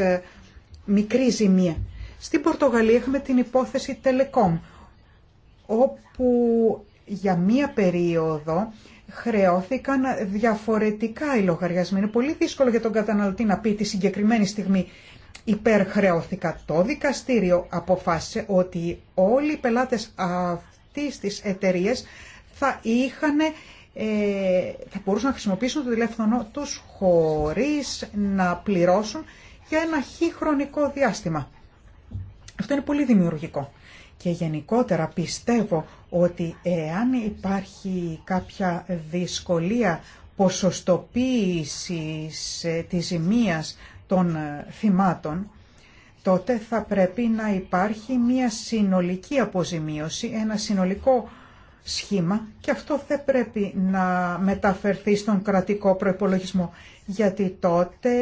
μικρή ζημία. Στην Πορτογαλία έχουμε την υπόθεση Telecom, όπου για μία περίοδο χρεώθηκαν διαφορετικά οι λογαριασμοί. Είναι πολύ δύσκολο για τον καταναλωτή να πει τη συγκεκριμένη στιγμή υπερχρεώθηκα. Το δικαστήριο αποφάσισε ότι όλοι οι πελάτες αυτής της εταιρείας θα είχαν ε, θα μπορούσαν να χρησιμοποιήσουν το τηλέφωνο τους χωρίς να πληρώσουν για ένα χι χρονικό διάστημα. Αυτό είναι πολύ δημιουργικό. Και γενικότερα πιστεύω ότι εάν υπάρχει κάποια δυσκολία ποσοστοποίησης ε, της ζημίας των ε, θυμάτων, τότε θα πρέπει να υπάρχει μια συνολική αποζημίωση, ένα συνολικό σχήμα και αυτό δεν πρέπει να μεταφερθεί στον κρατικό προϋπολογισμό γιατί τότε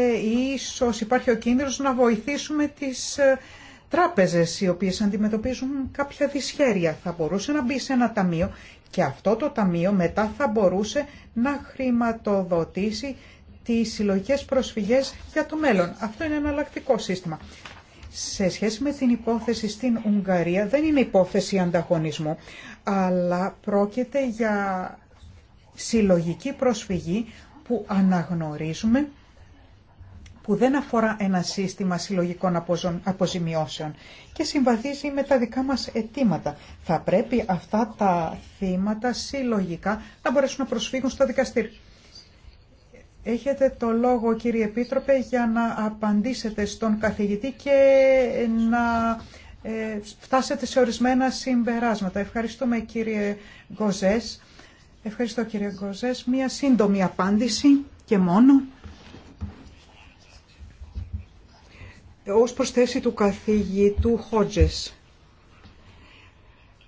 ίσως υπάρχει ο κίνδυνος να βοηθήσουμε τις ε, τράπεζες οι οποίες αντιμετωπίζουν κάποια δυσχέρεια. Θα μπορούσε να μπει σε ένα ταμείο και αυτό το ταμείο μετά θα μπορούσε να χρηματοδοτήσει τις συλλογικές προσφυγές για το μέλλον. Αυτό είναι ένα εναλλακτικό σύστημα σε σχέση με την υπόθεση στην Ουγγαρία δεν είναι υπόθεση ανταγωνισμού, αλλά πρόκειται για συλλογική προσφυγή που αναγνωρίζουμε που δεν αφορά ένα σύστημα συλλογικών αποζημιώσεων και συμβαδίζει με τα δικά μας αιτήματα. Θα πρέπει αυτά τα θύματα συλλογικά να μπορέσουν να προσφύγουν στο δικαστήριο. Έχετε το λόγο κύριε Επίτροπε για να απαντήσετε στον καθηγητή και να ε, φτάσετε σε ορισμένα συμπεράσματα. Ευχαριστούμε κύριε Γκοζές. Ευχαριστώ κύριε Γκοζές. Μία σύντομη απάντηση και μόνο. Ως προσθέση του καθηγητού Χότζες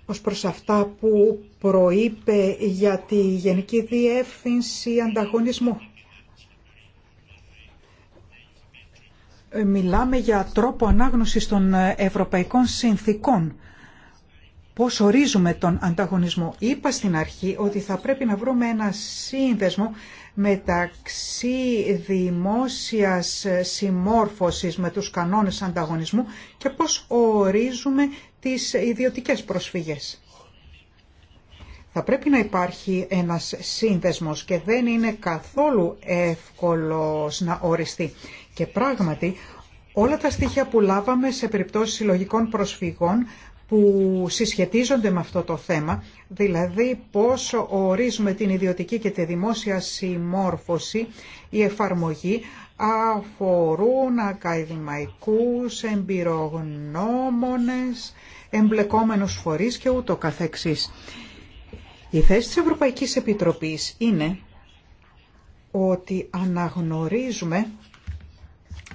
ως προς αυτά που προείπε για τη Γενική Διεύθυνση Ανταγωνισμού. Ε, μιλάμε για τρόπο ανάγνωσης των ε, ευρωπαϊκών συνθήκων. Πώς ορίζουμε τον ανταγωνισμό. Είπα στην αρχή ότι θα πρέπει να βρούμε ένα σύνδεσμο μεταξύ δημόσιας ε, συμμόρφωσης με τους κανόνες ανταγωνισμού και πώς ορίζουμε τις ιδιωτικές προσφυγές. Θα πρέπει να υπάρχει ένας σύνδεσμος και δεν είναι καθόλου εύκολος να οριστεί. Και πράγματι, όλα τα στοιχεία που λάβαμε σε περιπτώσεις συλλογικών προσφυγών που συσχετίζονται με αυτό το θέμα, δηλαδή πώς ορίζουμε την ιδιωτική και τη δημόσια συμμόρφωση, η εφαρμογή, αφορούν ακαδημαϊκούς, εμπειρογνώμονες, εμπλεκόμενους φορείς και ούτω καθεξής. Η θέση της Ευρωπαϊκής Επιτροπής είναι ότι αναγνωρίζουμε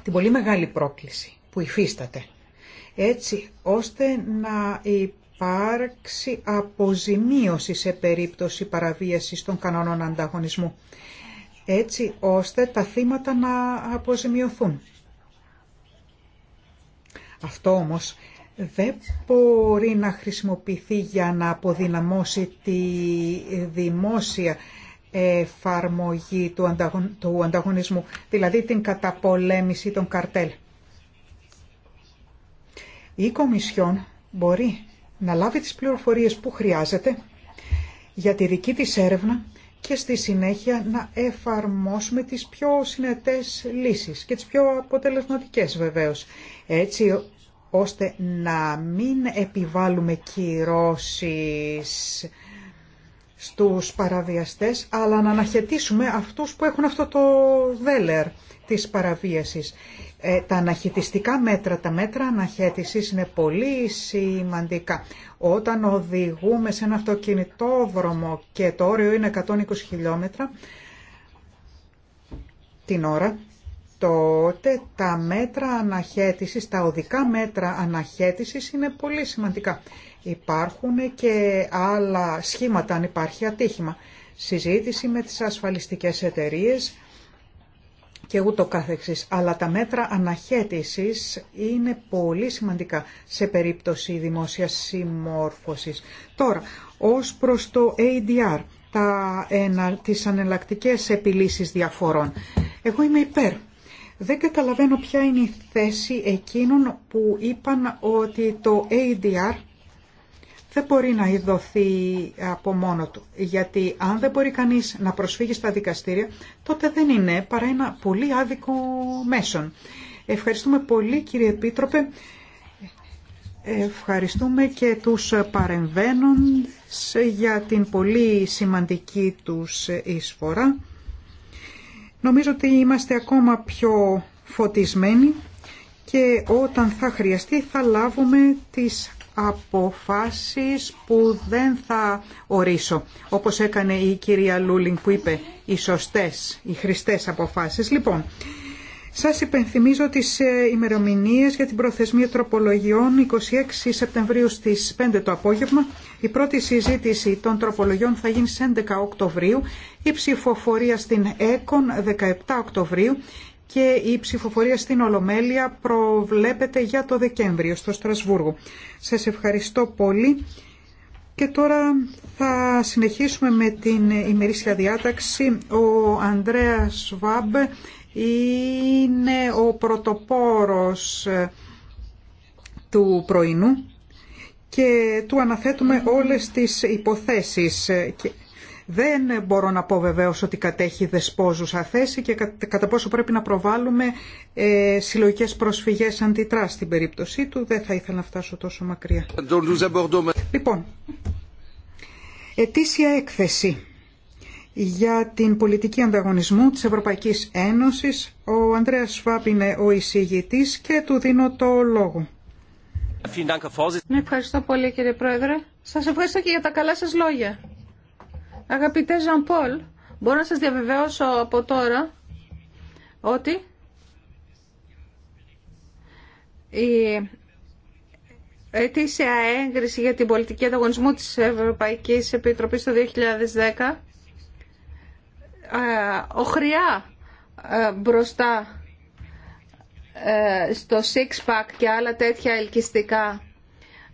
την πολύ μεγάλη πρόκληση που υφίσταται, έτσι ώστε να υπάρξει αποζημίωση σε περίπτωση παραβίασης των κανόνων ανταγωνισμού, έτσι ώστε τα θύματα να αποζημιωθούν. Αυτό όμως δεν μπορεί να χρησιμοποιηθεί για να αποδυναμώσει τη δημόσια εφαρμογή του ανταγωνισμού, δηλαδή την καταπολέμηση των καρτέλ. Η Κομισιόν μπορεί να λάβει τις πληροφορίες που χρειάζεται για τη δική της έρευνα και στη συνέχεια να εφαρμόσουμε τις πιο συνετές λύσεις και τις πιο αποτελεσματικές βεβαίως, έτσι ώστε να μην επιβάλλουμε κυρώσεις στους παραβιαστές, αλλά να αναχαιτήσουμε αυτούς που έχουν αυτό το δέλερ της παραβίασης. Ε, τα αναχαιτιστικά μέτρα, τα μέτρα αναχέτησης είναι πολύ σημαντικά. Όταν οδηγούμε σε ένα αυτοκινητόδρομο και το όριο είναι 120 χιλιόμετρα την ώρα, τότε τα μέτρα αναχέτησης, τα οδικά μέτρα αναχέτησης είναι πολύ σημαντικά. Υπάρχουν και άλλα σχήματα αν υπάρχει ατύχημα. Συζήτηση με τις ασφαλιστικές εταιρείες και ούτω καθεξής. Αλλά τα μέτρα αναχέτησης είναι πολύ σημαντικά σε περίπτωση δημόσιας συμμόρφωσης. Τώρα, ως προς το ADR, τα, ενα, τις ανελακτικές επιλύσεις διαφορών. Εγώ είμαι υπέρ. Δεν καταλαβαίνω ποια είναι η θέση εκείνων που είπαν ότι το ADR δεν μπορεί να ειδωθεί από μόνο του. Γιατί αν δεν μπορεί κανείς να προσφύγει στα δικαστήρια, τότε δεν είναι παρά ένα πολύ άδικο μέσον. Ευχαριστούμε πολύ κύριε Επίτροπε. Ευχαριστούμε και τους παρεμβαίνων για την πολύ σημαντική τους εισφορά. Νομίζω ότι είμαστε ακόμα πιο φωτισμένοι και όταν θα χρειαστεί θα λάβουμε τις αποφάσεις που δεν θα ορίσω, όπως έκανε η κυρία Λούλινγκ που είπε οι σωστές, οι χριστές αποφάσεις. Λοιπόν, σας υπενθυμίζω τις ε, ημερομηνίες για την προθεσμία τροπολογιών 26 Σεπτεμβρίου στις 5 το απόγευμα. Η πρώτη συζήτηση των τροπολογιών θα γίνει στις 11 Οκτωβρίου, η ψηφοφορία στην ΕΚΟΝ 17 Οκτωβρίου και η ψηφοφορία στην Ολομέλεια προβλέπεται για το Δεκέμβριο στο Στρασβούργο. Σας ευχαριστώ πολύ. Και τώρα θα συνεχίσουμε με την ημερήσια διάταξη. Ο Ανδρέας Βάμπ είναι ο πρωτοπόρος του πρωινού και του αναθέτουμε όλες τις υποθέσεις. Δεν μπορώ να πω βεβαίω ότι κατέχει δεσπόζουσα θέση και κατά πόσο πρέπει να προβάλλουμε ε, συλλογικές προσφυγές αντιτρά στην περίπτωσή του. Δεν θα ήθελα να φτάσω τόσο μακριά. Λοιπόν, ετήσια έκθεση για την πολιτική ανταγωνισμού της Ευρωπαϊκής Ένωσης. Ο Ανδρέας Σφάπ είναι ο εισηγητής και του δίνω το λόγο. Ευχαριστώ πολύ κύριε Πρόεδρε. Σας ευχαριστώ και για τα καλά σας λόγια. Αγαπητέ Ζαν Πολ, μπορώ να σας διαβεβαιώσω από τώρα ότι η ετήσια έγκριση για την πολιτική ανταγωνισμού της Ευρωπαϊκής Επιτροπής το 2010 ε, οχριά ε, μπροστά ε, στο six και άλλα τέτοια ελκυστικά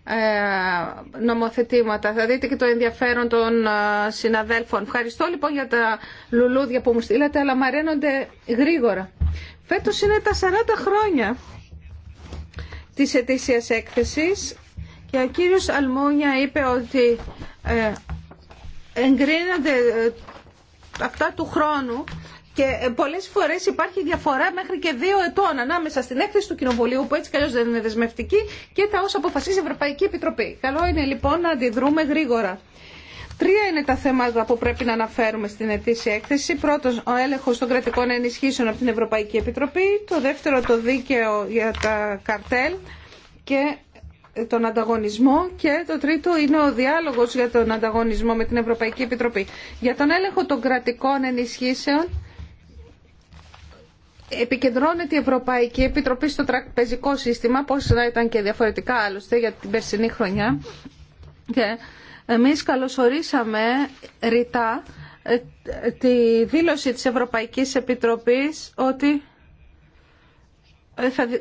ε, νομοθετήματα. Θα δείτε και το ενδιαφέρον των ε, συναδέλφων. Ευχαριστώ λοιπόν για τα λουλούδια που μου στείλατε, αλλά μαραίνονται γρήγορα. Φέτος είναι τα 40 χρόνια της ετήσιας έκθεσης και ο κύριος Αλμούνια είπε ότι ε, εγκρίνονται αυτά του χρόνου και ε, πολλέ φορέ υπάρχει διαφορά μέχρι και δύο ετών ανάμεσα στην έκθεση του Κοινοβουλίου, που έτσι καλώ δεν είναι δεσμευτική, και τα όσα αποφασίζει η Ευρωπαϊκή Επιτροπή. Καλό είναι λοιπόν να αντιδρούμε γρήγορα. Τρία είναι τα θέματα που πρέπει να αναφέρουμε στην ετήσια έκθεση. Πρώτο, ο έλεγχο των κρατικών ενισχύσεων από την Ευρωπαϊκή Επιτροπή. Το δεύτερο, το δίκαιο για τα καρτέλ και τον ανταγωνισμό και το τρίτο είναι ο διάλογος για τον ανταγωνισμό με την Ευρωπαϊκή Επιτροπή. Για τον έλεγχο των κρατικών ενισχύσεων επικεντρώνεται η Ευρωπαϊκή Επιτροπή στο τραπεζικό σύστημα, πώς να ήταν και διαφορετικά άλλωστε για την περσινή χρονιά. Και εμείς καλωσορίσαμε ρητά ε, τη δήλωση της Ευρωπαϊκής Επιτροπής ότι θα ε,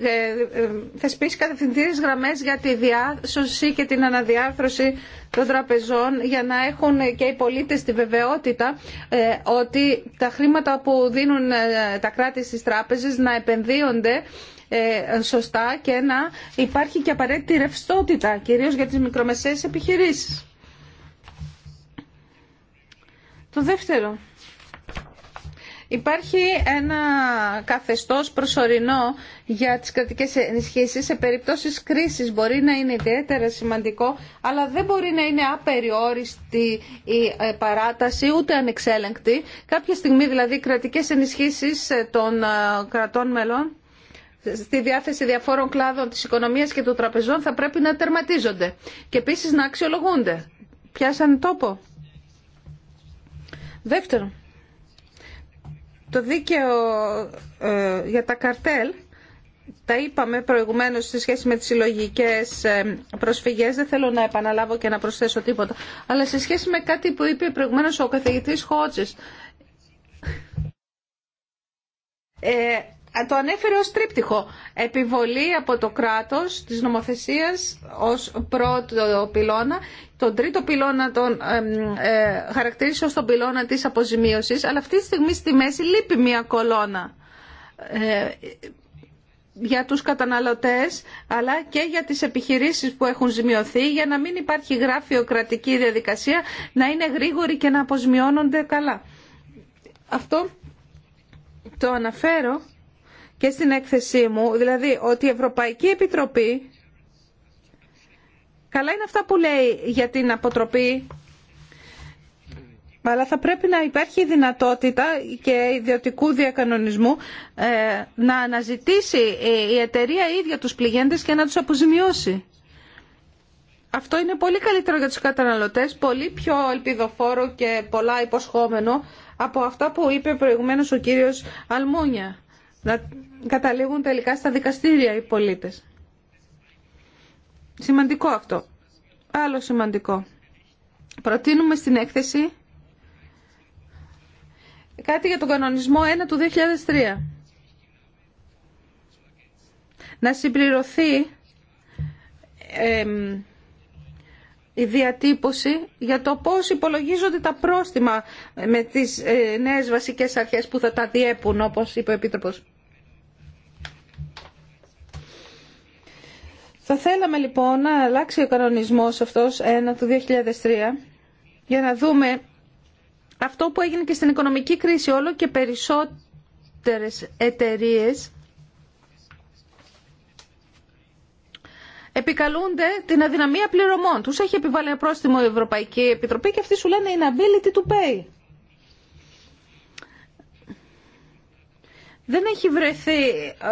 ε, θεσπίσει κατευθυντήριε γραμμές για τη διάσωση και την αναδιάρθρωση των τραπεζών για να έχουν και οι πολίτες τη βεβαιότητα ε, ότι τα χρήματα που δίνουν τα κράτη στις τράπεζες να επενδύονται σωστά και να υπάρχει και απαραίτητη ρευστότητα, κυρίως για τις μικρομεσαίες επιχειρήσεις. Το δεύτερο Υπάρχει ένα καθεστώς προσωρινό για τις κρατικές ενισχύσεις σε περιπτώσεις κρίσης. Μπορεί να είναι ιδιαίτερα σημαντικό, αλλά δεν μπορεί να είναι απεριόριστη η ε, παράταση, ούτε ανεξέλεγκτη. Κάποια στιγμή δηλαδή οι κρατικές ενισχύσεις ε, των ε, κρατών μελών στη διάθεση διαφόρων κλάδων της οικονομίας και των τραπεζών θα πρέπει να τερματίζονται και επίσης να αξιολογούνται. Πιάσανε τόπο. Δεύτερον, το δίκαιο ε, για τα καρτέλ, τα είπαμε προηγουμένως σε σχέση με τις συλλογικέ ε, προσφυγές, δεν θέλω να επαναλάβω και να προσθέσω τίποτα, αλλά σε σχέση με κάτι που είπε προηγουμένως ο καθηγητής Χότσης, ε, το ανέφερε ως τρίπτυχο. Επιβολή από το κράτος της νομοθεσίας ως πρώτο πυλώνα, τον τρίτο πυλώνα τον ε, χαρακτήρισε ως τον πυλώνα της αποζημίωσης, αλλά αυτή τη στιγμή στη μέση λείπει μια κολόνα ε, για τους καταναλωτές, αλλά και για τις επιχειρήσεις που έχουν ζημιωθεί, για να μην υπάρχει γραφειοκρατική διαδικασία, να είναι γρήγορη και να αποζημιώνονται καλά. Αυτό το αναφέρω και στην έκθεσή μου, δηλαδή ότι η Ευρωπαϊκή Επιτροπή, καλά είναι αυτά που λέει για την αποτροπή, αλλά θα πρέπει να υπάρχει δυνατότητα και ιδιωτικού διακανονισμού ε, να αναζητήσει η εταιρεία ίδια τους πληγέντες και να τους αποζημιώσει. Αυτό είναι πολύ καλύτερο για τους καταναλωτές, πολύ πιο ελπιδοφόρο και πολλά υποσχόμενο από αυτά που είπε προηγουμένως ο κύριος Αλμούνια να καταλήγουν τελικά στα δικαστήρια οι πολίτες. Σημαντικό αυτό. Άλλο σημαντικό. Προτείνουμε στην έκθεση κάτι για τον κανονισμό 1 του 2003. Να συμπληρωθεί η διατύπωση για το πώς υπολογίζονται τα πρόστιμα με τις ε, νέες βασικές αρχές που θα τα διέπουν, όπως είπε ο Επίτροπος. Θα θέλαμε λοιπόν να αλλάξει ο κανονισμός αυτός, ένα του 2003, για να δούμε αυτό που έγινε και στην οικονομική κρίση όλο και περισσότερες εταιρείες επικαλούνται την αδυναμία πληρωμών. Τους έχει επιβάλει ένα πρόστιμο η Ευρωπαϊκή Επιτροπή και αυτοί σου λένε inability to pay. Δεν έχει βρεθεί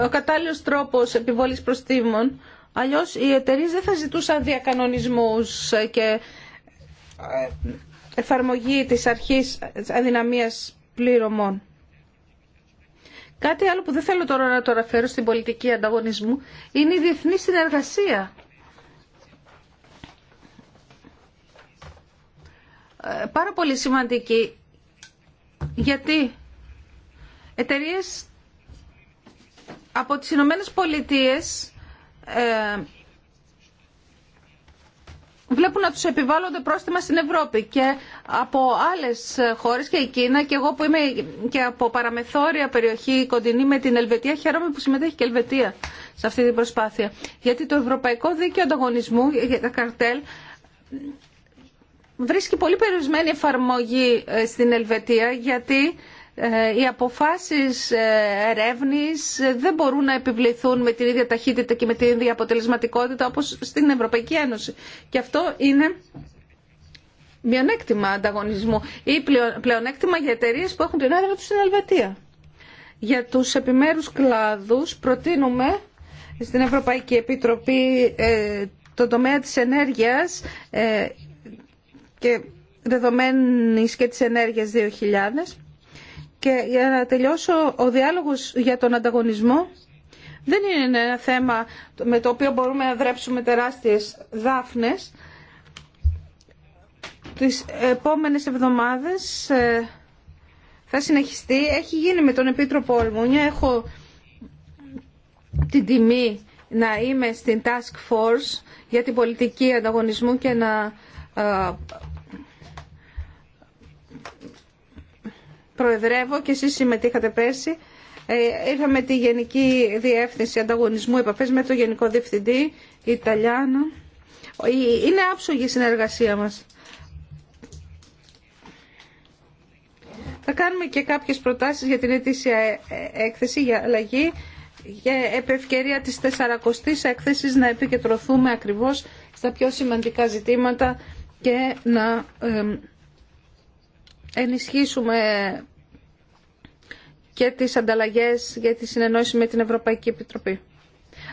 ο κατάλληλος τρόπος επιβολής προστίμων Αλλιώς οι εταιρείε δεν θα ζητούσαν διακανονισμούς και ε, εφαρμογή της αρχής αδυναμίας πληρωμών. Κάτι άλλο που δεν θέλω τώρα να το αναφέρω στην πολιτική ανταγωνισμού είναι η διεθνή συνεργασία. Ε, πάρα πολύ σημαντική. Γιατί εταιρείε από τις Ηνωμένε Πολιτείες ε, βλέπουν να τους επιβάλλονται πρόστιμα στην Ευρώπη και από άλλες χώρες και η Κίνα και εγώ που είμαι και από παραμεθόρια περιοχή κοντινή με την Ελβετία χαίρομαι που συμμετέχει και η Ελβετία σε αυτή την προσπάθεια γιατί το Ευρωπαϊκό Δίκαιο Ανταγωνισμού για τα καρτέλ βρίσκει πολύ περιορισμένη εφαρμογή ε, στην Ελβετία γιατί ε, οι αποφάσεις ε, ερεύνης ε, δεν μπορούν να επιβληθούν με την ίδια ταχύτητα και με την ίδια αποτελεσματικότητα όπως στην Ευρωπαϊκή Ένωση. Και αυτό είναι μειονέκτημα ανταγωνισμού ή πλεονέκτημα για εταιρείε που έχουν την έδρα του στην Ελβετία. Για τους επιμέρους κλάδους προτείνουμε στην Ευρωπαϊκή Επιτροπή το τομέα της ενέργειας και δεδομένης και της ενέργειας 2000 και για να τελειώσω, ο διάλογος για τον ανταγωνισμό δεν είναι ένα θέμα με το οποίο μπορούμε να δρέψουμε τεράστιες δάφνες. Τις επόμενες εβδομάδες ε, θα συνεχιστεί. Έχει γίνει με τον Επίτροπο Ολμούνια. Έχω την τιμή να είμαι στην Task Force για την πολιτική ανταγωνισμού και να ε, προεδρεύω και εσείς συμμετείχατε πέρσι. Ε, είχαμε τη Γενική Διεύθυνση Ανταγωνισμού Επαφές με το Γενικό Διευθυντή Ιταλιάνο. Ε, είναι άψογη η συνεργασία μας. Θα κάνουμε και κάποιες προτάσεις για την ετήσια ε, έκθεση για αλλαγή και επευκαιρία τη της 40ης έκθεσης να επικεντρωθούμε ακριβώς στα πιο σημαντικά ζητήματα και να ενισχύσουμε και τις ανταλλαγές για τη συνεννόηση με την Ευρωπαϊκή Επιτροπή.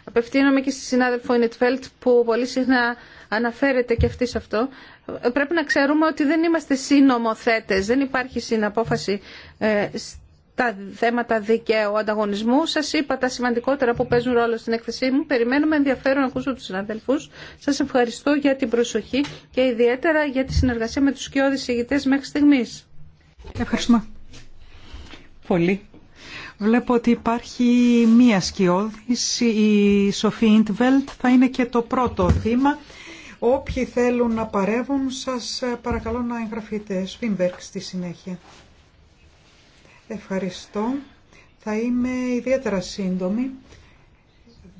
Απευθύνομαι και στη συνάδελφο Ινιτφέλτ που πολύ συχνά αναφέρεται και αυτή σε αυτό. Ε, πρέπει να ξέρουμε ότι δεν είμαστε συνομοθέτες, δεν υπάρχει συναπόφαση ε, τα θέματα δικαίου ανταγωνισμού. Σα είπα τα σημαντικότερα που παίζουν ρόλο στην έκθεσή μου. Περιμένουμε ενδιαφέρον να ακούσω του συναδελφού. Σα ευχαριστώ για την προσοχή και ιδιαίτερα για τη συνεργασία με του σκιώδει ηγητέ μέχρι στιγμή. Ευχαριστούμε πολύ. Βλέπω ότι υπάρχει μία σκιώδης, η Σοφή Ιντβελτ θα είναι και το πρώτο θύμα. Όποιοι θέλουν να παρεύουν, σας παρακαλώ να εγγραφείτε. Σφίμπερκ στη συνέχεια. Ευχαριστώ. Θα είμαι ιδιαίτερα σύντομη,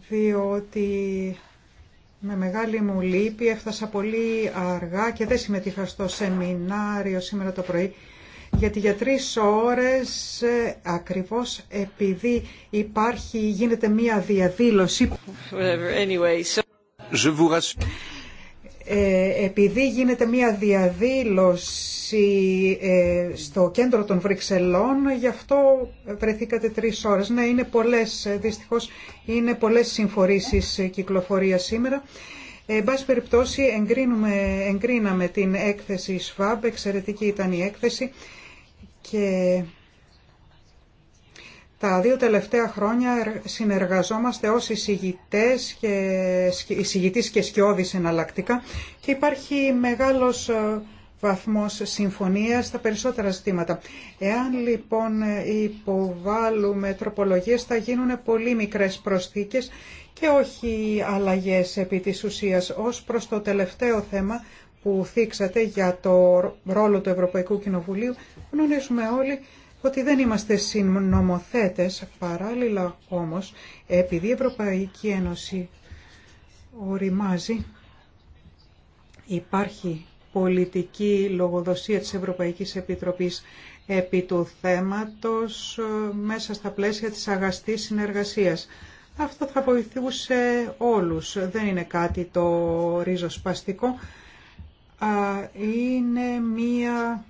διότι με μεγάλη μου λύπη έφτασα πολύ αργά και δεν συμμετείχα στο σεμινάριο σήμερα το πρωί, γιατί για τρεις ώρες ε, ακριβώς επειδή υπάρχει, γίνεται μία διαδήλωση. anyway, ε, επειδή γίνεται μία διαδήλωση ε, στο κέντρο των Βρυξελών, γι' αυτό βρεθήκατε τρεις ώρες. Ναι, είναι πολλές, ε, δυστυχώς, είναι πολλές συμφορήσεις κυκλοφορία σήμερα. Ε, εν πάση περιπτώσει, εγκρίναμε την έκθεση ΣΦΑΜ, εξαιρετική ήταν η έκθεση και τα δύο τελευταία χρόνια συνεργαζόμαστε ως εισηγητές και, εισηγητής και σκιώδης εναλλακτικά και υπάρχει μεγάλος ε, βαθμός συμφωνίας στα περισσότερα ζητήματα. Εάν λοιπόν υποβάλουμε τροπολογίες θα γίνουν πολύ μικρές προσθήκες και όχι αλλαγές επί της ουσίας. Ως προς το τελευταίο θέμα που θίξατε για το ρόλο του Ευρωπαϊκού Κοινοβουλίου γνωρίζουμε όλοι ότι δεν είμαστε συνομοθέτες, παράλληλα όμως, επειδή η Ευρωπαϊκή Ένωση οριμάζει, υπάρχει πολιτική λογοδοσία της Ευρωπαϊκής Επιτροπής επί του θέματος ε, μέσα στα πλαίσια της αγαστής συνεργασίας. Αυτό θα βοηθούσε όλους. Δεν είναι κάτι το ρίζοσπαστικό. Είναι μία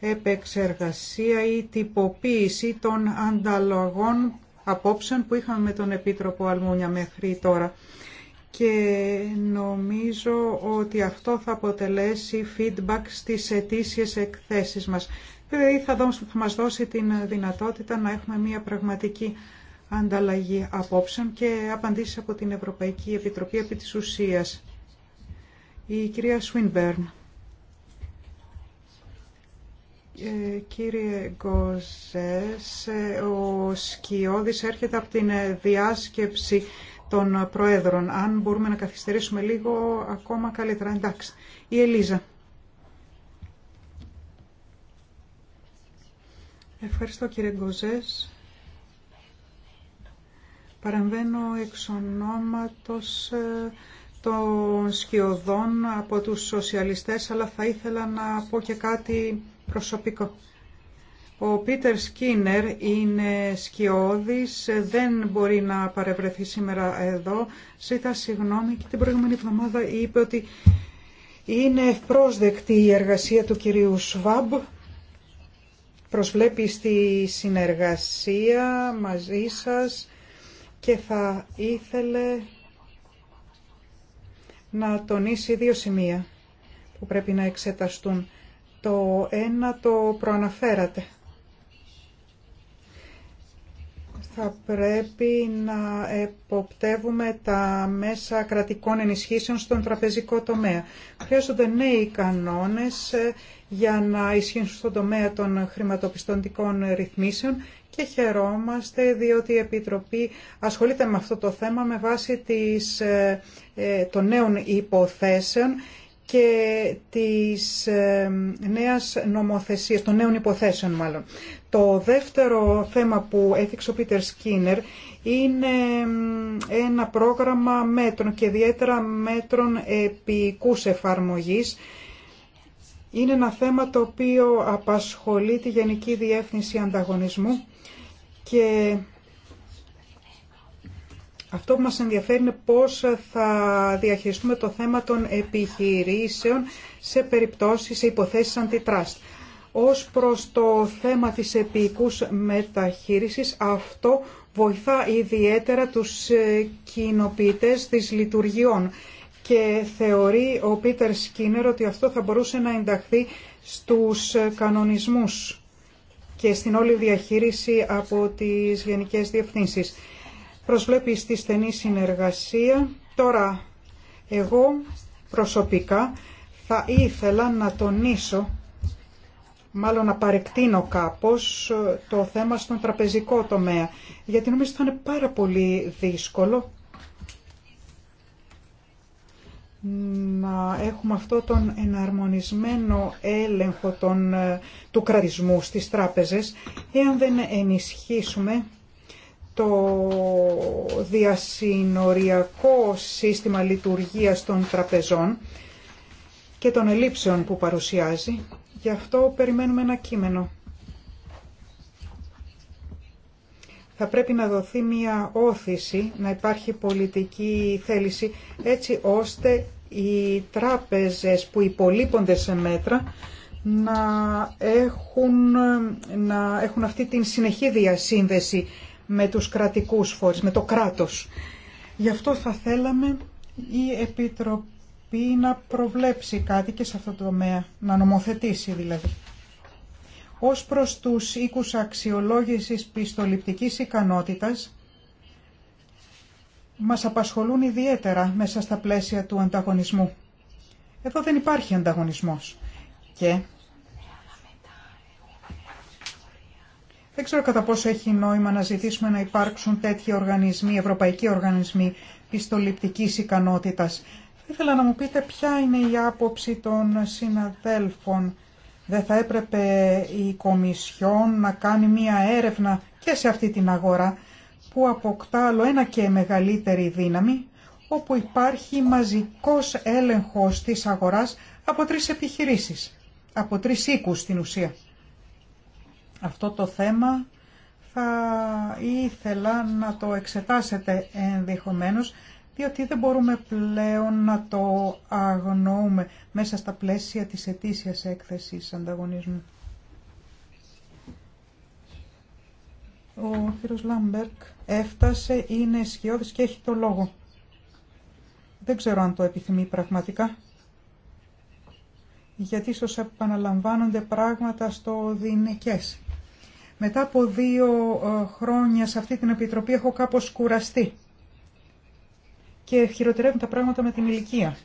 επεξεργασία ή τυποποίηση των ανταλλαγών απόψεων που είχαμε με τον Επίτροπο Αλμούνια μέχρι τώρα. Και νομίζω ότι αυτό θα αποτελέσει feedback στις ετήσιες εκθέσεις μας. Δηλαδή θα, μα θα μας δώσει την δυνατότητα να έχουμε μια πραγματική ανταλλαγή απόψεων και απαντήσεις από την Ευρωπαϊκή Επιτροπή επί της ουσίας. Η κυρία Σουίνμπερν. Ε, κύριε Γκοζές, ε, ο Σκιώδης έρχεται από την ε, διάσκεψη των Προέδρων. Αν μπορούμε να καθυστερήσουμε λίγο, ακόμα καλύτερα. Εντάξει. Η Ελίζα. Ευχαριστώ κύριε Γκοζές. Παραμβαίνω εξ ονόματος των σκιωδών από τους σοσιαλιστές, αλλά θα ήθελα να πω και κάτι προσωπικό. Ο Πίτερ Σκίνερ είναι σκιώδης, δεν μπορεί να παρευρεθεί σήμερα εδώ. Ζήτα συγγνώμη και την προηγούμενη εβδομάδα είπε ότι είναι ευπρόσδεκτη η εργασία του κυρίου Σβάμπ. Προσβλέπει στη συνεργασία μαζί σας και θα ήθελε να τονίσει δύο σημεία που πρέπει να εξεταστούν. Το ένα το προαναφέρατε. Θα πρέπει να εποπτεύουμε τα μέσα κρατικών ενισχύσεων στον τραπεζικό τομέα. Χρειάζονται νέοι κανόνες ε, για να ισχύσουν στον τομέα των χρηματοπιστωτικών ρυθμίσεων και χαιρόμαστε διότι η Επιτροπή ασχολείται με αυτό το θέμα με βάση τις, ε, ε, των νέων υποθέσεων και της νέας νομοθεσίας, των νέων υποθέσεων μάλλον. Το δεύτερο θέμα που έθιξε ο Πίτερ Σκίνερ είναι ένα πρόγραμμα μέτρων και ιδιαίτερα μέτρων επικούς εφαρμογής. Είναι ένα θέμα το οποίο απασχολεί τη Γενική Διεύθυνση Ανταγωνισμού και αυτό που μας ενδιαφέρει είναι πώς θα διαχειριστούμε το θέμα των επιχειρήσεων σε περιπτώσεις, σε υποθέσεις αντιτράστ. Ως προς το θέμα της επίκους μεταχείρισης, αυτό βοηθά ιδιαίτερα τους κοινοποιητές της λειτουργιών και θεωρεί ο Πίτερ Σκίνερ ότι αυτό θα μπορούσε να ενταχθεί στους κανονισμούς και στην όλη διαχείριση από τις γενικές διευθύνσεις προσβλέπει στη στενή συνεργασία. Τώρα εγώ προσωπικά θα ήθελα να τονίσω, μάλλον να παρεκτείνω κάπως το θέμα στον τραπεζικό τομέα, γιατί νομίζω θα είναι πάρα πολύ δύσκολο να έχουμε αυτό τον εναρμονισμένο έλεγχο των, ε, του κρατισμού στις τράπεζες, εάν δεν ενισχύσουμε το διασυνοριακό σύστημα λειτουργίας των τραπεζών και των ελλείψεων που παρουσιάζει. Γι' αυτό περιμένουμε ένα κείμενο. Θα πρέπει να δοθεί μια όθηση, να υπάρχει πολιτική θέληση, έτσι ώστε οι τράπεζες που υπολείπονται σε μέτρα να έχουν, να έχουν αυτή την συνεχή διασύνδεση με τους κρατικούς φορείς, με το κράτος. Γι' αυτό θα θέλαμε η Επιτροπή να προβλέψει κάτι και σε αυτό το τομέα, να νομοθετήσει δηλαδή. Ως προς τους οίκους αξιολόγησης πιστοληπτικής ικανότητας, μας απασχολούν ιδιαίτερα μέσα στα πλαίσια του ανταγωνισμού. Εδώ δεν υπάρχει ανταγωνισμός. Και Δεν ξέρω κατά πόσο έχει νόημα να ζητήσουμε να υπάρξουν τέτοιοι οργανισμοί, ευρωπαϊκοί οργανισμοί πιστοληπτικής ικανότητας. Θα ήθελα να μου πείτε ποια είναι η άποψη των συναδέλφων. Δεν θα έπρεπε η Κομισιόν να κάνει μία έρευνα και σε αυτή την αγορά που αποκτά άλλο ένα και μεγαλύτερη δύναμη, όπου υπάρχει μαζικός έλεγχος της αγοράς από τρεις επιχειρήσεις, από τρεις οίκους στην ουσία. Αυτό το θέμα θα ήθελα να το εξετάσετε ενδεχομένως, διότι δεν μπορούμε πλέον να το αγνοούμε μέσα στα πλαίσια της ετήσιας έκθεσης ανταγωνισμού. Ο κύριος Λάμπερκ έφτασε, είναι σκιώδης και έχει το λόγο. Δεν ξέρω αν το επιθυμεί πραγματικά. Γιατί ίσως επαναλαμβάνονται πράγματα στο δινικές. Μετά από δύο ε, χρόνια σε αυτή την Επιτροπή έχω κάπως κουραστεί και χειροτερεύουν τα πράγματα με την ηλικία.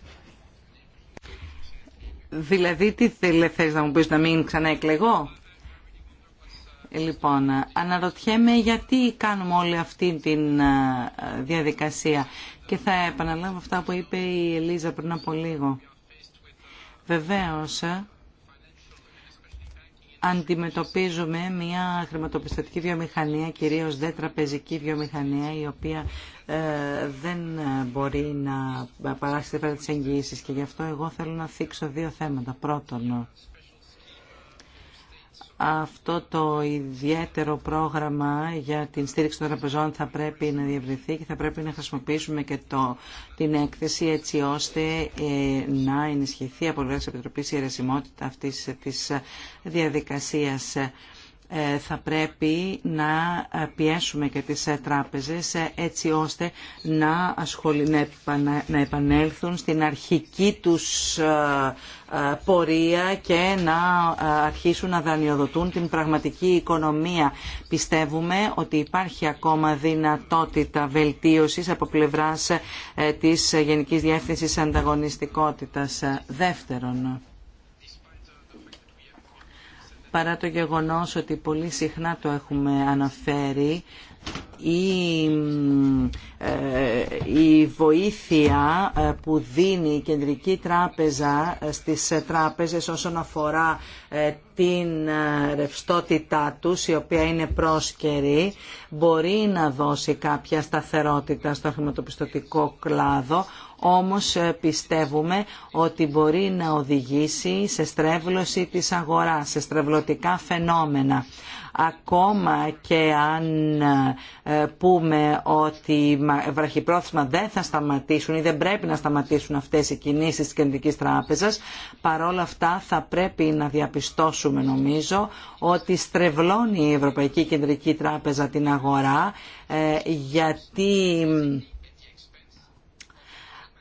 Δηλαδή τι θες να μου πεις να μην ξαναεκλεγώ. Ε, λοιπόν, αναρωτιέμαι γιατί κάνουμε όλη αυτή τη ε, διαδικασία και θα επαναλάβω αυτά που είπε η Ελίζα πριν από λίγο. Βεβαίως, αντιμετωπίζουμε μια χρηματοπιστωτική βιομηχανία, κυρίως δε τραπεζική βιομηχανία, η οποία ε, δεν μπορεί να παράξει πέρα τις και γι' αυτό εγώ θέλω να θίξω δύο θέματα. Πρώτον, αυτό το ιδιαίτερο πρόγραμμα για την στήριξη των τραπεζών θα πρέπει να διευρυνθεί και θα πρέπει να χρησιμοποιήσουμε και το, την έκθεση έτσι ώστε ε, να ενισχυθεί από πλευρά τη Επιτροπή η αιρεσιμότητα αυτή τη διαδικασία. Ε, θα πρέπει να πιέσουμε και τις ε, τράπεζες ε, έτσι ώστε να, να επανέλθουν στην αρχική τους πορεία και να αρχίσουν να δανειοδοτούν την πραγματική οικονομία. Πιστεύουμε ότι υπάρχει ακόμα δυνατότητα βελτίωσης από πλευράς της Γενικής Διεύθυνσης Ανταγωνιστικότητας. Δεύτερον, παρά το γεγονός ότι πολύ συχνά το έχουμε αναφέρει ε, η βοήθεια ε, που δίνει η Κεντρική Τράπεζα ε, στις τράπεζες όσον αφορά την ρευστότητά τους, η οποία είναι πρόσκαιρη, μπορεί να δώσει κάποια σταθερότητα στο χρηματοπιστωτικό κλάδο, όμως πιστεύουμε ότι μπορεί να οδηγήσει σε στρέβλωση της αγοράς, σε στρεβλωτικά φαινόμενα. Ακόμα και αν ε, πούμε ότι βραχυπρόθεσμα δεν θα σταματήσουν ή δεν πρέπει να σταματήσουν αυτές οι κινήσεις της Κεντρικής Τράπεζας, παρόλα αυτά θα πρέπει να διαπιστώσουμε νομίζω ότι στρεβλώνει η Ευρωπαϊκή Κεντρική Τράπεζα την αγορά ε, γιατί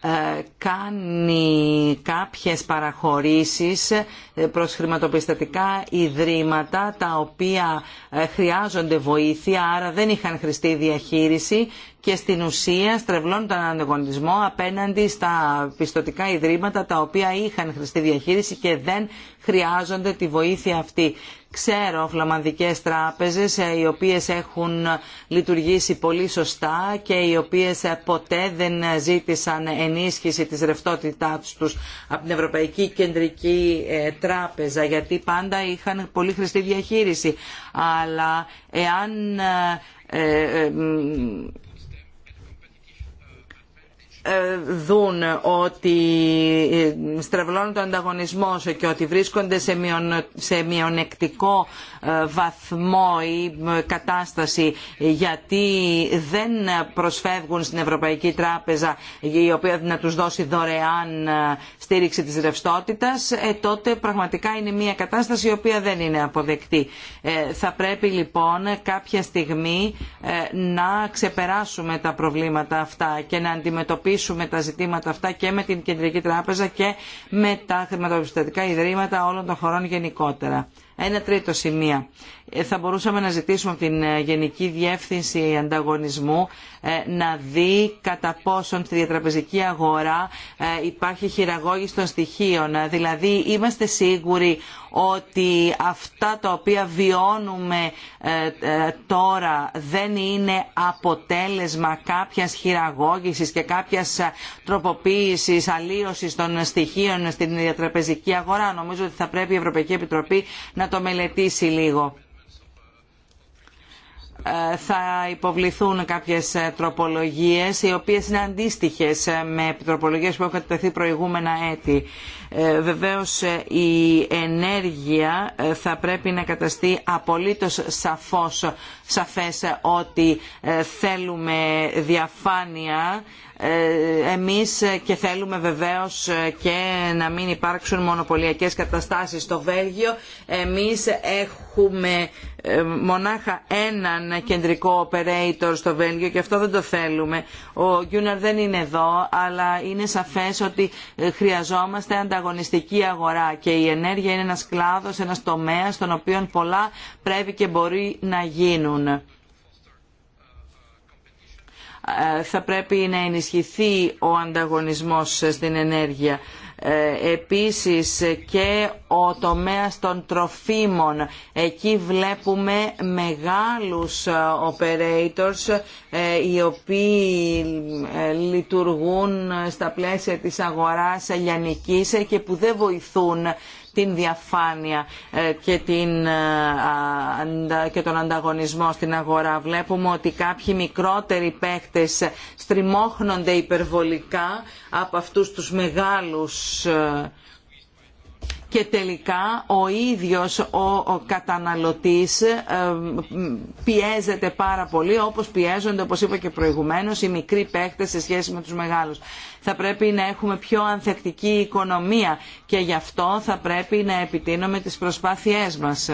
ε, κάνει κάποιες παραχωρήσεις ε, προς χρηματοπιστωτικά ιδρύματα τα οποία ε, χρειάζονται βοήθεια άρα δεν είχαν χρηστή διαχείριση και στην ουσία στρεβλώνουν τον ανταγωνισμό απέναντι στα πιστωτικά ιδρύματα τα οποία είχαν χρηστή διαχείριση και δεν χρειάζονται τη βοήθεια αυτή. Ξέρω φλαμανδικές τράπεζες ε, οι οποίες έχουν λειτουργήσει πολύ σωστά και οι οποίες ε, ποτέ δεν ζήτησαν ενίσχυση της ρευτότητάς τους από την Ευρωπαϊκή Κεντρική ε, Τράπεζα γιατί πάντα είχαν πολύ χρηστή διαχείριση. Αλλά εάν ε, δουν ότι ε, στρεβλώνουν το ανταγωνισμό και ότι βρίσκονται σε μειονεκτικό ε, βαθμό ή κατάσταση γιατί δεν προσφεύγουν στην Ευρωπαϊκή Τράπεζα η οποία να τους δώσει δωρεάν στήριξη της ρευστότητας τότε πραγματικά είναι μια κατάσταση η οποία δεν είναι αποδεκτή. Θα πρέπει λοιπόν κάποια στιγμή να ξεπεράσουμε τα προβλήματα αυτά και να αντιμετωπίσουμε λύσουμε τα ζητήματα αυτά και με την Κεντρική Τράπεζα και με τα χρηματοπιστωτικά ιδρύματα όλων των χωρών γενικότερα. Ένα τρίτο σημείο. Ε, θα μπορούσαμε να ζητήσουμε από την ε, Γενική Διεύθυνση Ανταγωνισμού ε, να δει κατά πόσον στη διατραπεζική αγορά υπάρχει χειραγώγηση των στοιχείων. Δηλαδή είμαστε σίγουροι ότι αυτά τα οποία βιώνουμε τώρα δεν είναι αποτέλεσμα κάποιας χειραγώγησης και κάποιας τροποποίησης, αλλίωσης των στοιχείων στην διατραπεζική αγορά. Νομίζω ότι θα πρέπει η Ευρωπαϊκή Επιτροπή να να το μελετήσει λίγο. Ε, θα υποβληθούν κάποιες ε, τροπολογίες οι οποίες είναι αντίστοιχες ε, με τροπολογίες που έχουν κατατεθεί προηγούμενα έτη. Βεβαίως η ενέργεια θα πρέπει να καταστεί απολύτως σαφώς, σαφές ότι θέλουμε διαφάνεια ε, εμείς και θέλουμε βεβαίως και να μην υπάρξουν μονοπωλιακές καταστάσεις στο Βέλγιο. Εμείς έχουμε ε, μονάχα έναν κεντρικό operator στο Βέλγιο και αυτό δεν το θέλουμε. Ο Γκιούναρ δεν είναι εδώ, αλλά είναι σαφές ότι ε, χρειαζόμαστε ανταγωνιστική αγορά και η ενέργεια είναι ένας κλάδος, ένας τομέας, στον οποίο πολλά πρέπει και μπορεί να γίνουν θα πρέπει να ενισχυθεί ο ανταγωνισμός στην ενέργεια. Ε, επίσης και ο τομέας των τροφίμων. Εκεί βλέπουμε μεγάλους ε, operators ε, οι οποίοι λειτουργούν στα πλαίσια της αγοράς λιανικής και που δεν βοηθούν την διαφάνεια ε, και, την, ε, τον ανταγωνισμό στην αγορά. Βλέπουμε ότι κάποιοι μικρότεροι παίκτες στριμώχνονται υπερβολικά από αυτούς τους μεγάλους ε, και τελικά ο ίδιος ο καταναλωτής ε, πιέζεται πάρα πολύ όπως πιέζονται όπως είπα και προηγουμένως οι μικροί παίχτες σε σχέση με τους μεγάλους. Θα πρέπει να έχουμε πιο ανθεκτική οικονομία και γι' αυτό θα πρέπει να επιτείνουμε τις προσπάθειές μας.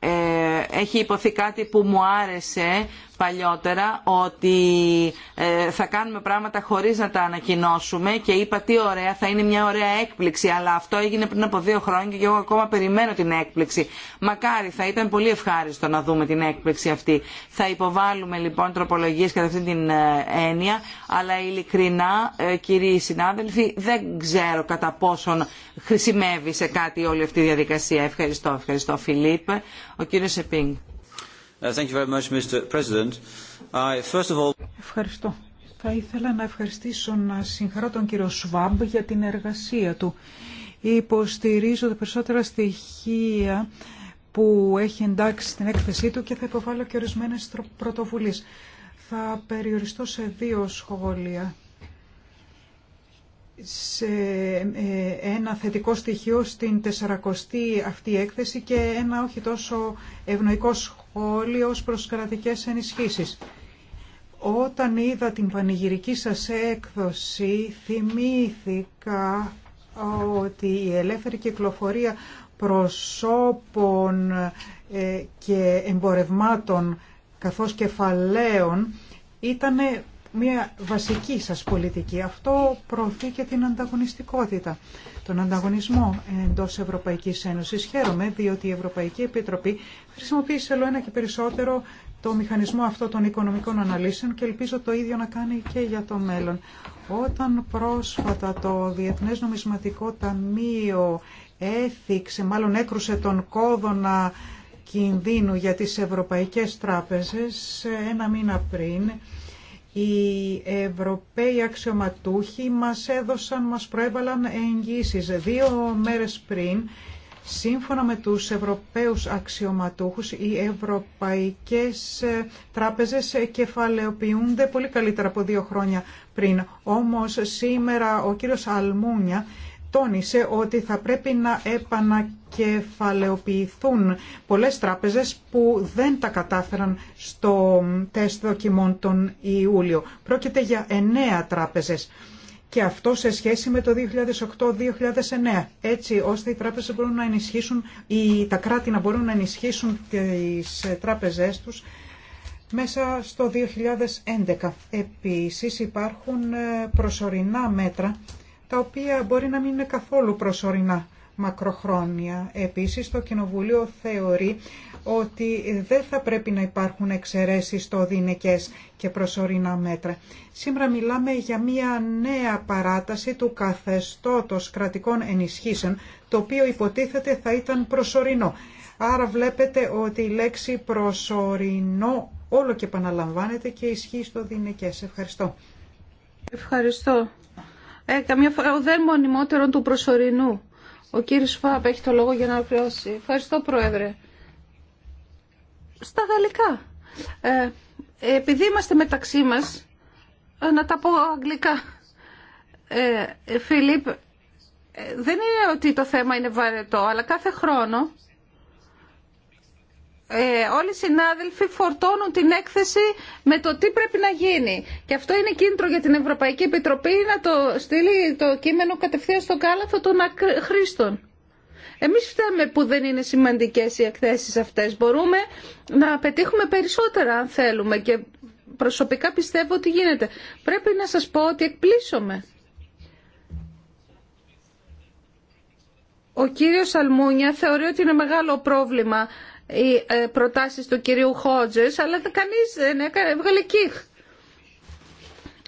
Ε, έχει υποθεί κάτι που μου άρεσε παλιότερα ότι ε, θα κάνουμε πράγματα χωρίς να τα ανακοινώσουμε και είπα τι ωραία, θα είναι μια ωραία έκπληξη, αλλά αυτό έγινε πριν από δύο χρόνια και εγώ ακόμα περιμένω την έκπληξη. Μακάρι θα ήταν πολύ ευχάριστο να δούμε την έκπληξη αυτή. Θα υποβάλουμε λοιπόν τροπολογίες κατά αυτή την ε, έννοια, αλλά ειλικρινά ε, κύριοι συνάδελφοι δεν ξέρω κατά πόσον χρησιμεύει σε κάτι όλη αυτή η διαδικασία. Ευχαριστώ, ευχαριστώ Φιλίπ. Ο κύριος Επίνγκ. Uh, Ευχαριστώ. Θα ήθελα να ευχαριστήσω να συγχαρώ τον κύριο Σβάμπ για την εργασία του. Υποστηρίζω τα περισσότερα στοιχεία που έχει εντάξει στην έκθεσή του και θα υποβάλω και ορισμένε πρωτοβουλίε. Θα περιοριστώ σε δύο σχόλια. Σε ε, ένα θετικό στοιχείο στην 40η αυτή έκθεση και ένα όχι τόσο ευνοϊκό σχόλιο όλοι ως προσκρατικές ενισχύσεις. Όταν είδα την πανηγυρική σας έκδοση θυμήθηκα ότι η ελεύθερη κυκλοφορία προσώπων ε, και εμπορευμάτων καθώς κεφαλαίων ήταν μια βασική σας πολιτική. Αυτό προωθεί και την ανταγωνιστικότητα, τον ανταγωνισμό εντός Ευρωπαϊκής Ένωσης. Χαίρομαι διότι η Ευρωπαϊκή Επιτροπή χρησιμοποίησε όλο ένα και περισσότερο το μηχανισμό αυτό των οικονομικών αναλύσεων και ελπίζω το ίδιο να κάνει και για το μέλλον. Όταν πρόσφατα το Διεθνές Νομισματικό Ταμείο έθιξε, μάλλον έκρουσε τον κόδωνα κινδύνου για τις ευρωπαϊκές τράπεζες ένα μήνα πριν, οι Ευρωπαίοι αξιωματούχοι μας έδωσαν, μας προέβαλαν εγγύσεις δύο μέρες πριν. Σύμφωνα με τους Ευρωπαίους αξιωματούχους, οι ευρωπαϊκές τράπεζες κεφαλαιοποιούνται πολύ καλύτερα από δύο χρόνια πριν. Όμως σήμερα ο κύριος Αλμούνια τόνισε ότι θα πρέπει να επανακεφαλαιοποιηθούν πολλές τράπεζες που δεν τα κατάφεραν στο τεστ δοκιμών τον Ιούλιο. Πρόκειται για εννέα τράπεζες και αυτό σε σχέση με το 2008-2009, έτσι ώστε οι τράπεζες μπορούν να ενισχύσουν, τα κράτη να μπορούν να ενισχύσουν τις τράπεζές τους μέσα στο 2011. Επίσης υπάρχουν ε, προσωρινά μέτρα τα οποία μπορεί να μην είναι καθόλου προσωρινά μακροχρόνια. Επίσης, το Κοινοβούλιο θεωρεί ότι δεν θα πρέπει να υπάρχουν εξαιρέσεις στο δινεκές και προσωρινά μέτρα. Σήμερα μιλάμε για μια νέα παράταση του καθεστώτος κρατικών ενισχύσεων, το οποίο υποτίθεται θα ήταν προσωρινό. Άρα βλέπετε ότι η λέξη προσωρινό όλο και επαναλαμβάνεται και ισχύει στο δινεκές. Ευχαριστώ. Ευχαριστώ ε, καμιά φορά ε, ουδέν μονιμότερον του προσωρινού. Ο κύριος Φάπ έχει το λόγο για να ολοκληρώσει. Ευχαριστώ Πρόεδρε. Στα γαλλικά. Ε, επειδή είμαστε μεταξύ μας, ε, να τα πω αγγλικά. Ε, Φιλίπ, ε, δεν είναι ότι το θέμα είναι βαρετό, αλλά κάθε χρόνο ε, όλοι οι συνάδελφοι φορτώνουν την έκθεση με το τι πρέπει να γίνει. Και αυτό είναι κίνητρο για την Ευρωπαϊκή Επιτροπή να το στείλει το κείμενο κατευθείαν στο κάλαθο των χρήστων. Εμείς φταίμε που δεν είναι σημαντικές οι εκθέσεις αυτές. Μπορούμε να πετύχουμε περισσότερα αν θέλουμε και προσωπικά πιστεύω ότι γίνεται. Πρέπει να σας πω ότι εκπλήσωμε. Ο κύριος Αλμούνια θεωρεί ότι είναι μεγάλο πρόβλημα οι ε, προτάσεις του κυρίου Χότζες, αλλά κανείς δεν έκανε, έβγαλε κύχ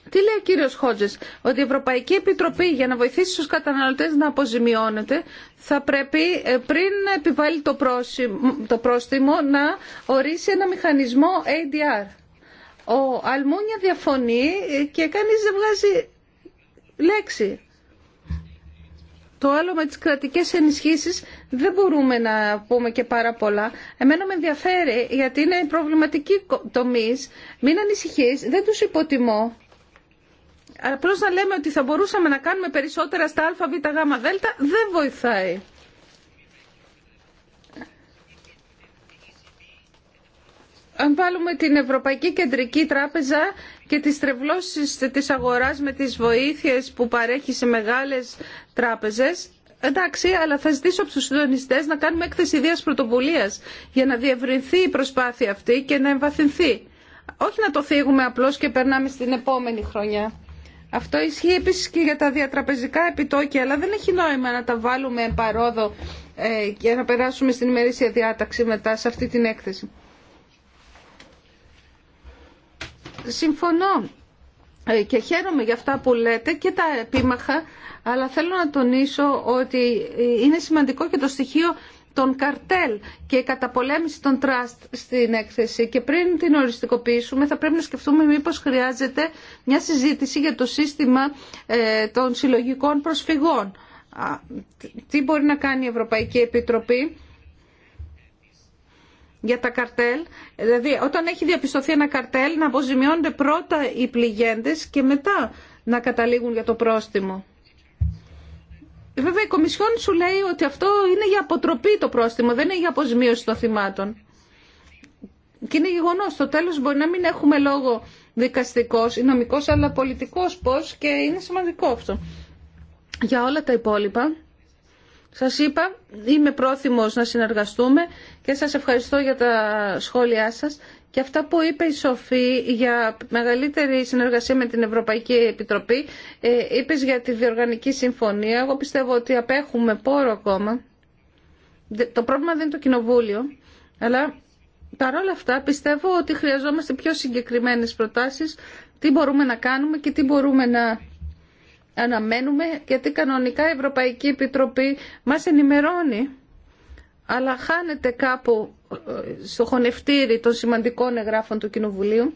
Τι λέει ο κύριος Χότζες, ότι η Ευρωπαϊκή Επιτροπή για να βοηθήσει τους καταναλωτές να αποζημιώνεται θα πρέπει ε, πριν επιβάλλει το, το πρόστιμο να ορίσει ένα μηχανισμό ADR. Ο Αλμούνια διαφωνεί ε, και κανείς δεν βγάζει λέξη. Το άλλο με τις κρατικές ενισχύσεις δεν μπορούμε να πούμε και πάρα πολλά. Εμένα με ενδιαφέρει γιατί είναι προβληματική τομή. Μην ανησυχείς, δεν τους υποτιμώ. Απλώς να λέμε ότι θα μπορούσαμε να κάνουμε περισσότερα στα α, β, γ, δ δεν βοηθάει. αν βάλουμε την Ευρωπαϊκή Κεντρική Τράπεζα και τις τρευλώσεις της αγοράς με τις βοήθειες που παρέχει σε μεγάλες τράπεζες, εντάξει, αλλά θα ζητήσω από τους συντονιστές να κάνουμε έκθεση ιδέα πρωτοβουλίας για να διευρυνθεί η προσπάθεια αυτή και να εμβαθυνθεί. Όχι να το θίγουμε απλώς και περνάμε στην επόμενη χρονιά. Αυτό ισχύει επίσης και για τα διατραπεζικά επιτόκια, αλλά δεν έχει νόημα να τα βάλουμε παρόδο ε, και να περάσουμε στην ημερήσια διάταξη μετά σε αυτή την έκθεση. συμφωνώ ε, και χαίρομαι για αυτά που λέτε και τα επίμαχα, αλλά θέλω να τονίσω ότι ε, είναι σημαντικό και το στοιχείο των καρτέλ και η καταπολέμηση των τραστ στην έκθεση και πριν την οριστικοποιήσουμε θα πρέπει να σκεφτούμε μήπως χρειάζεται μια συζήτηση για το σύστημα ε, των συλλογικών προσφυγών. Τι μπορεί να κάνει η Ευρωπαϊκή Επιτροπή για τα καρτέλ. Δηλαδή, όταν έχει διαπιστωθεί ένα καρτέλ, να αποζημιώνονται πρώτα οι πληγέντες και μετά να καταλήγουν για το πρόστιμο. Βέβαια, η Κομισιόν σου λέει ότι αυτό είναι για αποτροπή το πρόστιμο, δεν είναι για αποζημίωση των θυμάτων. Και είναι γεγονό. Στο τέλο μπορεί να μην έχουμε λόγο δικαστικό ή νομικό, αλλά πολιτικό πώ και είναι σημαντικό αυτό. Για όλα τα υπόλοιπα, σας είπα, είμαι πρόθυμος να συνεργαστούμε και σας ευχαριστώ για τα σχόλιά σας. Και αυτά που είπε η Σοφή για μεγαλύτερη συνεργασία με την Ευρωπαϊκή Επιτροπή, ε, είπες για τη διοργανική συμφωνία. Εγώ πιστεύω ότι απέχουμε πόρο ακόμα. Το πρόβλημα δεν είναι το κοινοβούλιο, αλλά παρόλα αυτά πιστεύω ότι χρειαζόμαστε πιο συγκεκριμένες προτάσεις, τι μπορούμε να κάνουμε και τι μπορούμε να αναμένουμε γιατί κανονικά η Ευρωπαϊκή Επιτροπή μας ενημερώνει αλλά χάνεται κάπου ε, στο χωνευτήρι των σημαντικών εγγράφων του Κοινοβουλίου.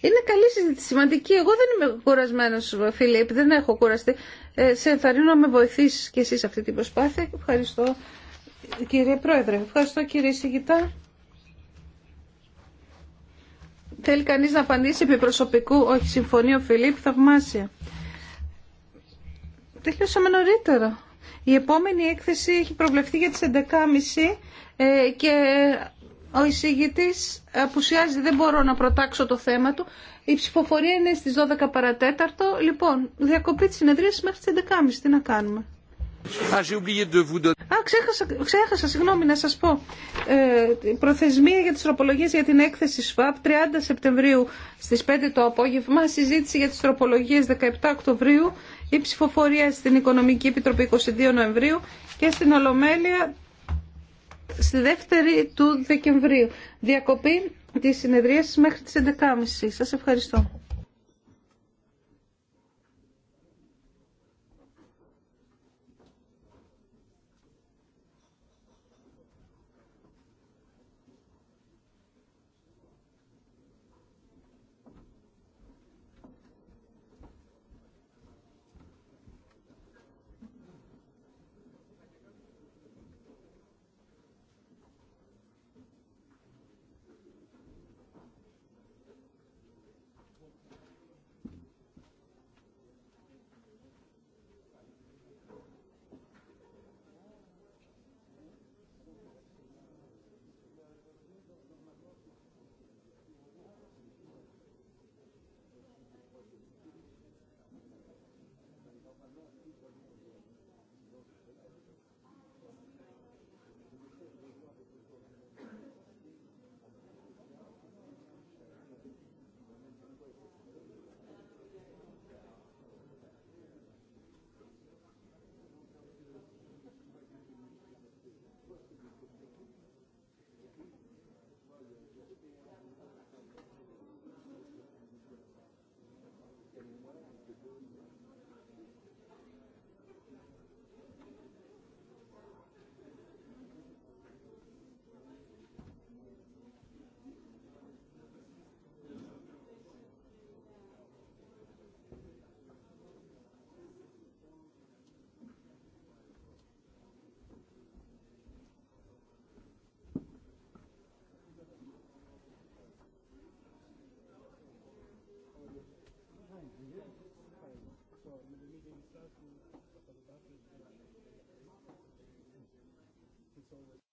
Είναι καλή συζήτηση, σημαντική. Εγώ δεν είμαι κουρασμένο, Φίλιππ, δεν έχω κουραστεί. Ε, σε ενθαρρύνω να με βοηθήσει κι εσύ αυτή την προσπάθεια. Ευχαριστώ, κύριε Πρόεδρε. Ευχαριστώ, κύριε Σιγητά. Θέλει κανείς να απαντήσει επί προσωπικού. Όχι, συμφωνεί ο Φιλίπ, θαυμάσια. Τελειώσαμε νωρίτερα. Η επόμενη έκθεση έχει προβλεφθεί για τις 11.30 ε, και ο εισηγητής απουσιάζει, δεν μπορώ να προτάξω το θέμα του. Η ψηφοφορία είναι στις 12 παρατέταρτο. Λοιπόν, διακοπή της συνεδρίας μέχρι τις 11.30. Τι να κάνουμε. Α, ξέχασα, ξέχασα, συγγνώμη να σας πω. Ε, προθεσμία για τι τροπολογίε για την έκθεση ΣΒΑΠ 30 Σεπτεμβρίου στις 5 το απόγευμα, συζήτηση για τι τροπολογίε 17 Οκτωβρίου, η ψηφοφορία στην Οικονομική Επιτροπή 22 Νοεμβρίου και στην Ολομέλεια στη δεύτερη του Δεκεμβρίου. Διακοπή της συνεδρίας μέχρι τις 11.30. Σα ευχαριστώ. Υπότιτλοι AUTHORWAVE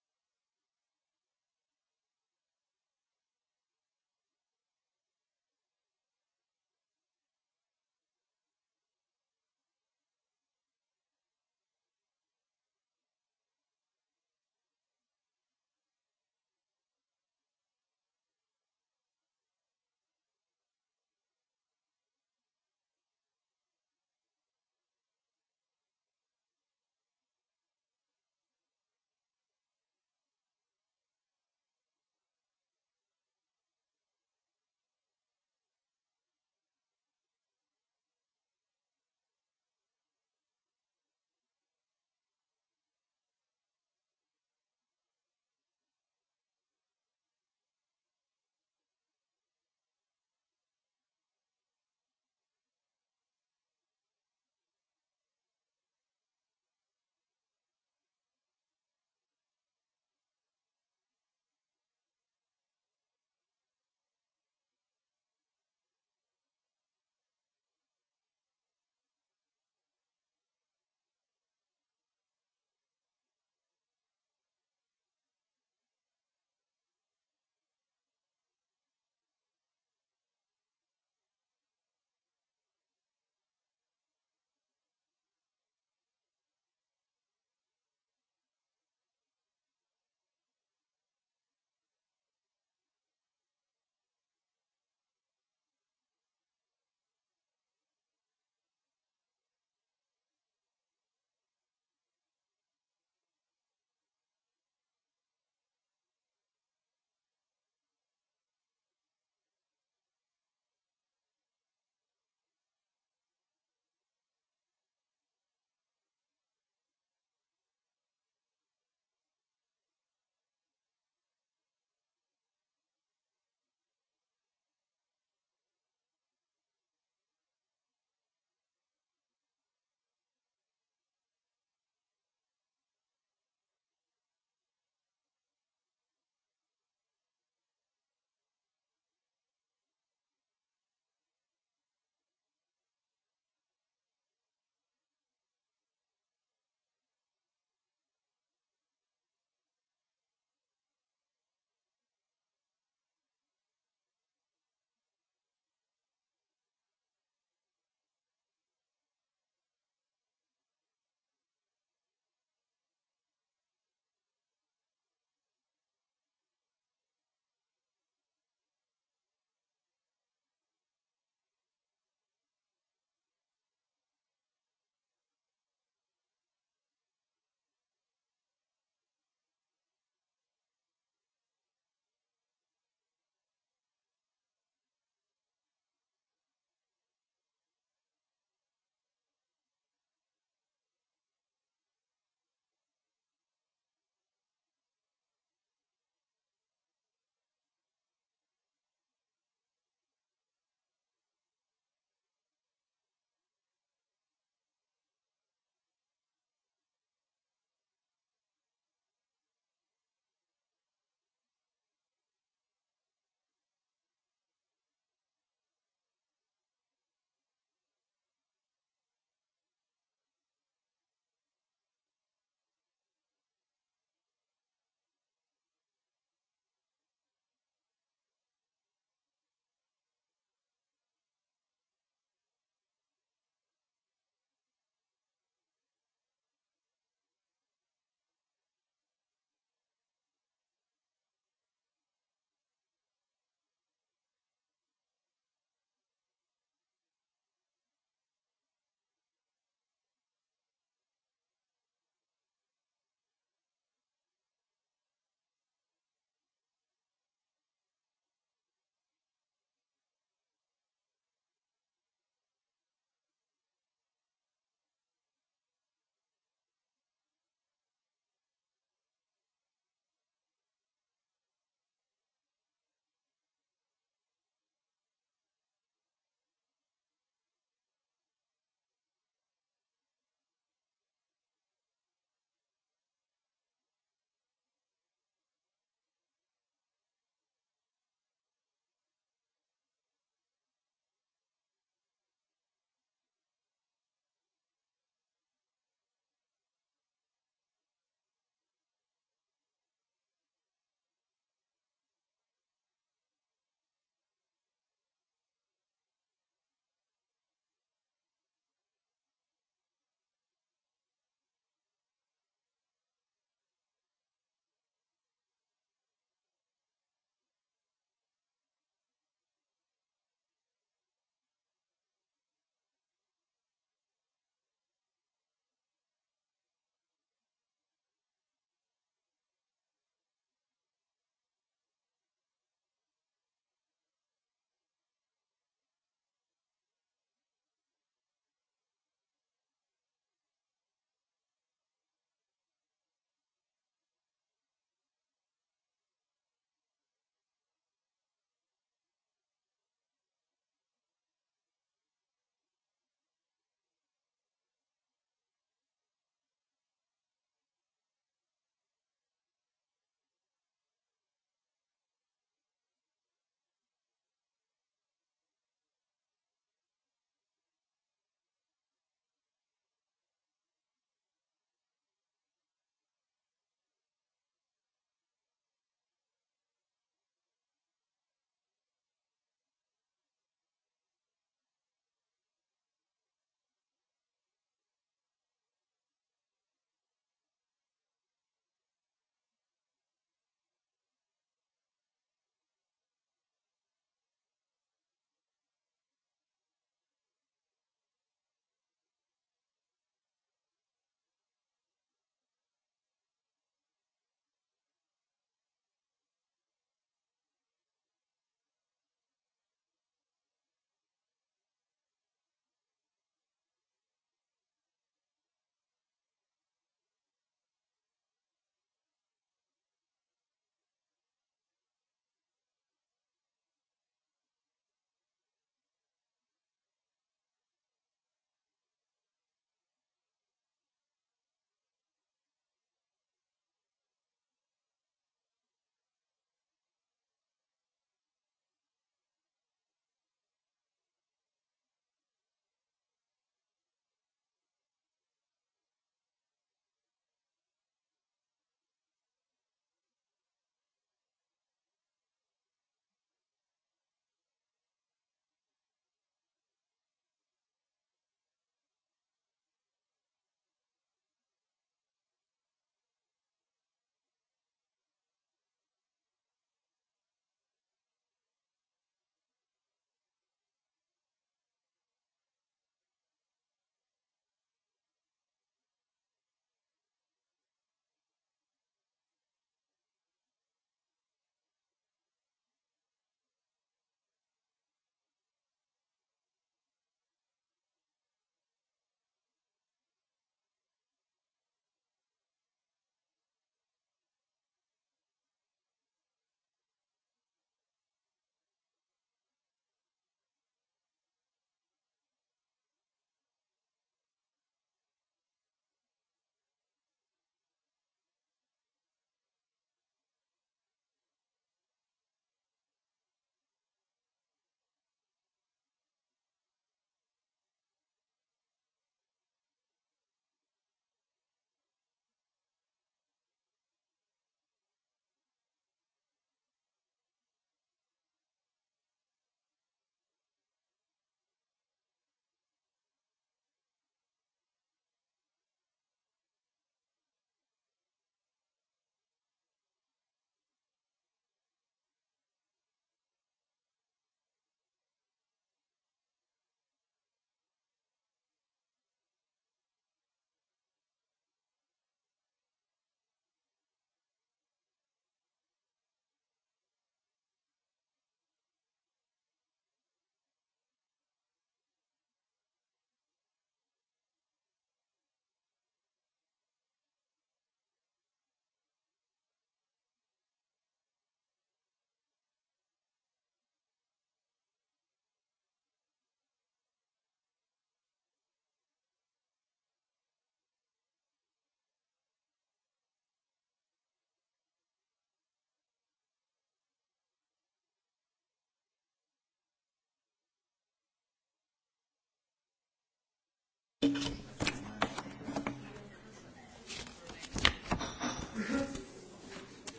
Σα ευχαριστώ.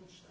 Ευχαριστώ.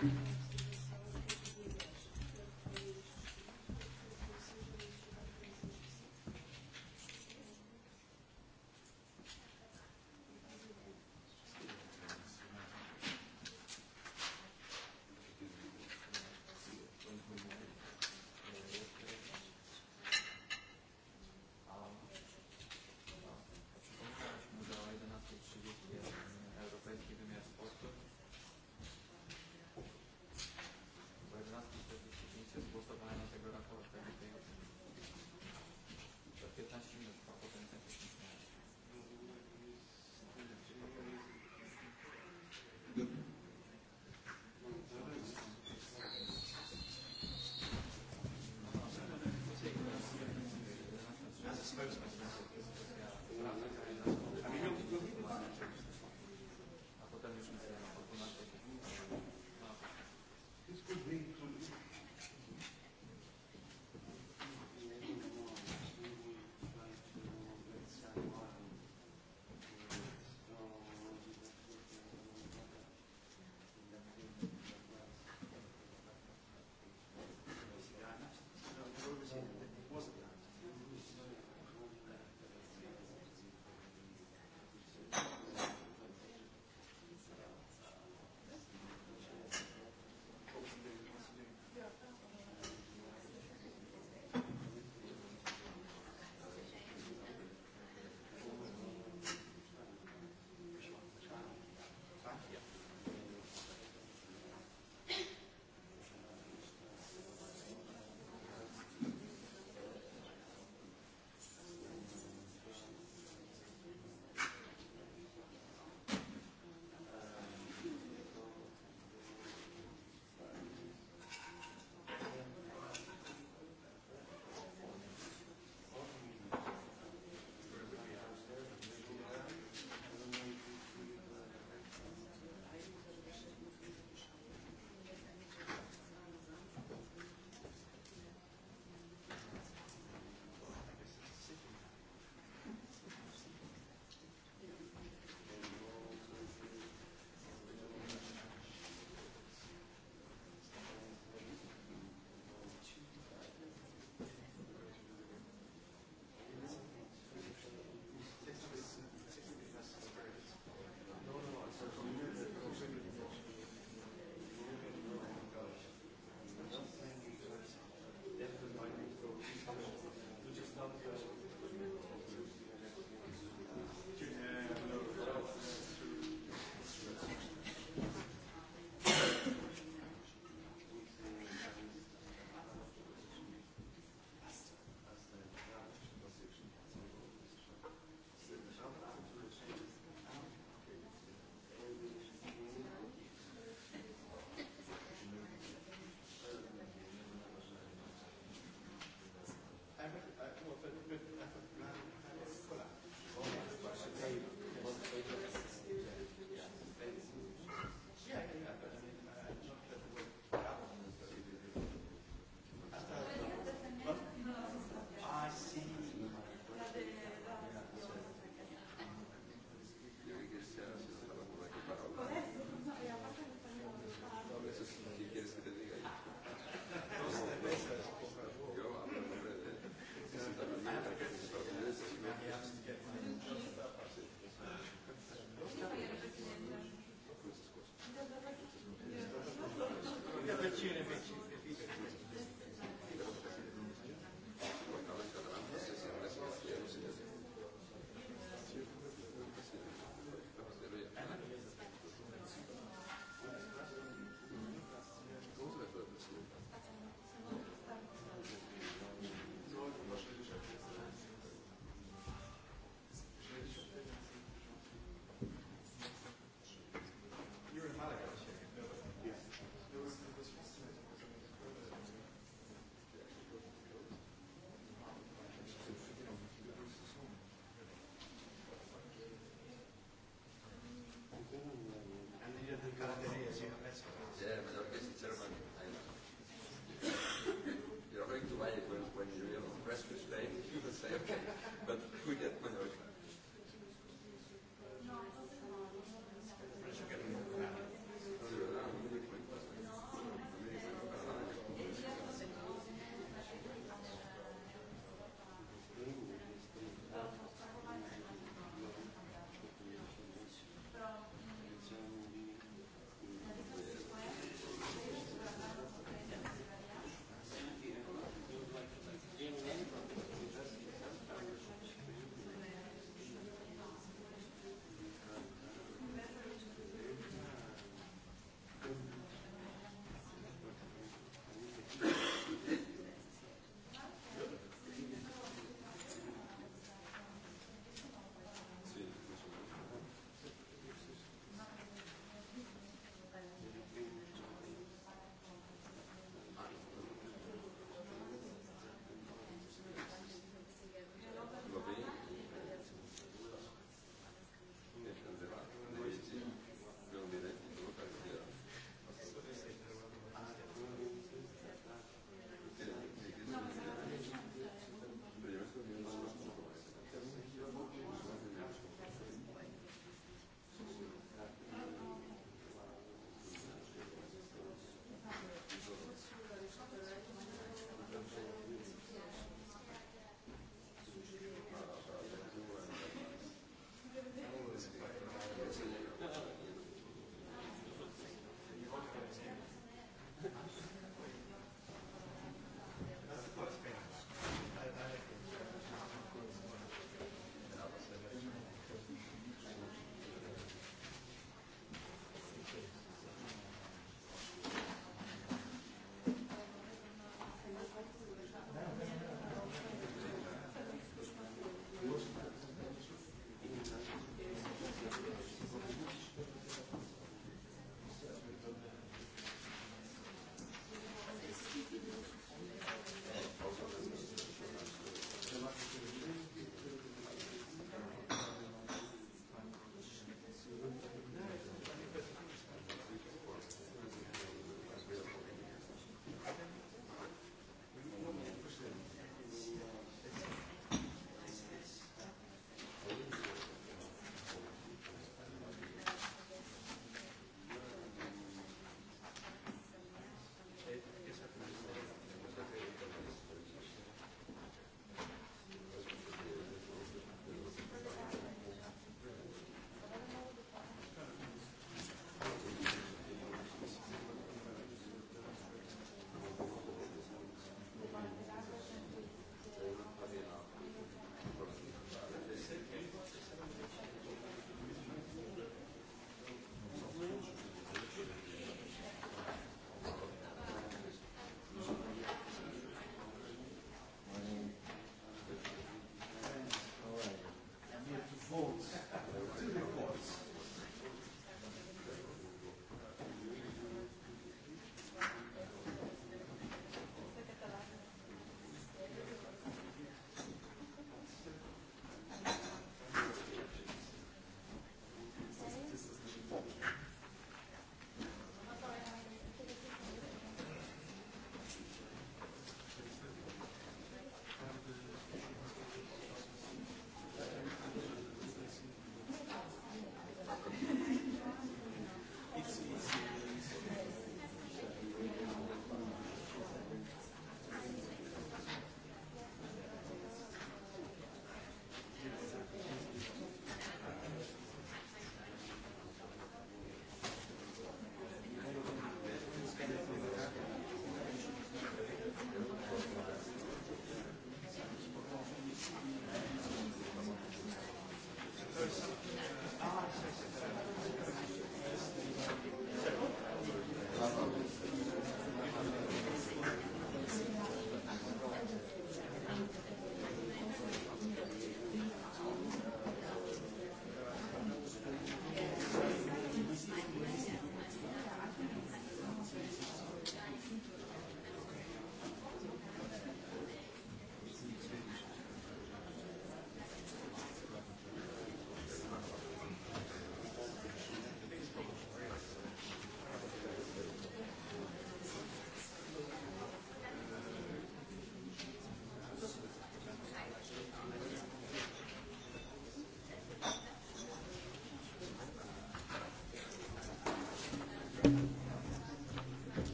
Thank you. Yeah, but you're going to buy it when when you come back to Spain. You can say okay, but we get.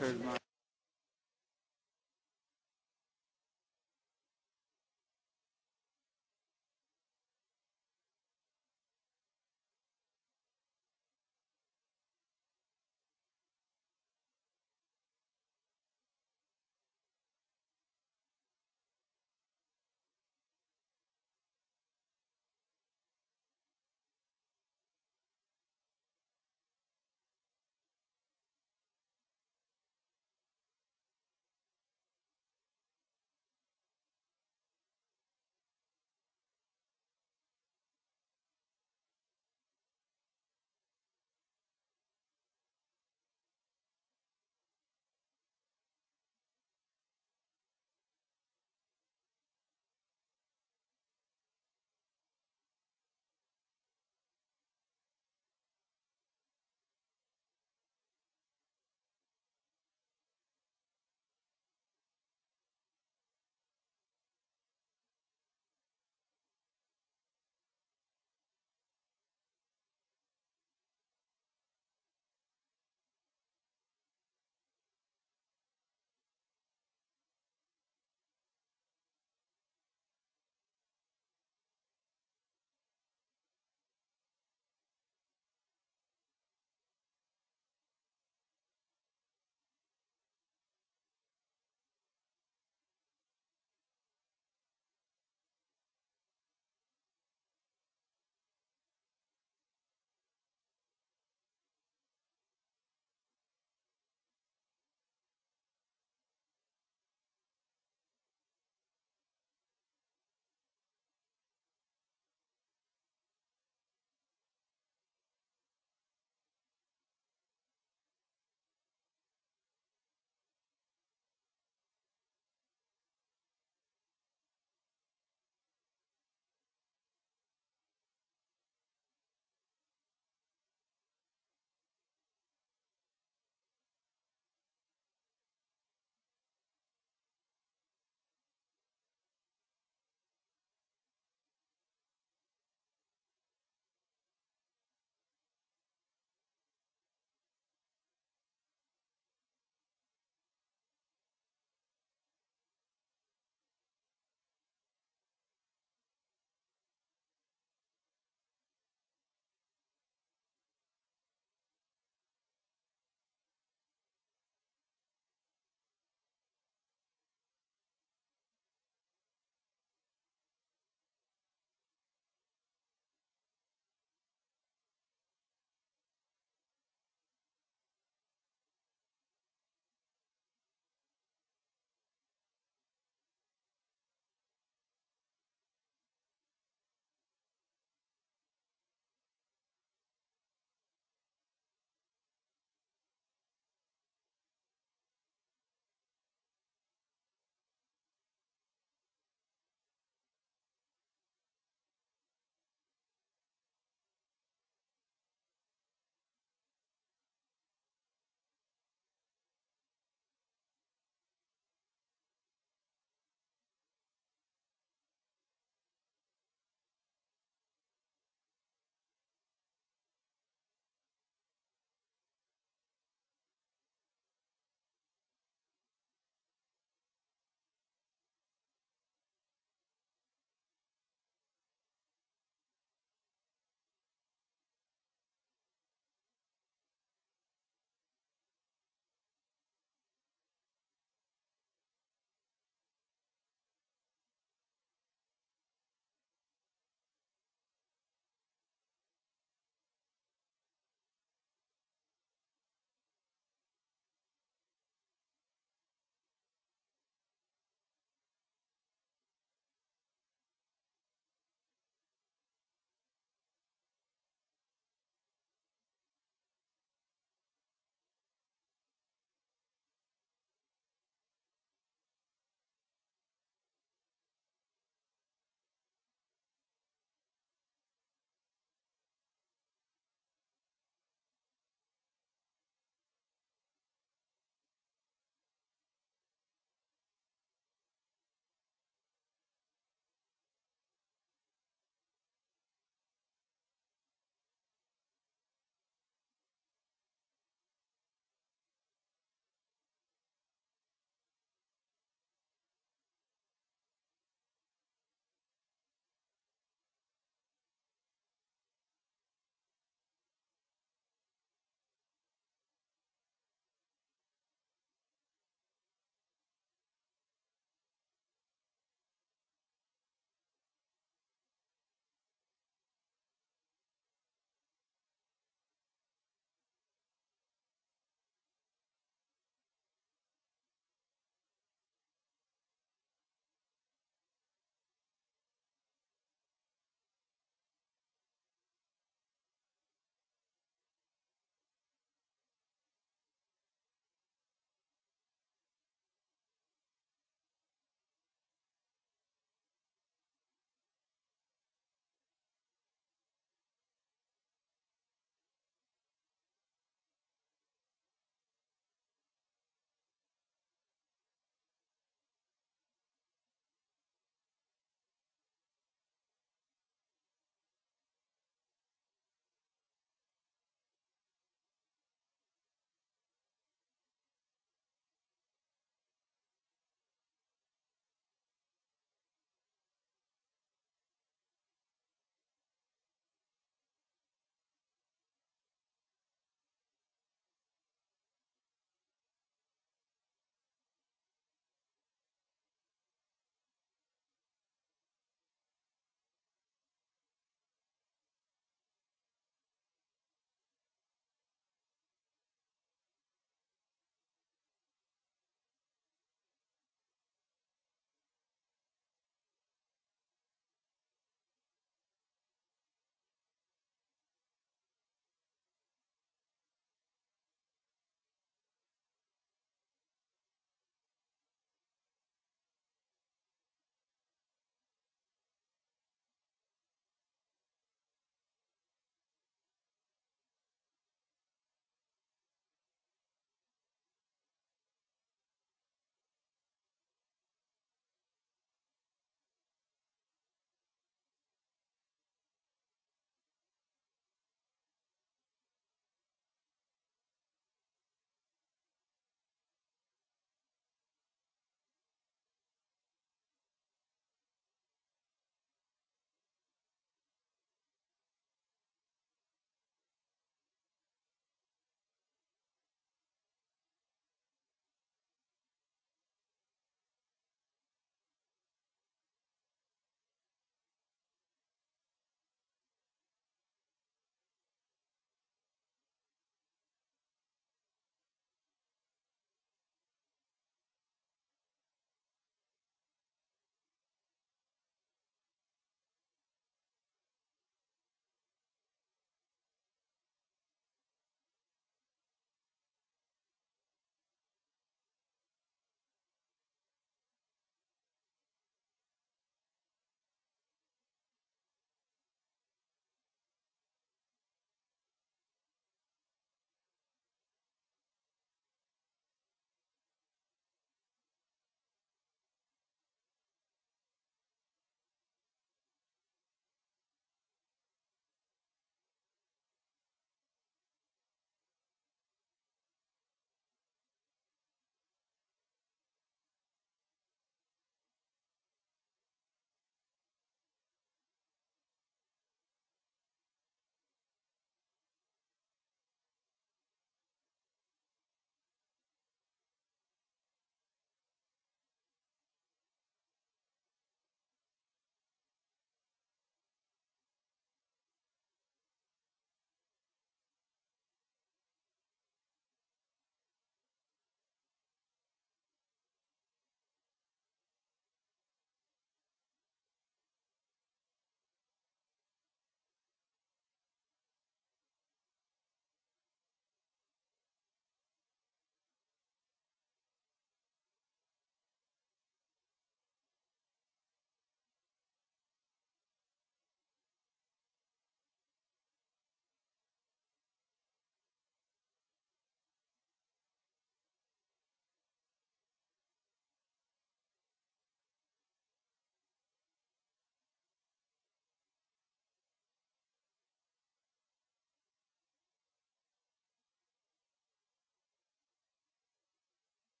Ευχαριστώ.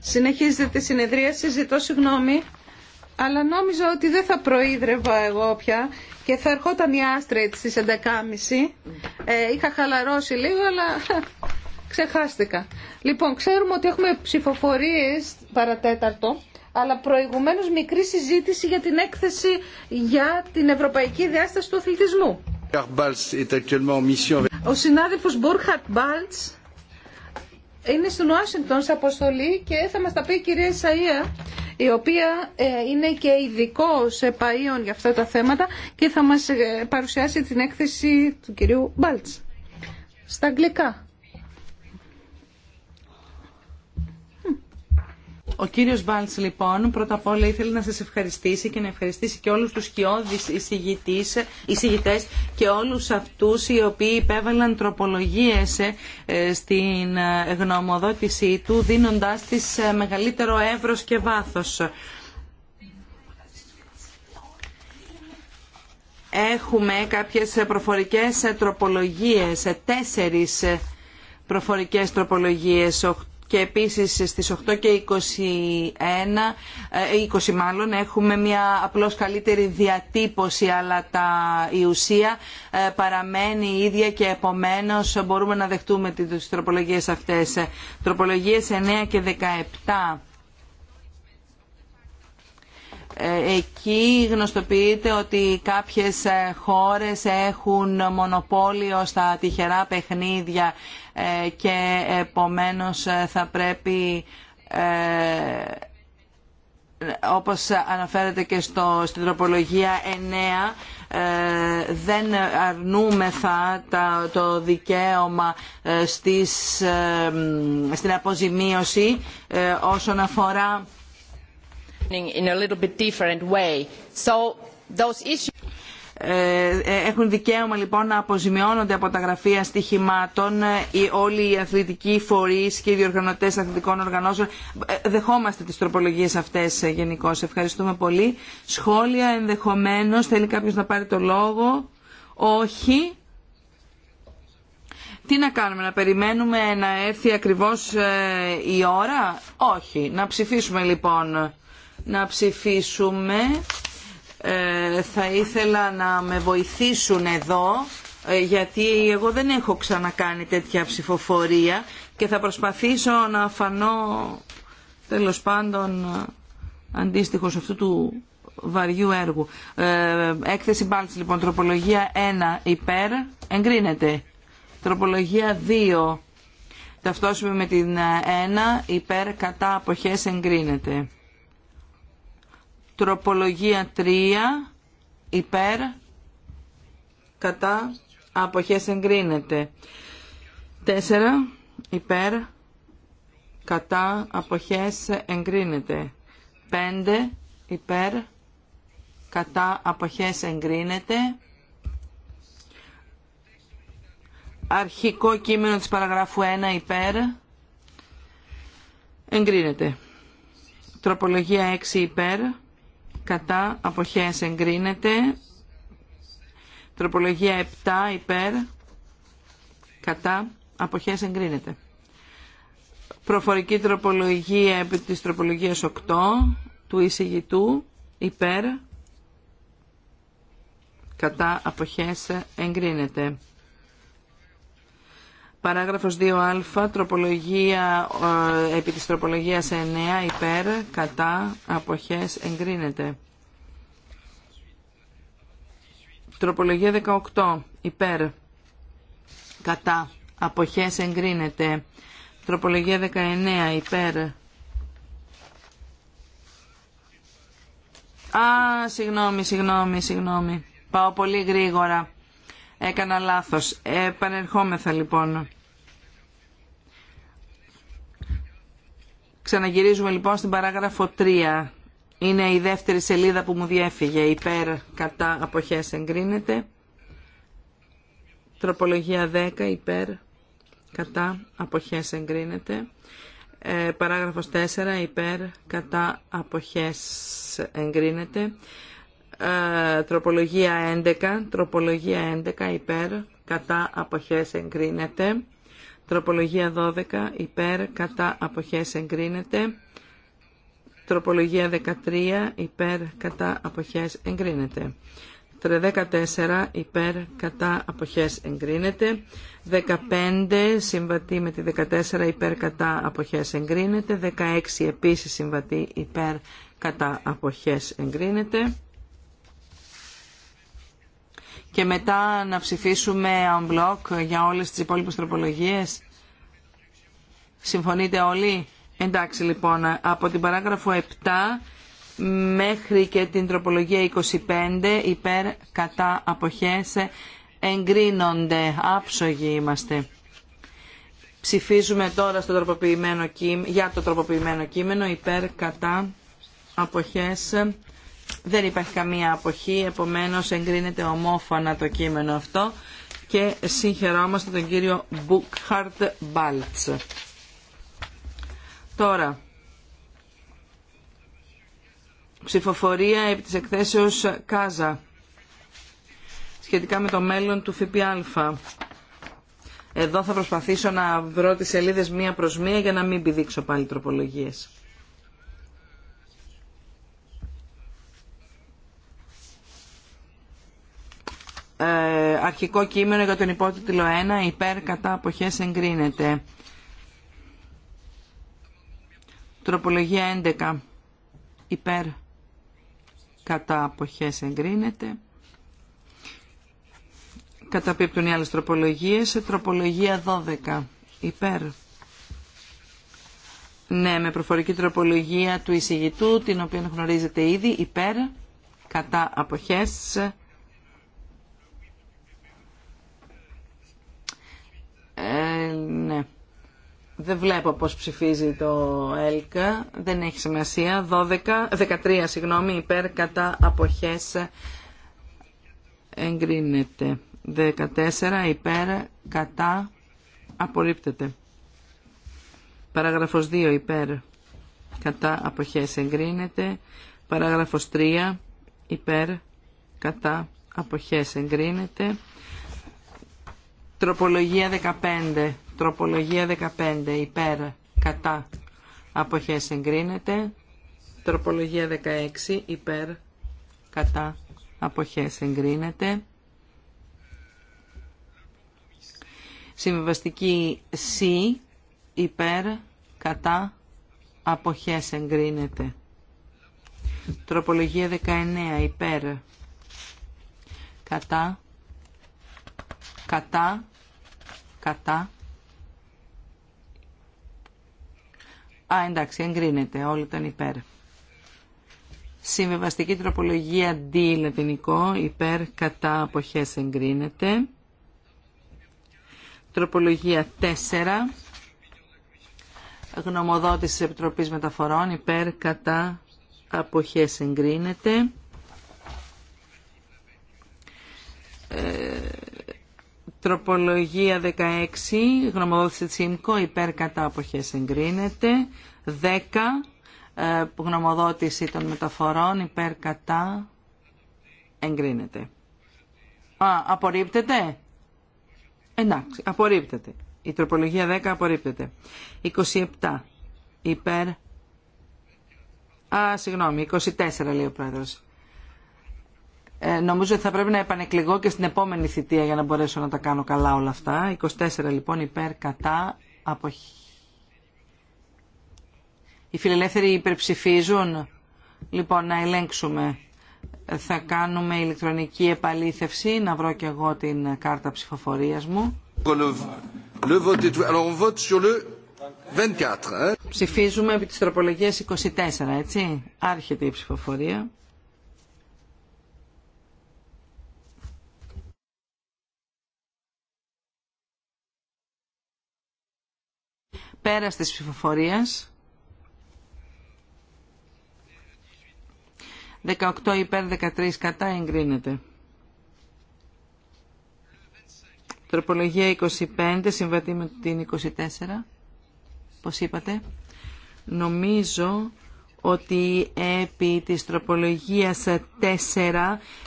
Συνεχίζεται τη συνεδρία, συζητώ συγγνώμη, αλλά νόμιζα ότι δεν θα προείδρευα εγώ πια και θα ερχόταν η Άστρετ στις 11.30. Ε, είχα χαλαρώσει λίγο, αλλά [laughs] ξεχάστηκα. Λοιπόν, ξέρουμε ότι έχουμε ψηφοφορίες παρατέταρτο, αλλά προηγουμένως μικρή συζήτηση για την έκθεση για την Ευρωπαϊκή Διάσταση του Αθλητισμού. Ο συνάδελφος Μπούρχαρτ Μπάλτς είναι στον Ουάσιγκτον σε αποστολή και θα μας τα πει η κυρία Ισαΐα η οποία ε, είναι και ειδικό επαΐων για αυτά τα θέματα και θα μας ε, παρουσιάσει την έκθεση του κυρίου Μπάλτς στα αγγλικά. Ο κύριος Βάλς, λοιπόν πρώτα απ' όλα ήθελε να σας ευχαριστήσει και να ευχαριστήσει και όλους τους οι εισηγητέ και όλους αυτούς οι οποίοι υπέβαλαν τροπολογίες ε, στην ε, γνωμοδότησή του δίνοντάς της ε, μεγαλύτερο εύρος και βάθος. Έχουμε κάποιες προφορικές τροπολογίες, τέσσερις προφορικές τροπολογίες, και επίσης στις 8 και 21, 20 ε, μάλλον έχουμε μια απλώς καλύτερη διατύπωση αλλά τα, η ουσία ε, παραμένει η ίδια και επομένως μπορούμε να δεχτούμε τις τροπολογίες αυτές. Τροπολογίες 9 και 17 ε, εκεί γνωστοποιείται ότι κάποιες ε, χώρες έχουν μονοπόλιο στα τυχερά παιχνίδια ε, και επομένως θα πρέπει όπως αναφέρεται και στο, στην τροπολογία 9 δεν αρνούμεθα τα, το δικαίωμα στις, στην αποζημίωση όσον αφορά in a little bit different way. So those issues ε, ε, έχουν δικαίωμα λοιπόν να αποζημιώνονται από τα γραφεία στοιχημάτων ε, οι, όλοι οι αθλητικοί φορείς και οι διοργανωτές αθλητικών οργανώσεων. Δεχόμαστε τις τροπολογίες αυτές γενικώ. Ευχαριστούμε πολύ. Σχόλια ενδεχομένως. Θέλει κάποιος να πάρει το λόγο. Όχι. Τι να κάνουμε, να περιμένουμε να έρθει ακριβώς η ώρα. Όχι. Να ψηφίσουμε λοιπόν να ψηφίσουμε. Ε, θα ήθελα να με βοηθήσουν εδώ ε, γιατί εγώ δεν έχω ξανακάνει τέτοια ψηφοφορία και θα προσπαθήσω να φανώ τέλος πάντων αντίστοιχος αυτού του βαριού έργου. Ε, έκθεση Μπάλτς λοιπόν, τροπολογία 1 υπέρ, εγκρίνεται. Τροπολογία 2, ταυτόσιμη με την 1, ε, υπέρ κατά αποχές εγκρίνεται. Τροπολογία 3 υπέρ κατά αποχές εγκρίνεται. 4 υπέρ κατά αποχές εγκρίνεται. 5 υπέρ κατά αποχές εγκρίνεται. Αρχικό κείμενο της παραγράφου 1 υπέρ εγκρίνεται. Τροπολογία 6 υπέρ κατά αποχές εγκρίνεται. Τροπολογία 7 υπέρ κατά αποχές εγκρίνεται. Προφορική τροπολογία επί της τροπολογίας 8 του εισηγητού υπέρ κατά αποχές εγκρίνεται. Παράγραφος 2α, τροπολογία, ε, επί της τροπολογίας 9, υπέρ, κατά, αποχές, εγκρίνεται. Τροπολογία 18, υπέρ, κατά, αποχές, εγκρίνεται. Τροπολογία 19, υπέρ. Α, συγγνώμη, συγγνώμη, συγγνώμη. Πάω πολύ γρήγορα. Έκανα λάθος. Επανερχόμεθα λοιπόν. Ξαναγυρίζουμε λοιπόν στην παράγραφο 3. Είναι η δεύτερη σελίδα που μου διέφυγε. Υπέρ κατά αποχές εγκρίνεται. Τροπολογία 10 υπέρ κατά αποχές εγκρίνεται. Ε, παράγραφος 4 υπέρ κατά αποχές εγκρίνεται. Ε, τροπολογία 11, τροπολογία 11 υπέρ, κατά αποχές εγκρίνεται. Τροπολογία 12 υπέρ, κατά αποχές εγκρίνεται. Τροπολογία 13 υπέρ, κατά αποχές εγκρίνεται. 14 υπέρ κατά αποχές εγκρίνεται 15 συμβατή με τη 14 υπέρ κατά αποχές εγκρίνεται 16 επίσης συμβατή υπέρ κατά αποχές εγκρίνεται και μετά να ψηφίσουμε on block για όλες τις υπόλοιπες τροπολογίες. Συμφωνείτε όλοι. Εντάξει λοιπόν, από την παράγραφο 7 μέχρι και την τροπολογία 25 υπέρ κατά αποχές εγκρίνονται. Άψογοι είμαστε. Ψηφίζουμε τώρα στο τροποποιημένο κείμενο, για το τροποποιημένο κείμενο υπέρ κατά αποχές δεν υπάρχει καμία αποχή, επομένως εγκρίνεται ομόφωνα το κείμενο αυτό και συγχαιρόμαστε τον κύριο Μπουκχαρτ Μπάλτς. Τώρα, ψηφοφορία επί της εκθέσεως Κάζα σχετικά με το μέλλον του ΦΠΑ. Εδώ θα προσπαθήσω να βρω τις σελίδες μία προς μία για να μην πηδήξω πάλι τροπολογίες. Ε, αρχικό κείμενο για τον υπότιτλο 1 υπέρ κατά αποχές εγκρίνεται. Τροπολογία 11 υπέρ κατά αποχές εγκρίνεται. Καταπίπτουν οι άλλες τροπολογίες. Τροπολογία 12 υπέρ. Ναι, με προφορική τροπολογία του εισηγητού, την οποία γνωρίζετε ήδη, υπέρ, κατά αποχές, Ναι. Δεν βλέπω πώς ψηφίζει το ΕΛΚΑ. Δεν έχει σημασία. 12, 13, συγγνώμη, υπέρ κατά αποχές εγκρίνεται. 14 υπέρ κατά απορρίπτεται. Παράγραφος 2 υπέρ κατά αποχές εγκρίνεται. Παράγραφος 3 υπέρ κατά αποχές εγκρίνεται. Τροπολογία 15 Τροπολογία 15 υπέρ κατά αποχές εγκρίνεται. Τροπολογία 16 υπέρ κατά αποχές εγκρίνεται. Συμβιβαστική C υπέρ κατά αποχέ εγκρίνεται. Τροπολογία 19 υπέρ κατά κατά κατά Α, εντάξει, εγκρίνεται. Όλοι ήταν υπέρ. Συμβεβαστική τροπολογία D, λατινικό, υπέρ, κατά, αποχές, εγκρίνεται. Τροπολογία 4. Γνωμοδότηση της Επιτροπής Μεταφορών, υπέρ, κατά, αποχές, εγκρίνεται. Ε, Τροπολογία 16, γνωμοδότηση Τσίμκο, υπέρ κατά αποχές εγκρίνεται. 10, ε, γνωμοδότηση των μεταφορών, υπέρ κατά εγκρίνεται. Α, απορρίπτεται. Εντάξει, απορρίπτεται. Η τροπολογία 10 απορρίπτεται. 27, υπέρ... Α, συγγνώμη, 24 λέει ο πρόεδρος. Ε, νομίζω ότι θα πρέπει να επανεκλεγώ και στην επόμενη θητεία για να μπορέσω να τα κάνω καλά όλα αυτά. 24 λοιπόν υπέρ κατά από. Οι φιλελεύθεροι υπερψηφίζουν. Λοιπόν, να ελέγξουμε. Θα κάνουμε ηλεκτρονική επαλήθευση. Να βρω και εγώ την κάρτα ψηφοφορίας μου. Ψηφίζουμε επί της τροπολογίας 24, έτσι. Άρχεται η ψηφοφορία. Πέρας της ψηφοφορίας. 18 υπέρ 13 κατά εγκρίνεται. Τροπολογία 25 συμβατή με την 24. Πώς είπατε. Νομίζω ότι επί της τροπολογίας 4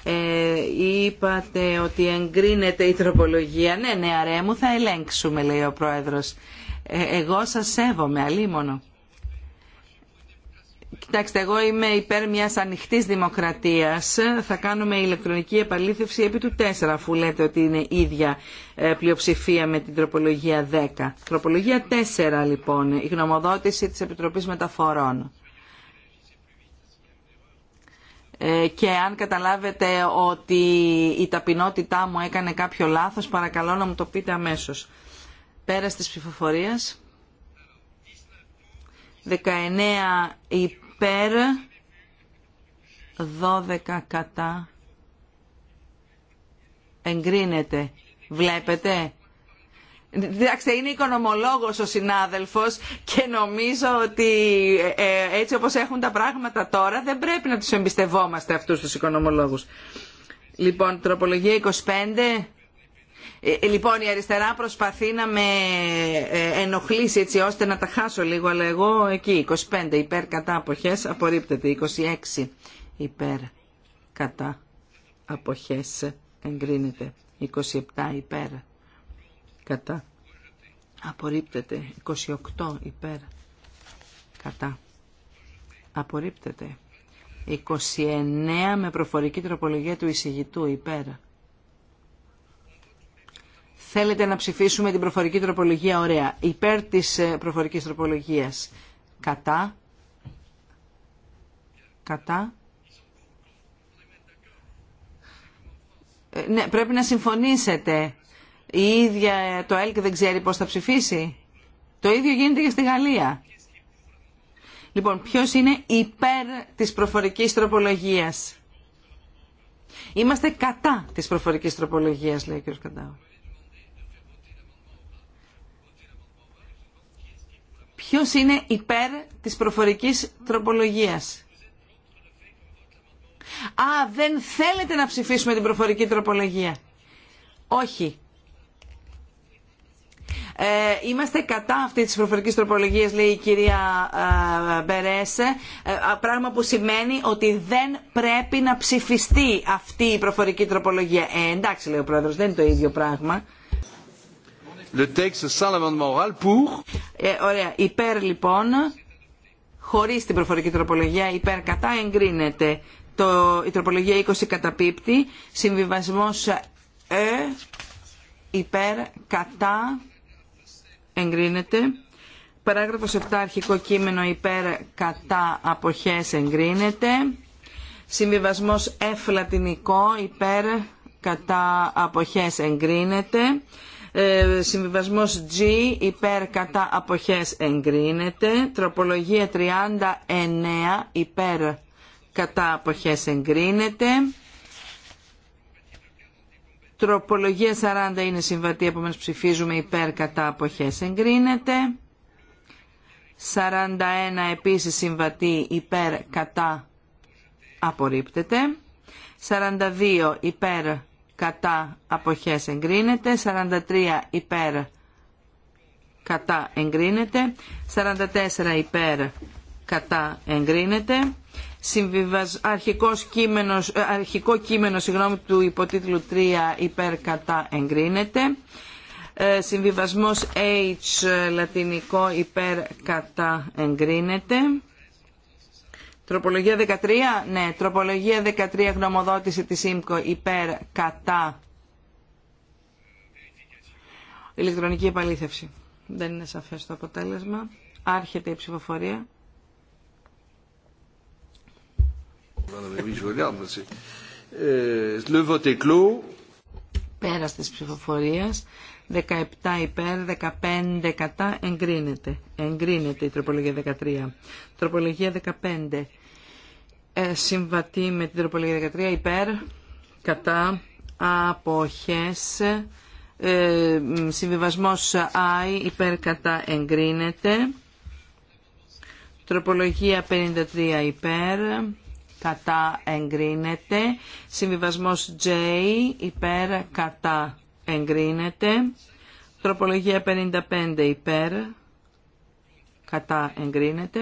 ε, είπατε ότι εγκρίνεται η τροπολογία. Ναι, ναι, αρέ μου, θα ελέγξουμε, λέει ο Πρόεδρος. Ε, εγώ σας σέβομαι, αλίμονο. Κοιτάξτε, εγώ είμαι υπέρ μια ανοιχτής δημοκρατίας. Θα κάνουμε ηλεκτρονική επαλήθευση επί του 4, αφού λέτε ότι είναι ίδια ε, πλειοψηφία με την τροπολογία 10. Τροπολογία 4, λοιπόν, η γνωμοδότηση της Επιτροπής Μεταφορών ε, και αν καταλάβετε ότι η ταπεινότητά μου έκανε κάποιο λάθος, παρακαλώ να μου το πείτε αμέσως. Πέρας της ψηφοφορίας. 19 υπέρ, 12 κατά. Εγκρίνεται. Βλέπετε. Διάξτε, είναι οικονομολόγος ο συνάδελφος και νομίζω ότι ε, ε, έτσι όπως έχουν τα πράγματα τώρα δεν πρέπει να τους εμπιστευόμαστε αυτούς τους οικονομολόγους. Λοιπόν, τροπολογία 25 ε, ε, λοιπόν, η αριστερά προσπαθεί να με ε, ενοχλήσει έτσι ώστε να τα χάσω λίγο, αλλά εγώ εκεί 25 υπέρ κατά αποχές απορρίπτεται, 26 υπέρ κατά αποχές εγκρίνεται, 27 υπέρ κατά απορρίπτεται, 28 υπέρ κατά απορρίπτεται, 29 με προφορική τροπολογία του εισηγητού υπέρ Θέλετε να ψηφίσουμε την προφορική τροπολογία, ωραία. Υπέρ της ε, προφορικής τροπολογίας. Κατά. Κατά. Ε, ναι, πρέπει να συμφωνήσετε. Η ίδια το ΕΛΚ δεν ξέρει πώς θα ψηφίσει. Το ίδιο γίνεται και στη Γαλλία. Λοιπόν, ποιος είναι υπέρ της προφορικής τροπολογίας. Είμαστε κατά της προφορικής τροπολογίας, λέει ο κ. Καντάου. Ποιο είναι υπέρ τη προφορικής τροπολογίας. Α, δεν θέλετε να ψηφίσουμε την προφορική τροπολογία. Όχι. Ε, είμαστε κατά αυτή της προφορικής τροπολογίας, λέει η κυρία ε, Μπερέσε, ε, πράγμα που σημαίνει ότι δεν πρέπει να ψηφιστεί αυτή η προφορική τροπολογία. εντάξει, λέει ο πρόεδρος, δεν είναι το ίδιο πράγμα. Ε, ωραία. Υπέρ λοιπόν, χωρίς την προφορική τροπολογία, υπέρ κατά εγκρίνεται. Το, η τροπολογία 20 καταπίπτει, συμβιβασμός ε, υπέρ κατά εγκρίνεται. Παράγραφος 7 αρχικό κείμενο υπέρ κατά αποχές εγκρίνεται. Συμβιβασμός F λατινικό υπέρ κατά αποχές εγκρίνεται. Ε, συμβιβασμός G υπέρ κατά αποχές εγκρίνεται. Τροπολογία 39 υπέρ κατά αποχές εγκρίνεται. Τροπολογία 40 είναι συμβατή, επομένως ψηφίζουμε υπέρ κατά αποχές εγκρίνεται. 41 επίσης συμβατή υπέρ κατά απορρίπτεται. 42 υπέρ κατά αποχές εγκρίνεται, 43 υπέρ κατά εγκρίνεται, 44 υπέρ κατά εγκρίνεται, Συμβιβασ... αρχικός κείμενος, ε, αρχικό κείμενο συγγνώμη, του υποτίτλου 3 υπέρ κατά εγκρίνεται, ε, συμβιβασμός H ε, λατινικό υπέρ κατά εγκρίνεται. Τροπολογία 13, ναι. Τροπολογία 13, γνωμοδότηση της ΣΥΜΚΟ υπέρ, κατά. Ηλεκτρονική επαλήθευση. Δεν είναι σαφές το αποτέλεσμα. Άρχεται η ψηφοφορία. Πέρα της ψηφοφορίας 17 υπέρ, 15 κατά, εγκρίνεται. Εγκρίνεται η τροπολογία 13. Τροπολογία 15. Ε, συμβατή με την τροπολογία 13 υπέρ, κατά, αποχές, ε, συμβιβασμός I υπέρ κατά εγκρίνεται. Τροπολογία 53 υπέρ, κατά εγκρίνεται. Συμβιβασμός J υπέρ κατά εγκρίνεται. Τροπολογία 55 υπέρ, κατά εγκρίνεται.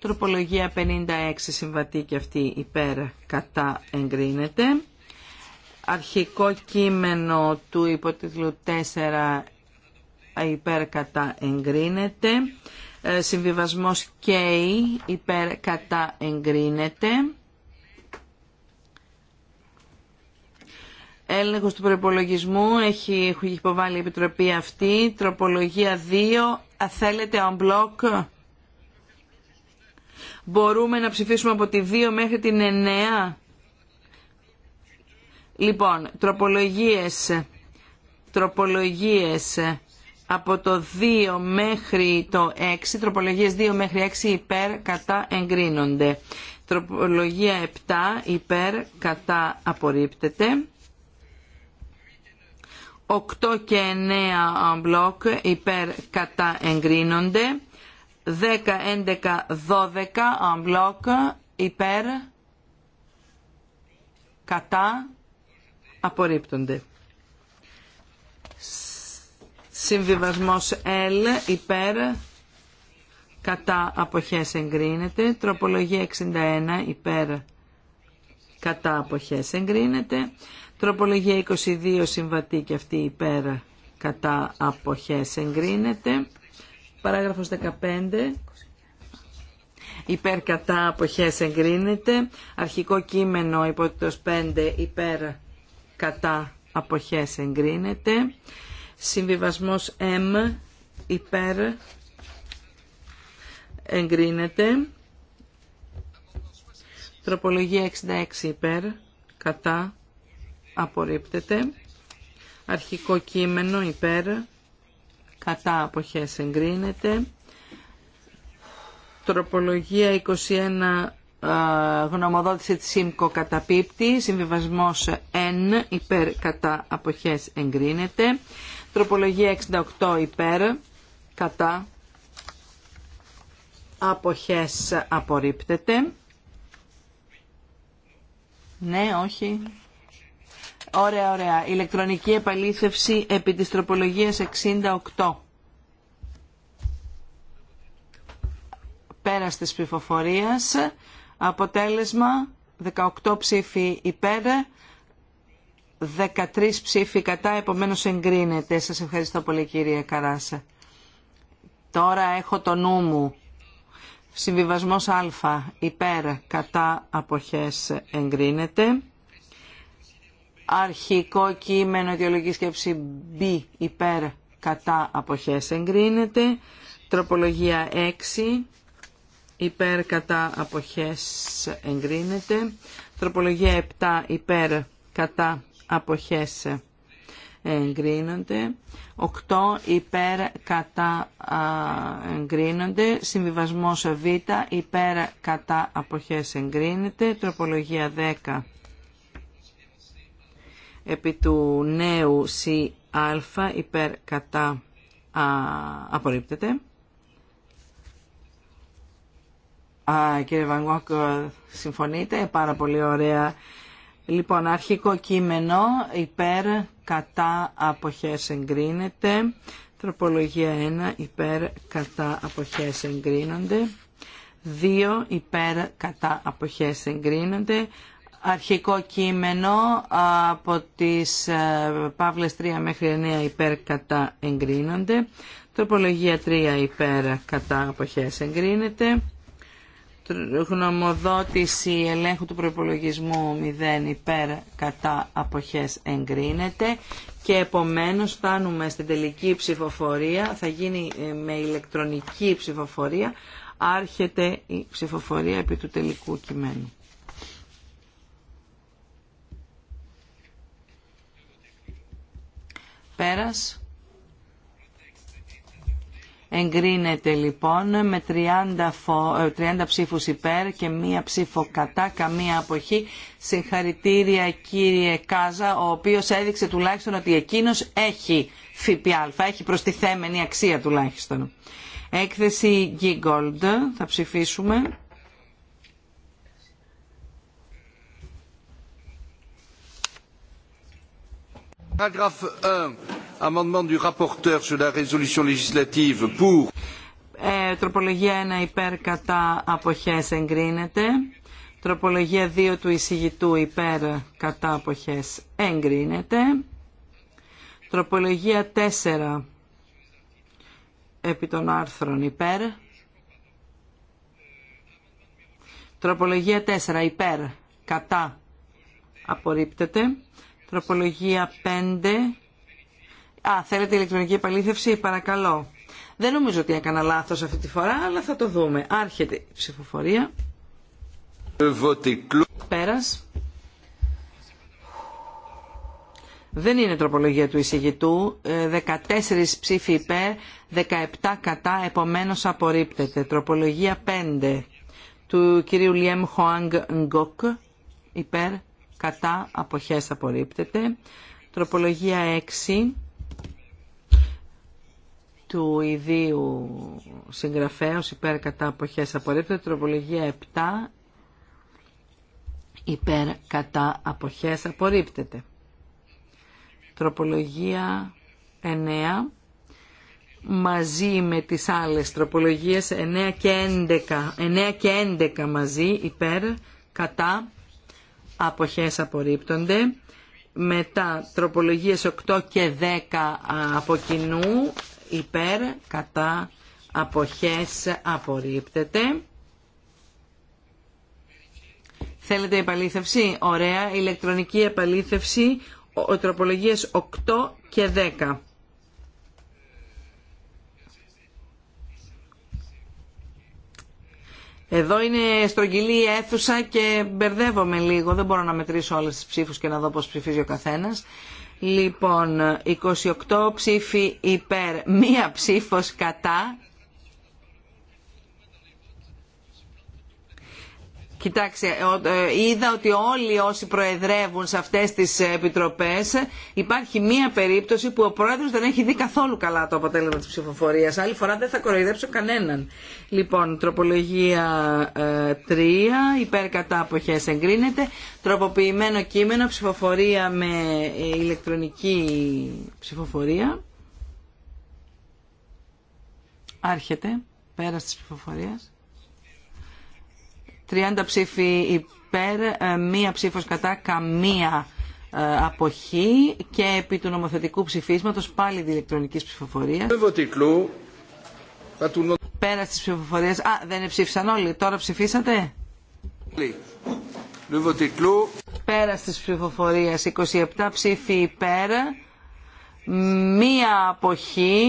Τροπολογία 56 συμβατή και αυτή υπέρ, κατά εγκρίνεται. Αρχικό κείμενο του υποτίτλου 4 υπέρ κατά εγκρίνεται. Ε, συμβιβασμός K υπέρ κατά εγκρίνεται. Έλεγχος του προϋπολογισμού έχει υποβάλει η Επιτροπή αυτή. Τροπολογία 2. Θέλετε on block. Μπορούμε να ψηφίσουμε από τη 2 μέχρι την 9. Λοιπόν, τροπολογίες. Τροπολογίες από το 2 μέχρι το 6. Τροπολογίες 2 μέχρι 6 υπέρ κατά εγκρίνονται. Τροπολογία 7 υπέρ κατά απορρίπτεται. 8 και 9 μπλοκ υπέρ κατά εγκρίνονται. 10, 11, 12 μπλοκ υπέρ κατά απορρίπτονται. Συμβιβασμός L υπέρ κατά αποχές εγκρίνεται. Τροπολογία 61 υπέρ κατά αποχές εγκρίνεται. Τροπολογία 22 συμβατή και αυτή υπέρ κατά αποχές εγκρίνεται. Παράγραφος 15 υπέρ κατά αποχές εγκρίνεται. Αρχικό κείμενο υπότιτλος 5 υπέρ κατά αποχές εγκρίνεται. Συμβιβασμός M υπέρ εγκρίνεται. Τροπολογία 66 υπέρ κατά απορρίπτεται. Αρχικό κείμενο υπέρ, κατά αποχές εγκρίνεται. Τροπολογία 21 γνωμοδότηση της ΣΥΜΚΟ καταπίπτει, συμβιβασμός N υπέρ κατά αποχές εγκρίνεται, τροπολογία 68 υπέρ κατά αποχές απορρίπτεται. Ναι, όχι. Ωραία, ωραία. Ηλεκτρονική επαλήθευση επί της τροπολογίας 68. Πέρας της ψηφοφορίας. Αποτέλεσμα 18 ψήφοι υπέρ, 13 ψήφοι κατά, επομένως εγκρίνεται. Σας ευχαριστώ πολύ κύριε Καράσα. Τώρα έχω το νου μου. Συμβιβασμός Α υπέρ κατά αποχές εγκρίνεται αρχικό κείμενο ιδεολογική σκέψη B υπέρ κατά αποχές εγκρίνεται. Τροπολογία 6 υπέρ κατά αποχές εγκρίνεται. Τροπολογία 7 υπέρ κατά αποχές εγκρίνονται. 8 υπέρ κατά α, εγκρίνονται. Συμβιβασμός Β υπέρ κατά αποχές εγκρίνεται. Τροπολογία 10 επί του νέου ΣΥΑ υπέρ κατά α, απορρίπτεται. Α, κύριε Βαγκόκ, συμφωνείτε, πάρα πολύ ωραία. Λοιπόν, αρχικό κείμενο υπέρ κατά αποχές εγκρίνεται. Τροπολογία 1 υπέρ κατά αποχές εγκρίνονται. 2 υπέρ κατά αποχές εγκρίνονται. Αρχικό κείμενο από τις ε, Παύλες 3 μέχρι 9 υπέρ κατά εγκρίνονται. Τροπολογία 3 υπέρ κατά αποχές εγκρίνεται. Γνωμοδότηση ελέγχου του προϋπολογισμού 0 υπέρ κατά αποχές εγκρίνεται. Και επομένως φτάνουμε στην τελική ψηφοφορία. Θα γίνει ε, με ηλεκτρονική ψηφοφορία. Άρχεται η ψηφοφορία επί του τελικού κειμένου. Πέρας. Εγκρίνεται λοιπόν με 30, φο... 30 ε, ψήφους υπέρ και μία ψήφο κατά, καμία αποχή. Συγχαρητήρια κύριε Κάζα, ο οποίος έδειξε τουλάχιστον ότι εκείνος έχει ΦΠΑ, έχει προστιθέμενη αξία τουλάχιστον. Έκθεση Giggold, θα ψηφίσουμε. Ε, τροπολογία 1 υπέρ κατά αποχές εγκρίνεται. Τροπολογία 2 του εισηγητού υπέρ κατά αποχές εγκρίνεται. Τροπολογία 4 επί των άρθρων υπέρ. Τροπολογία 4 υπέρ κατά απορρίπτεται. Τροπολογία 5. Α, θέλετε ηλεκτρονική επαλήθευση, παρακαλώ. Δεν νομίζω ότι έκανα λάθος αυτή τη φορά, αλλά θα το δούμε. Άρχεται η ψηφοφορία. Πέρας. Δεν είναι τροπολογία του εισηγητού. 14 ε, ψήφοι υπέρ, 17 κατά, επομένως απορρίπτεται. Τροπολογία 5 του κυρίου Λιέμ Χοάνγκ Νγκόκ υπέρ κατά αποχές απορρίπτεται. Τροπολογία 6 του ιδίου συγγραφέως υπέρ κατά αποχές απορρίπτεται. Τροπολογία 7 υπέρ κατά αποχές απορρίπτεται. Τροπολογία 9 μαζί με τις άλλες τροπολογίες 9 και 11, 9 και 11 μαζί υπέρ κατά αποχές απορρίπτονται. Μετά τροπολογίες 8 και 10 από κοινού υπέρ κατά αποχές απορρίπτεται. Θέλετε επαλήθευση. Ωραία. Ηλεκτρονική επαλήθευση. Ο, τροπολογίες 8 και 10. Εδώ είναι στρογγυλή η αίθουσα και μπερδεύομαι λίγο. Δεν μπορώ να μετρήσω όλες τις ψήφους και να δω πώς ψηφίζει ο καθένας. Λοιπόν, 28 ψήφοι υπέρ, μία ψήφος κατά Κοιτάξτε, ε, είδα ότι όλοι όσοι προεδρεύουν σε αυτές τις ε, επιτροπές υπάρχει μία περίπτωση που ο πρόεδρος δεν έχει δει καθόλου καλά το αποτέλεσμα της ψηφοφορίας. Άλλη φορά δεν θα κοροϊδέψω κανέναν. Λοιπόν, τροπολογία 3, ε, υπέρ κατά αποχές εγκρίνεται. Τροποποιημένο κείμενο, ψηφοφορία με ηλεκτρονική ψηφοφορία. Άρχεται, πέρας της ψηφοφορίας. 30 ψήφοι υπέρ, ε, μία ψήφος κατά, καμία ε, αποχή και επί του νομοθετικού ψηφίσματος πάλι διελεκτρονικής ψηφοφορίας. Πέρα της ψηφοφορίας. Α, δεν ψήφισαν όλοι. Τώρα ψηφίσατε. Πέρα της ψηφοφορίας. 27 ψήφοι υπέρ. Μία αποχή.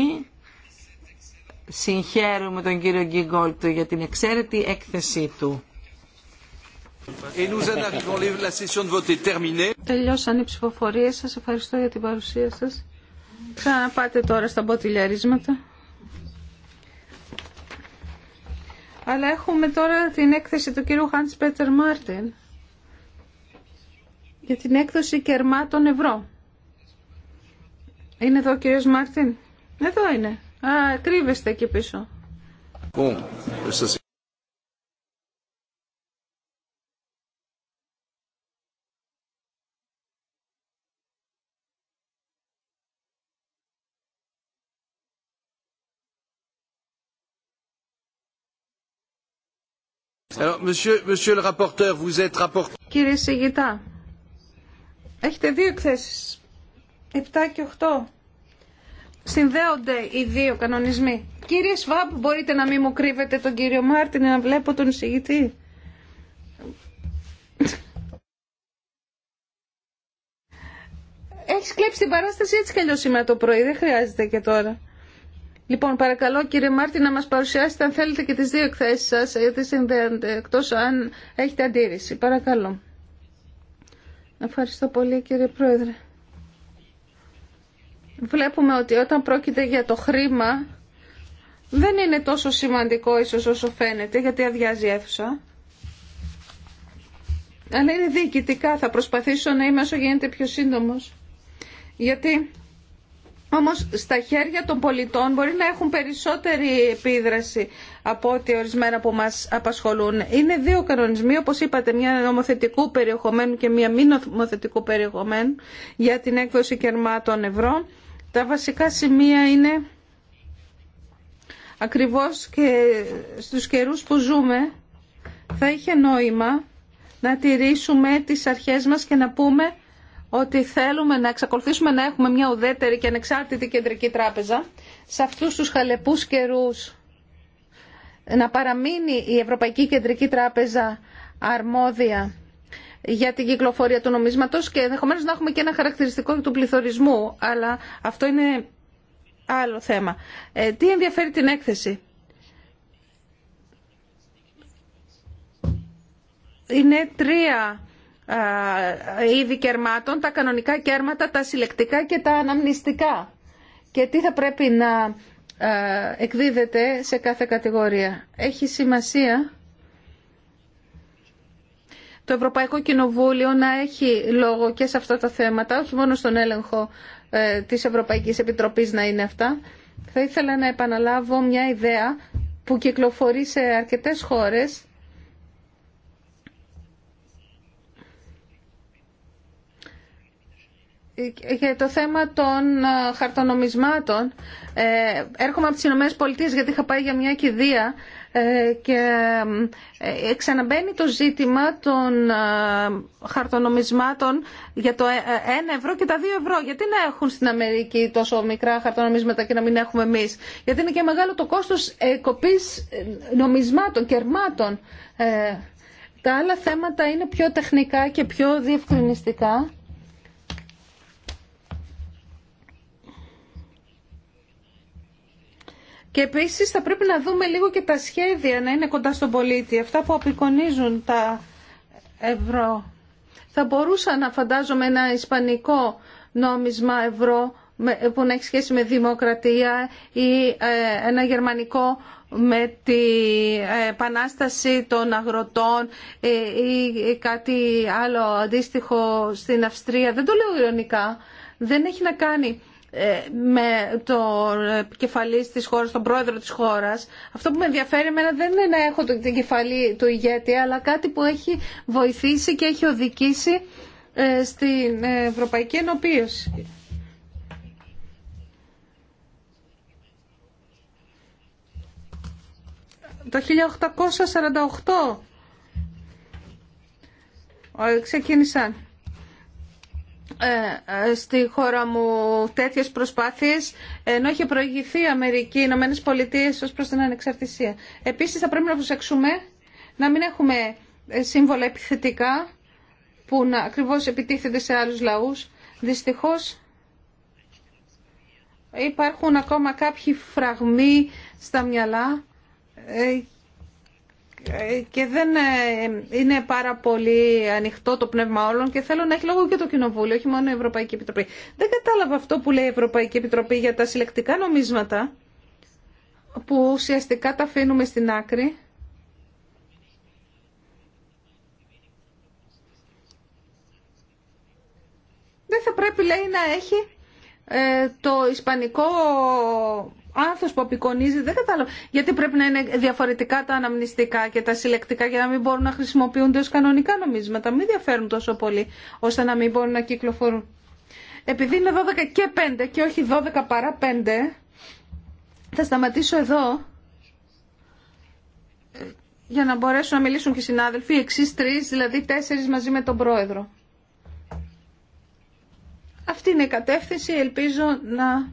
Συγχαίρουμε τον κύριο Γκίγκολτ για την εξαίρετη έκθεσή του. Τελειώσαν οι ψηφοφορίες. Σας ευχαριστώ για την παρουσία σας. Ξαναπάτε τώρα στα μποτιλιαρίσματα. Αλλά έχουμε τώρα την έκθεση του κύριου hans Πέτερ Μάρτιν για την έκδοση κερμάτων ευρώ. Είναι εδώ ο κύριος Μάρτιν. Εδώ είναι. Α, κρύβεστε εκεί πίσω. Κύριε Σιγητά, έχετε δύο εκθέσεις, 7 και 8. Συνδέονται οι δύο κανονισμοί. Κύριε Σβάμπ, μπορείτε να μην μου κρύβετε τον κύριο Μάρτιν να βλέπω τον εισηγητή. Έχει κλέψει την παράσταση έτσι κι αλλιώς σήμερα το πρωί, δεν χρειάζεται και τώρα. Λοιπόν, παρακαλώ κύριε Μάρτιν να μας παρουσιάσετε αν θέλετε και τις δύο εκθέσεις σας, γιατί συνδέονται εκτός αν έχετε αντίρρηση. Παρακαλώ. Ευχαριστώ πολύ κύριε Πρόεδρε. Βλέπουμε ότι όταν πρόκειται για το χρήμα δεν είναι τόσο σημαντικό ίσως όσο φαίνεται, γιατί αδειάζει η αίθουσα. Αλλά είναι διοικητικά, θα προσπαθήσω να είμαι όσο γίνεται πιο σύντομος. Γιατί όμως στα χέρια των πολιτών μπορεί να έχουν περισσότερη επίδραση από ό,τι ορισμένα που μας απασχολούν. Είναι δύο κανονισμοί, όπως είπατε, μια νομοθετικού περιεχομένου και μια μη νομοθετικού περιεχομένου για την έκδοση κερμάτων ευρώ. Τα βασικά σημεία είναι ακριβώς και στους καιρούς που ζούμε θα είχε νόημα να τηρήσουμε τις αρχές μας και να πούμε ότι θέλουμε να εξακολουθήσουμε να έχουμε μια ουδέτερη και ανεξάρτητη κεντρική τράπεζα σε αυτούς τους χαλεπούς καιρούς να παραμείνει η Ευρωπαϊκή Κεντρική Τράπεζα αρμόδια για την κυκλοφορία του νομίσματος και ενδεχομένω να έχουμε και ένα χαρακτηριστικό του πληθωρισμού, αλλά αυτό είναι άλλο θέμα. Ε, τι ενδιαφέρει την έκθεση. Είναι τρία είδη κερμάτων, τα κανονικά κέρματα, τα συλλεκτικά και τα αναμνηστικά και τι θα πρέπει να εκδίδεται σε κάθε κατηγορία. Έχει σημασία το Ευρωπαϊκό Κοινοβούλιο να έχει λόγο και σε αυτά τα θέματα, όχι μόνο στον έλεγχο ε, της Ευρωπαϊκής Επιτροπής να είναι αυτά. Θα ήθελα να επαναλάβω μια ιδέα που κυκλοφορεί σε αρκετές χώρες για το θέμα των ε, χαρτονομισμάτων. Ε, έρχομαι από τι Ηνωμένε Πολιτείε γιατί είχα πάει για μια κηδεία ε, και ξαναμπαίνει το ζήτημα των χαρτονομισμάτων για το 1 ευρώ και τα 2 ευρώ. Γιατί να έχουν στην Αμερική τόσο μικρά χαρτονομίσματα και να μην έχουμε εμεί, Γιατί είναι και μεγάλο το κόστος κοπής νομισμάτων, κερμάτων. τα άλλα θέματα είναι πιο τεχνικά και πιο διευκρινιστικά Και επίση θα πρέπει να δούμε λίγο και τα σχέδια να είναι κοντά στον πολίτη, αυτά που απεικονίζουν τα ευρώ. Θα μπορούσα να φαντάζομαι ένα ισπανικό νόμισμα ευρώ που να έχει σχέση με δημοκρατία ή ε, ένα γερμανικό με τη ε, επανάσταση των αγροτών ε, ή κάτι άλλο αντίστοιχο στην Αυστρία. Δεν το λέω ειρωνικά. Δεν έχει να κάνει ε, με το κεφαλή της χώρας, τον πρόεδρο της χώρας. Αυτό που με ενδιαφέρει εμένα δεν είναι να έχω την κεφαλή του ηγέτη, αλλά κάτι που έχει βοηθήσει και έχει οδηγήσει ε, στην Ευρωπαϊκή Ενωπίωση. Το 1848 ε, ξεκίνησαν ε, ε, στη χώρα μου τέτοιες προσπάθειες ενώ είχε προηγηθεί η Αμερική, οι Ηνωμένε Πολιτείε ως προς την ανεξαρτησία. Επίσης θα πρέπει να προσέξουμε να μην έχουμε ε, σύμβολα επιθετικά που να ακριβώς επιτίθενται σε άλλους λαούς. Δυστυχώς υπάρχουν ακόμα κάποιοι φραγμοί στα μυαλά και δεν ε, είναι πάρα πολύ ανοιχτό το πνεύμα όλων και θέλω να έχει λόγο και το Κοινοβούλιο, όχι μόνο η Ευρωπαϊκή Επιτροπή. Δεν κατάλαβα αυτό που λέει η Ευρωπαϊκή Επιτροπή για τα συλλεκτικά νομίσματα που ουσιαστικά τα αφήνουμε στην άκρη. Δεν θα πρέπει, λέει, να έχει ε, το ισπανικό άνθος που απεικονίζει, δεν κατάλαβα. Γιατί πρέπει να είναι διαφορετικά τα αναμνηστικά και τα συλλεκτικά για να μην μπορούν να χρησιμοποιούνται ως κανονικά νομίσματα. Μην διαφέρουν τόσο πολύ ώστε να μην μπορούν να κυκλοφορούν. Επειδή είναι 12 και 5 και όχι 12 παρά 5, θα σταματήσω εδώ ε, για να μπορέσουν να μιλήσουν και οι συνάδελφοι, εξή τρει, δηλαδή τέσσερι μαζί με τον πρόεδρο. Αυτή είναι η κατεύθυνση, ελπίζω να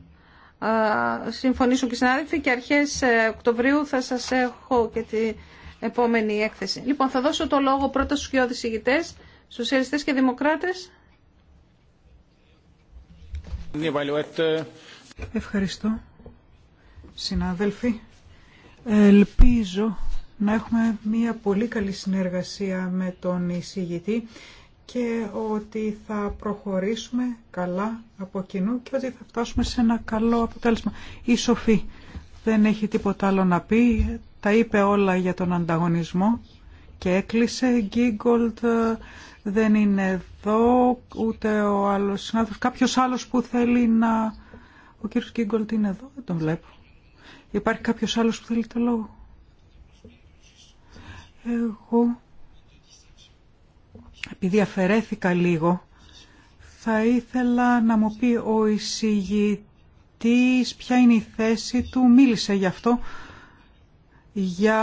συμφωνήσουν και οι συνάδελφοι και αρχές Οκτωβρίου θα σας έχω και την επόμενη έκθεση. Λοιπόν, θα δώσω το λόγο πρώτα στους κοιόδης ηγητές, σοσιαλιστές και δημοκράτες. Ευχαριστώ, συνάδελφοι. Ελπίζω να έχουμε μια πολύ καλή συνεργασία με τον εισηγητή και ότι θα προχωρήσουμε καλά από κοινού και ότι θα φτάσουμε σε ένα καλό αποτέλεσμα. Η Σοφή δεν έχει τίποτα άλλο να πει. Τα είπε όλα για τον ανταγωνισμό και έκλεισε. Γκίγκολτ ε, δεν είναι εδώ, ούτε ο άλλος συνάδελφος. Κάποιος άλλος που θέλει να... Ο κύριος Γκίγκολτ είναι εδώ, δεν τον βλέπω. Υπάρχει κάποιος άλλος που θέλει το λόγο. Εγώ επειδή αφαιρέθηκα λίγο, θα ήθελα να μου πει ο εισηγητής ποια είναι η θέση του. Μίλησε γι' αυτό για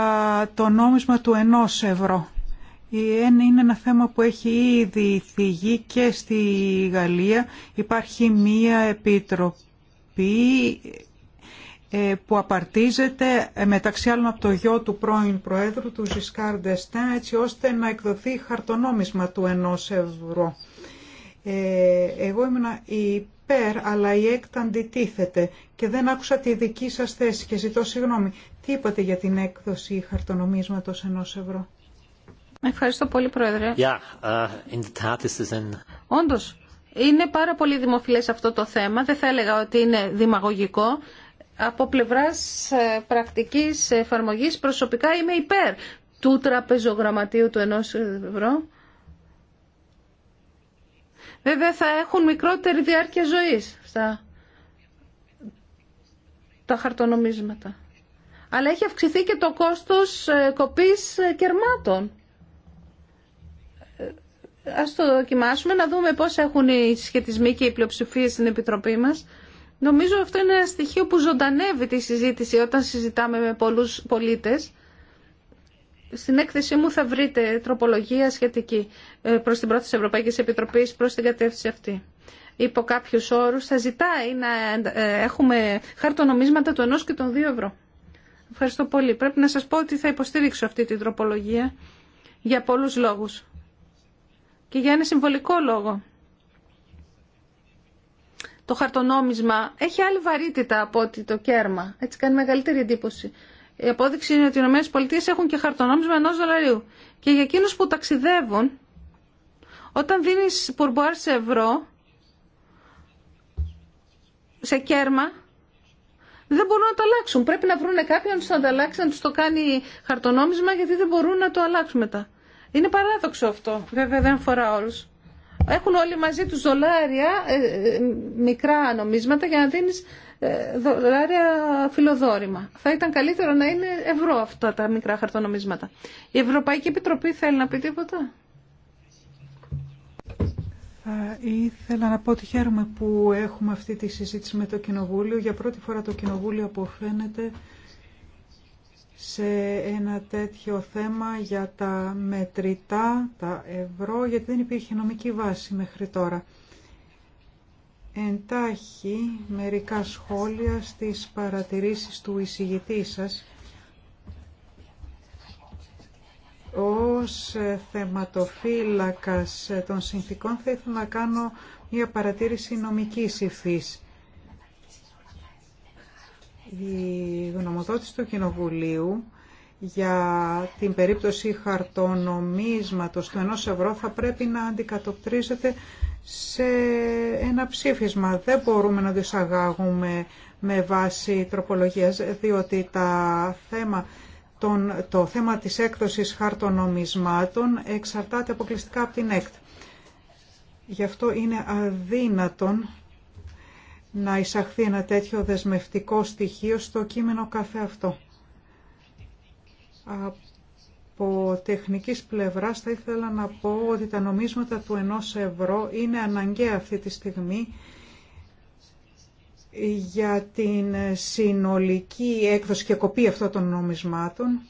το νόμισμα του ενός ευρώ. Είναι ένα θέμα που έχει ήδη θυγεί και στη Γαλλία. Υπάρχει μία επιτροπή ε, που απαρτίζεται ε, μεταξύ άλλων από το γιο του πρώην Προέδρου του Ζισκάρ Ντεστά έτσι ώστε να εκδοθεί χαρτονόμισμα του ενός ευρώ. Ε, εγώ ήμουν υπέρ αλλά η έκτα αντιτίθεται και δεν άκουσα τη δική σας θέση και ζητώ συγγνώμη. Τι είπατε για την έκδοση χαρτονομίσματος ενός ευρώ. Ευχαριστώ πολύ Πρόεδρε. Yeah, uh, είναι πάρα πολύ δημοφιλές αυτό το θέμα. Δεν θα έλεγα ότι είναι δημαγωγικό από πλευράς ε, πρακτικής εφαρμογής προσωπικά είμαι υπέρ του τραπεζογραμματίου του ενός ευρώ. Βέβαια θα έχουν μικρότερη διάρκεια ζωής στα τα χαρτονομίσματα. Αλλά έχει αυξηθεί και το κόστος ε, κοπής ε, κερμάτων. Ας το δοκιμάσουμε να δούμε πώς έχουν οι σχετισμοί και οι πλειοψηφίες στην Επιτροπή μας. Νομίζω αυτό είναι ένα στοιχείο που ζωντανεύει τη συζήτηση όταν συζητάμε με πολλούς πολίτες. Στην έκθεσή μου θα βρείτε τροπολογία σχετική ε, προς την πρώτη Ευρωπαϊκής Επιτροπής προς την κατεύθυνση αυτή. Υπό κάποιου όρου θα ζητάει να ε, έχουμε χαρτονομίσματα του ενός και των 2 ευρώ. Ευχαριστώ πολύ. Πρέπει να σας πω ότι θα υποστήριξω αυτή την τροπολογία για πολλούς λόγους. Και για ένα συμβολικό λόγο το χαρτονόμισμα έχει άλλη βαρύτητα από ότι το κέρμα. Έτσι κάνει μεγαλύτερη εντύπωση. Η απόδειξη είναι ότι οι ΗΠΑ έχουν και χαρτονόμισμα ενό δολαρίου. Και για εκείνου που ταξιδεύουν, όταν δίνει πουρμπουάρ σε ευρώ, σε κέρμα, δεν μπορούν να το αλλάξουν. Πρέπει να βρουν κάποιον να το αλλάξει, να του το κάνει χαρτονόμισμα, γιατί δεν μπορούν να το αλλάξουν μετά. Είναι παράδοξο αυτό. Βέβαια δεν αφορά όλου έχουν όλοι μαζί τους δολάρια, ε, ε, μικρά νομίσματα για να δίνεις ε, δολάρια φιλοδόρημα. Θα ήταν καλύτερο να είναι ευρώ αυτά τα μικρά χαρτονομίσματα. Η Ευρωπαϊκή Επιτροπή θέλει να πει τίποτα. Θα ήθελα να πω ότι χαίρομαι που έχουμε αυτή τη συζήτηση με το Κοινοβούλιο. Για πρώτη φορά το Κοινοβούλιο αποφαίνεται σε ένα τέτοιο θέμα για τα μετρητά, τα ευρώ, γιατί δεν υπήρχε νομική βάση μέχρι τώρα. Εντάχει μερικά σχόλια στις παρατηρήσεις του εισηγητή σας ως θεματοφύλακας των συνθήκων θα ήθελα να κάνω μια παρατήρηση νομικής υφής. Η γνωμοδότηση του Κοινοβουλίου για την περίπτωση χαρτονομίσματος του ενός ευρώ θα πρέπει να αντικατοπτρίζεται σε ένα ψήφισμα. Δεν μπορούμε να δυσαγάγουμε με βάση τροπολογίας, διότι τα θέμα, τον, το θέμα της έκδοσης χαρτονομισμάτων εξαρτάται αποκλειστικά από την ΕΚΤ. Γι' αυτό είναι αδύνατον να εισαχθεί ένα τέτοιο δεσμευτικό στοιχείο στο κείμενο κάθε αυτό. Από τεχνικής πλευράς θα ήθελα να πω ότι τα νομίσματα του ενός ευρώ είναι αναγκαία αυτή τη στιγμή για την συνολική έκδοση και κοπή αυτών των νομισμάτων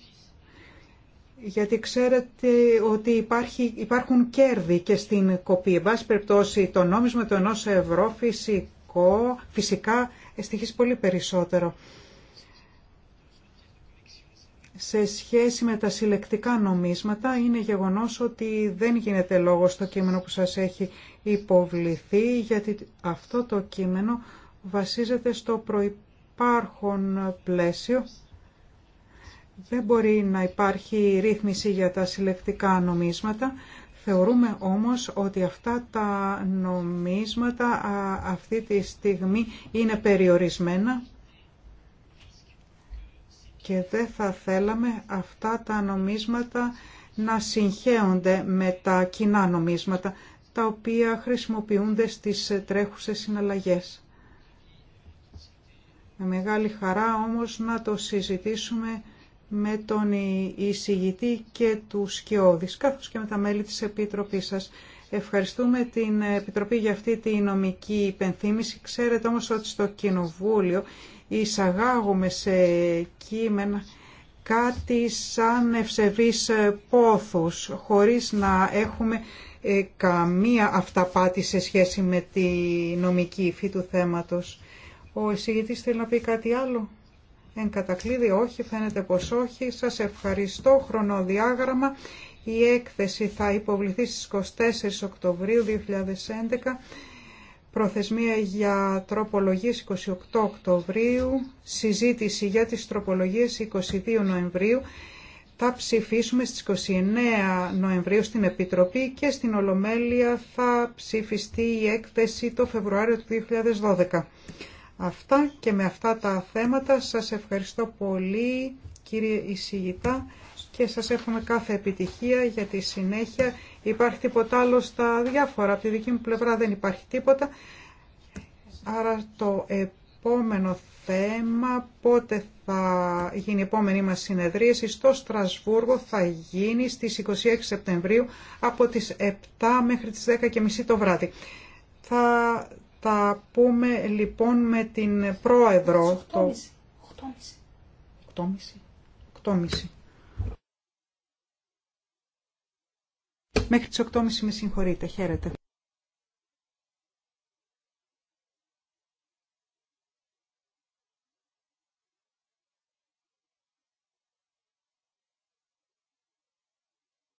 γιατί ξέρετε ότι υπάρχει, υπάρχουν κέρδη και στην κοπή. Εν πάση περιπτώσει, το νόμισμα του ενός ευρώ φυσικά φυσικά στοιχείς πολύ περισσότερο. Σε σχέση με τα συλλεκτικά νομίσματα είναι γεγονός ότι δεν γίνεται λόγο στο κείμενο που σας έχει υποβληθεί γιατί αυτό το κείμενο βασίζεται στο προϋπάρχον πλαίσιο. Δεν μπορεί να υπάρχει ρύθμιση για τα συλλεκτικά νομίσματα Θεωρούμε όμως ότι αυτά τα νομίσματα αυτή τη στιγμή είναι περιορισμένα και δεν θα θέλαμε αυτά τα νομίσματα να συγχέονται με τα κοινά νομίσματα τα οποία χρησιμοποιούνται στις τρέχουσες συναλλαγές. Με μεγάλη χαρά όμως να το συζητήσουμε με τον εισηγητή και του σκιώδη, καθώς και με τα μέλη της Επιτροπής σας. Ευχαριστούμε την Επιτροπή για αυτή τη νομική υπενθύμηση. Ξέρετε όμως ότι στο Κοινοβούλιο εισαγάγουμε σε κείμενα κάτι σαν ευσεβείς πόθους, χωρίς να έχουμε ε, καμία αυταπάτη σε σχέση με τη νομική υφή του θέματος. Ο εισηγητής θέλει να πει κάτι άλλο. Εν κατακλείδη όχι, φαίνεται πως όχι. Σας ευχαριστώ. Χρονοδιάγραμμα. Η έκθεση θα υποβληθεί στις 24 Οκτωβρίου 2011. Προθεσμία για τροπολογίες 28 Οκτωβρίου. Συζήτηση για τις τροπολογίες 22 Νοεμβρίου. Θα ψηφίσουμε στις 29 Νοεμβρίου στην Επιτροπή και στην Ολομέλεια θα ψηφιστεί η έκθεση το Φεβρουάριο του 2012. Αυτά και με αυτά τα θέματα σας ευχαριστώ πολύ κύριε εισηγητά και σας εύχομαι κάθε επιτυχία για τη συνέχεια. Υπάρχει τίποτα άλλο στα διάφορα. Από τη δική μου πλευρά δεν υπάρχει τίποτα. Άρα το επόμενο θέμα, πότε θα γίνει η επόμενη μας συνεδρίαση στο Στρασβούργο θα γίνει στις 26 Σεπτεμβρίου από τις 7 μέχρι τις 10.30 το βράδυ. Θα θα πούμε λοιπόν με την πρόεδρο. 8.30. Το... 8,5. 8,5. 8,5. Μέχρι τις 8.30 με συγχωρείτε. Χαίρετε.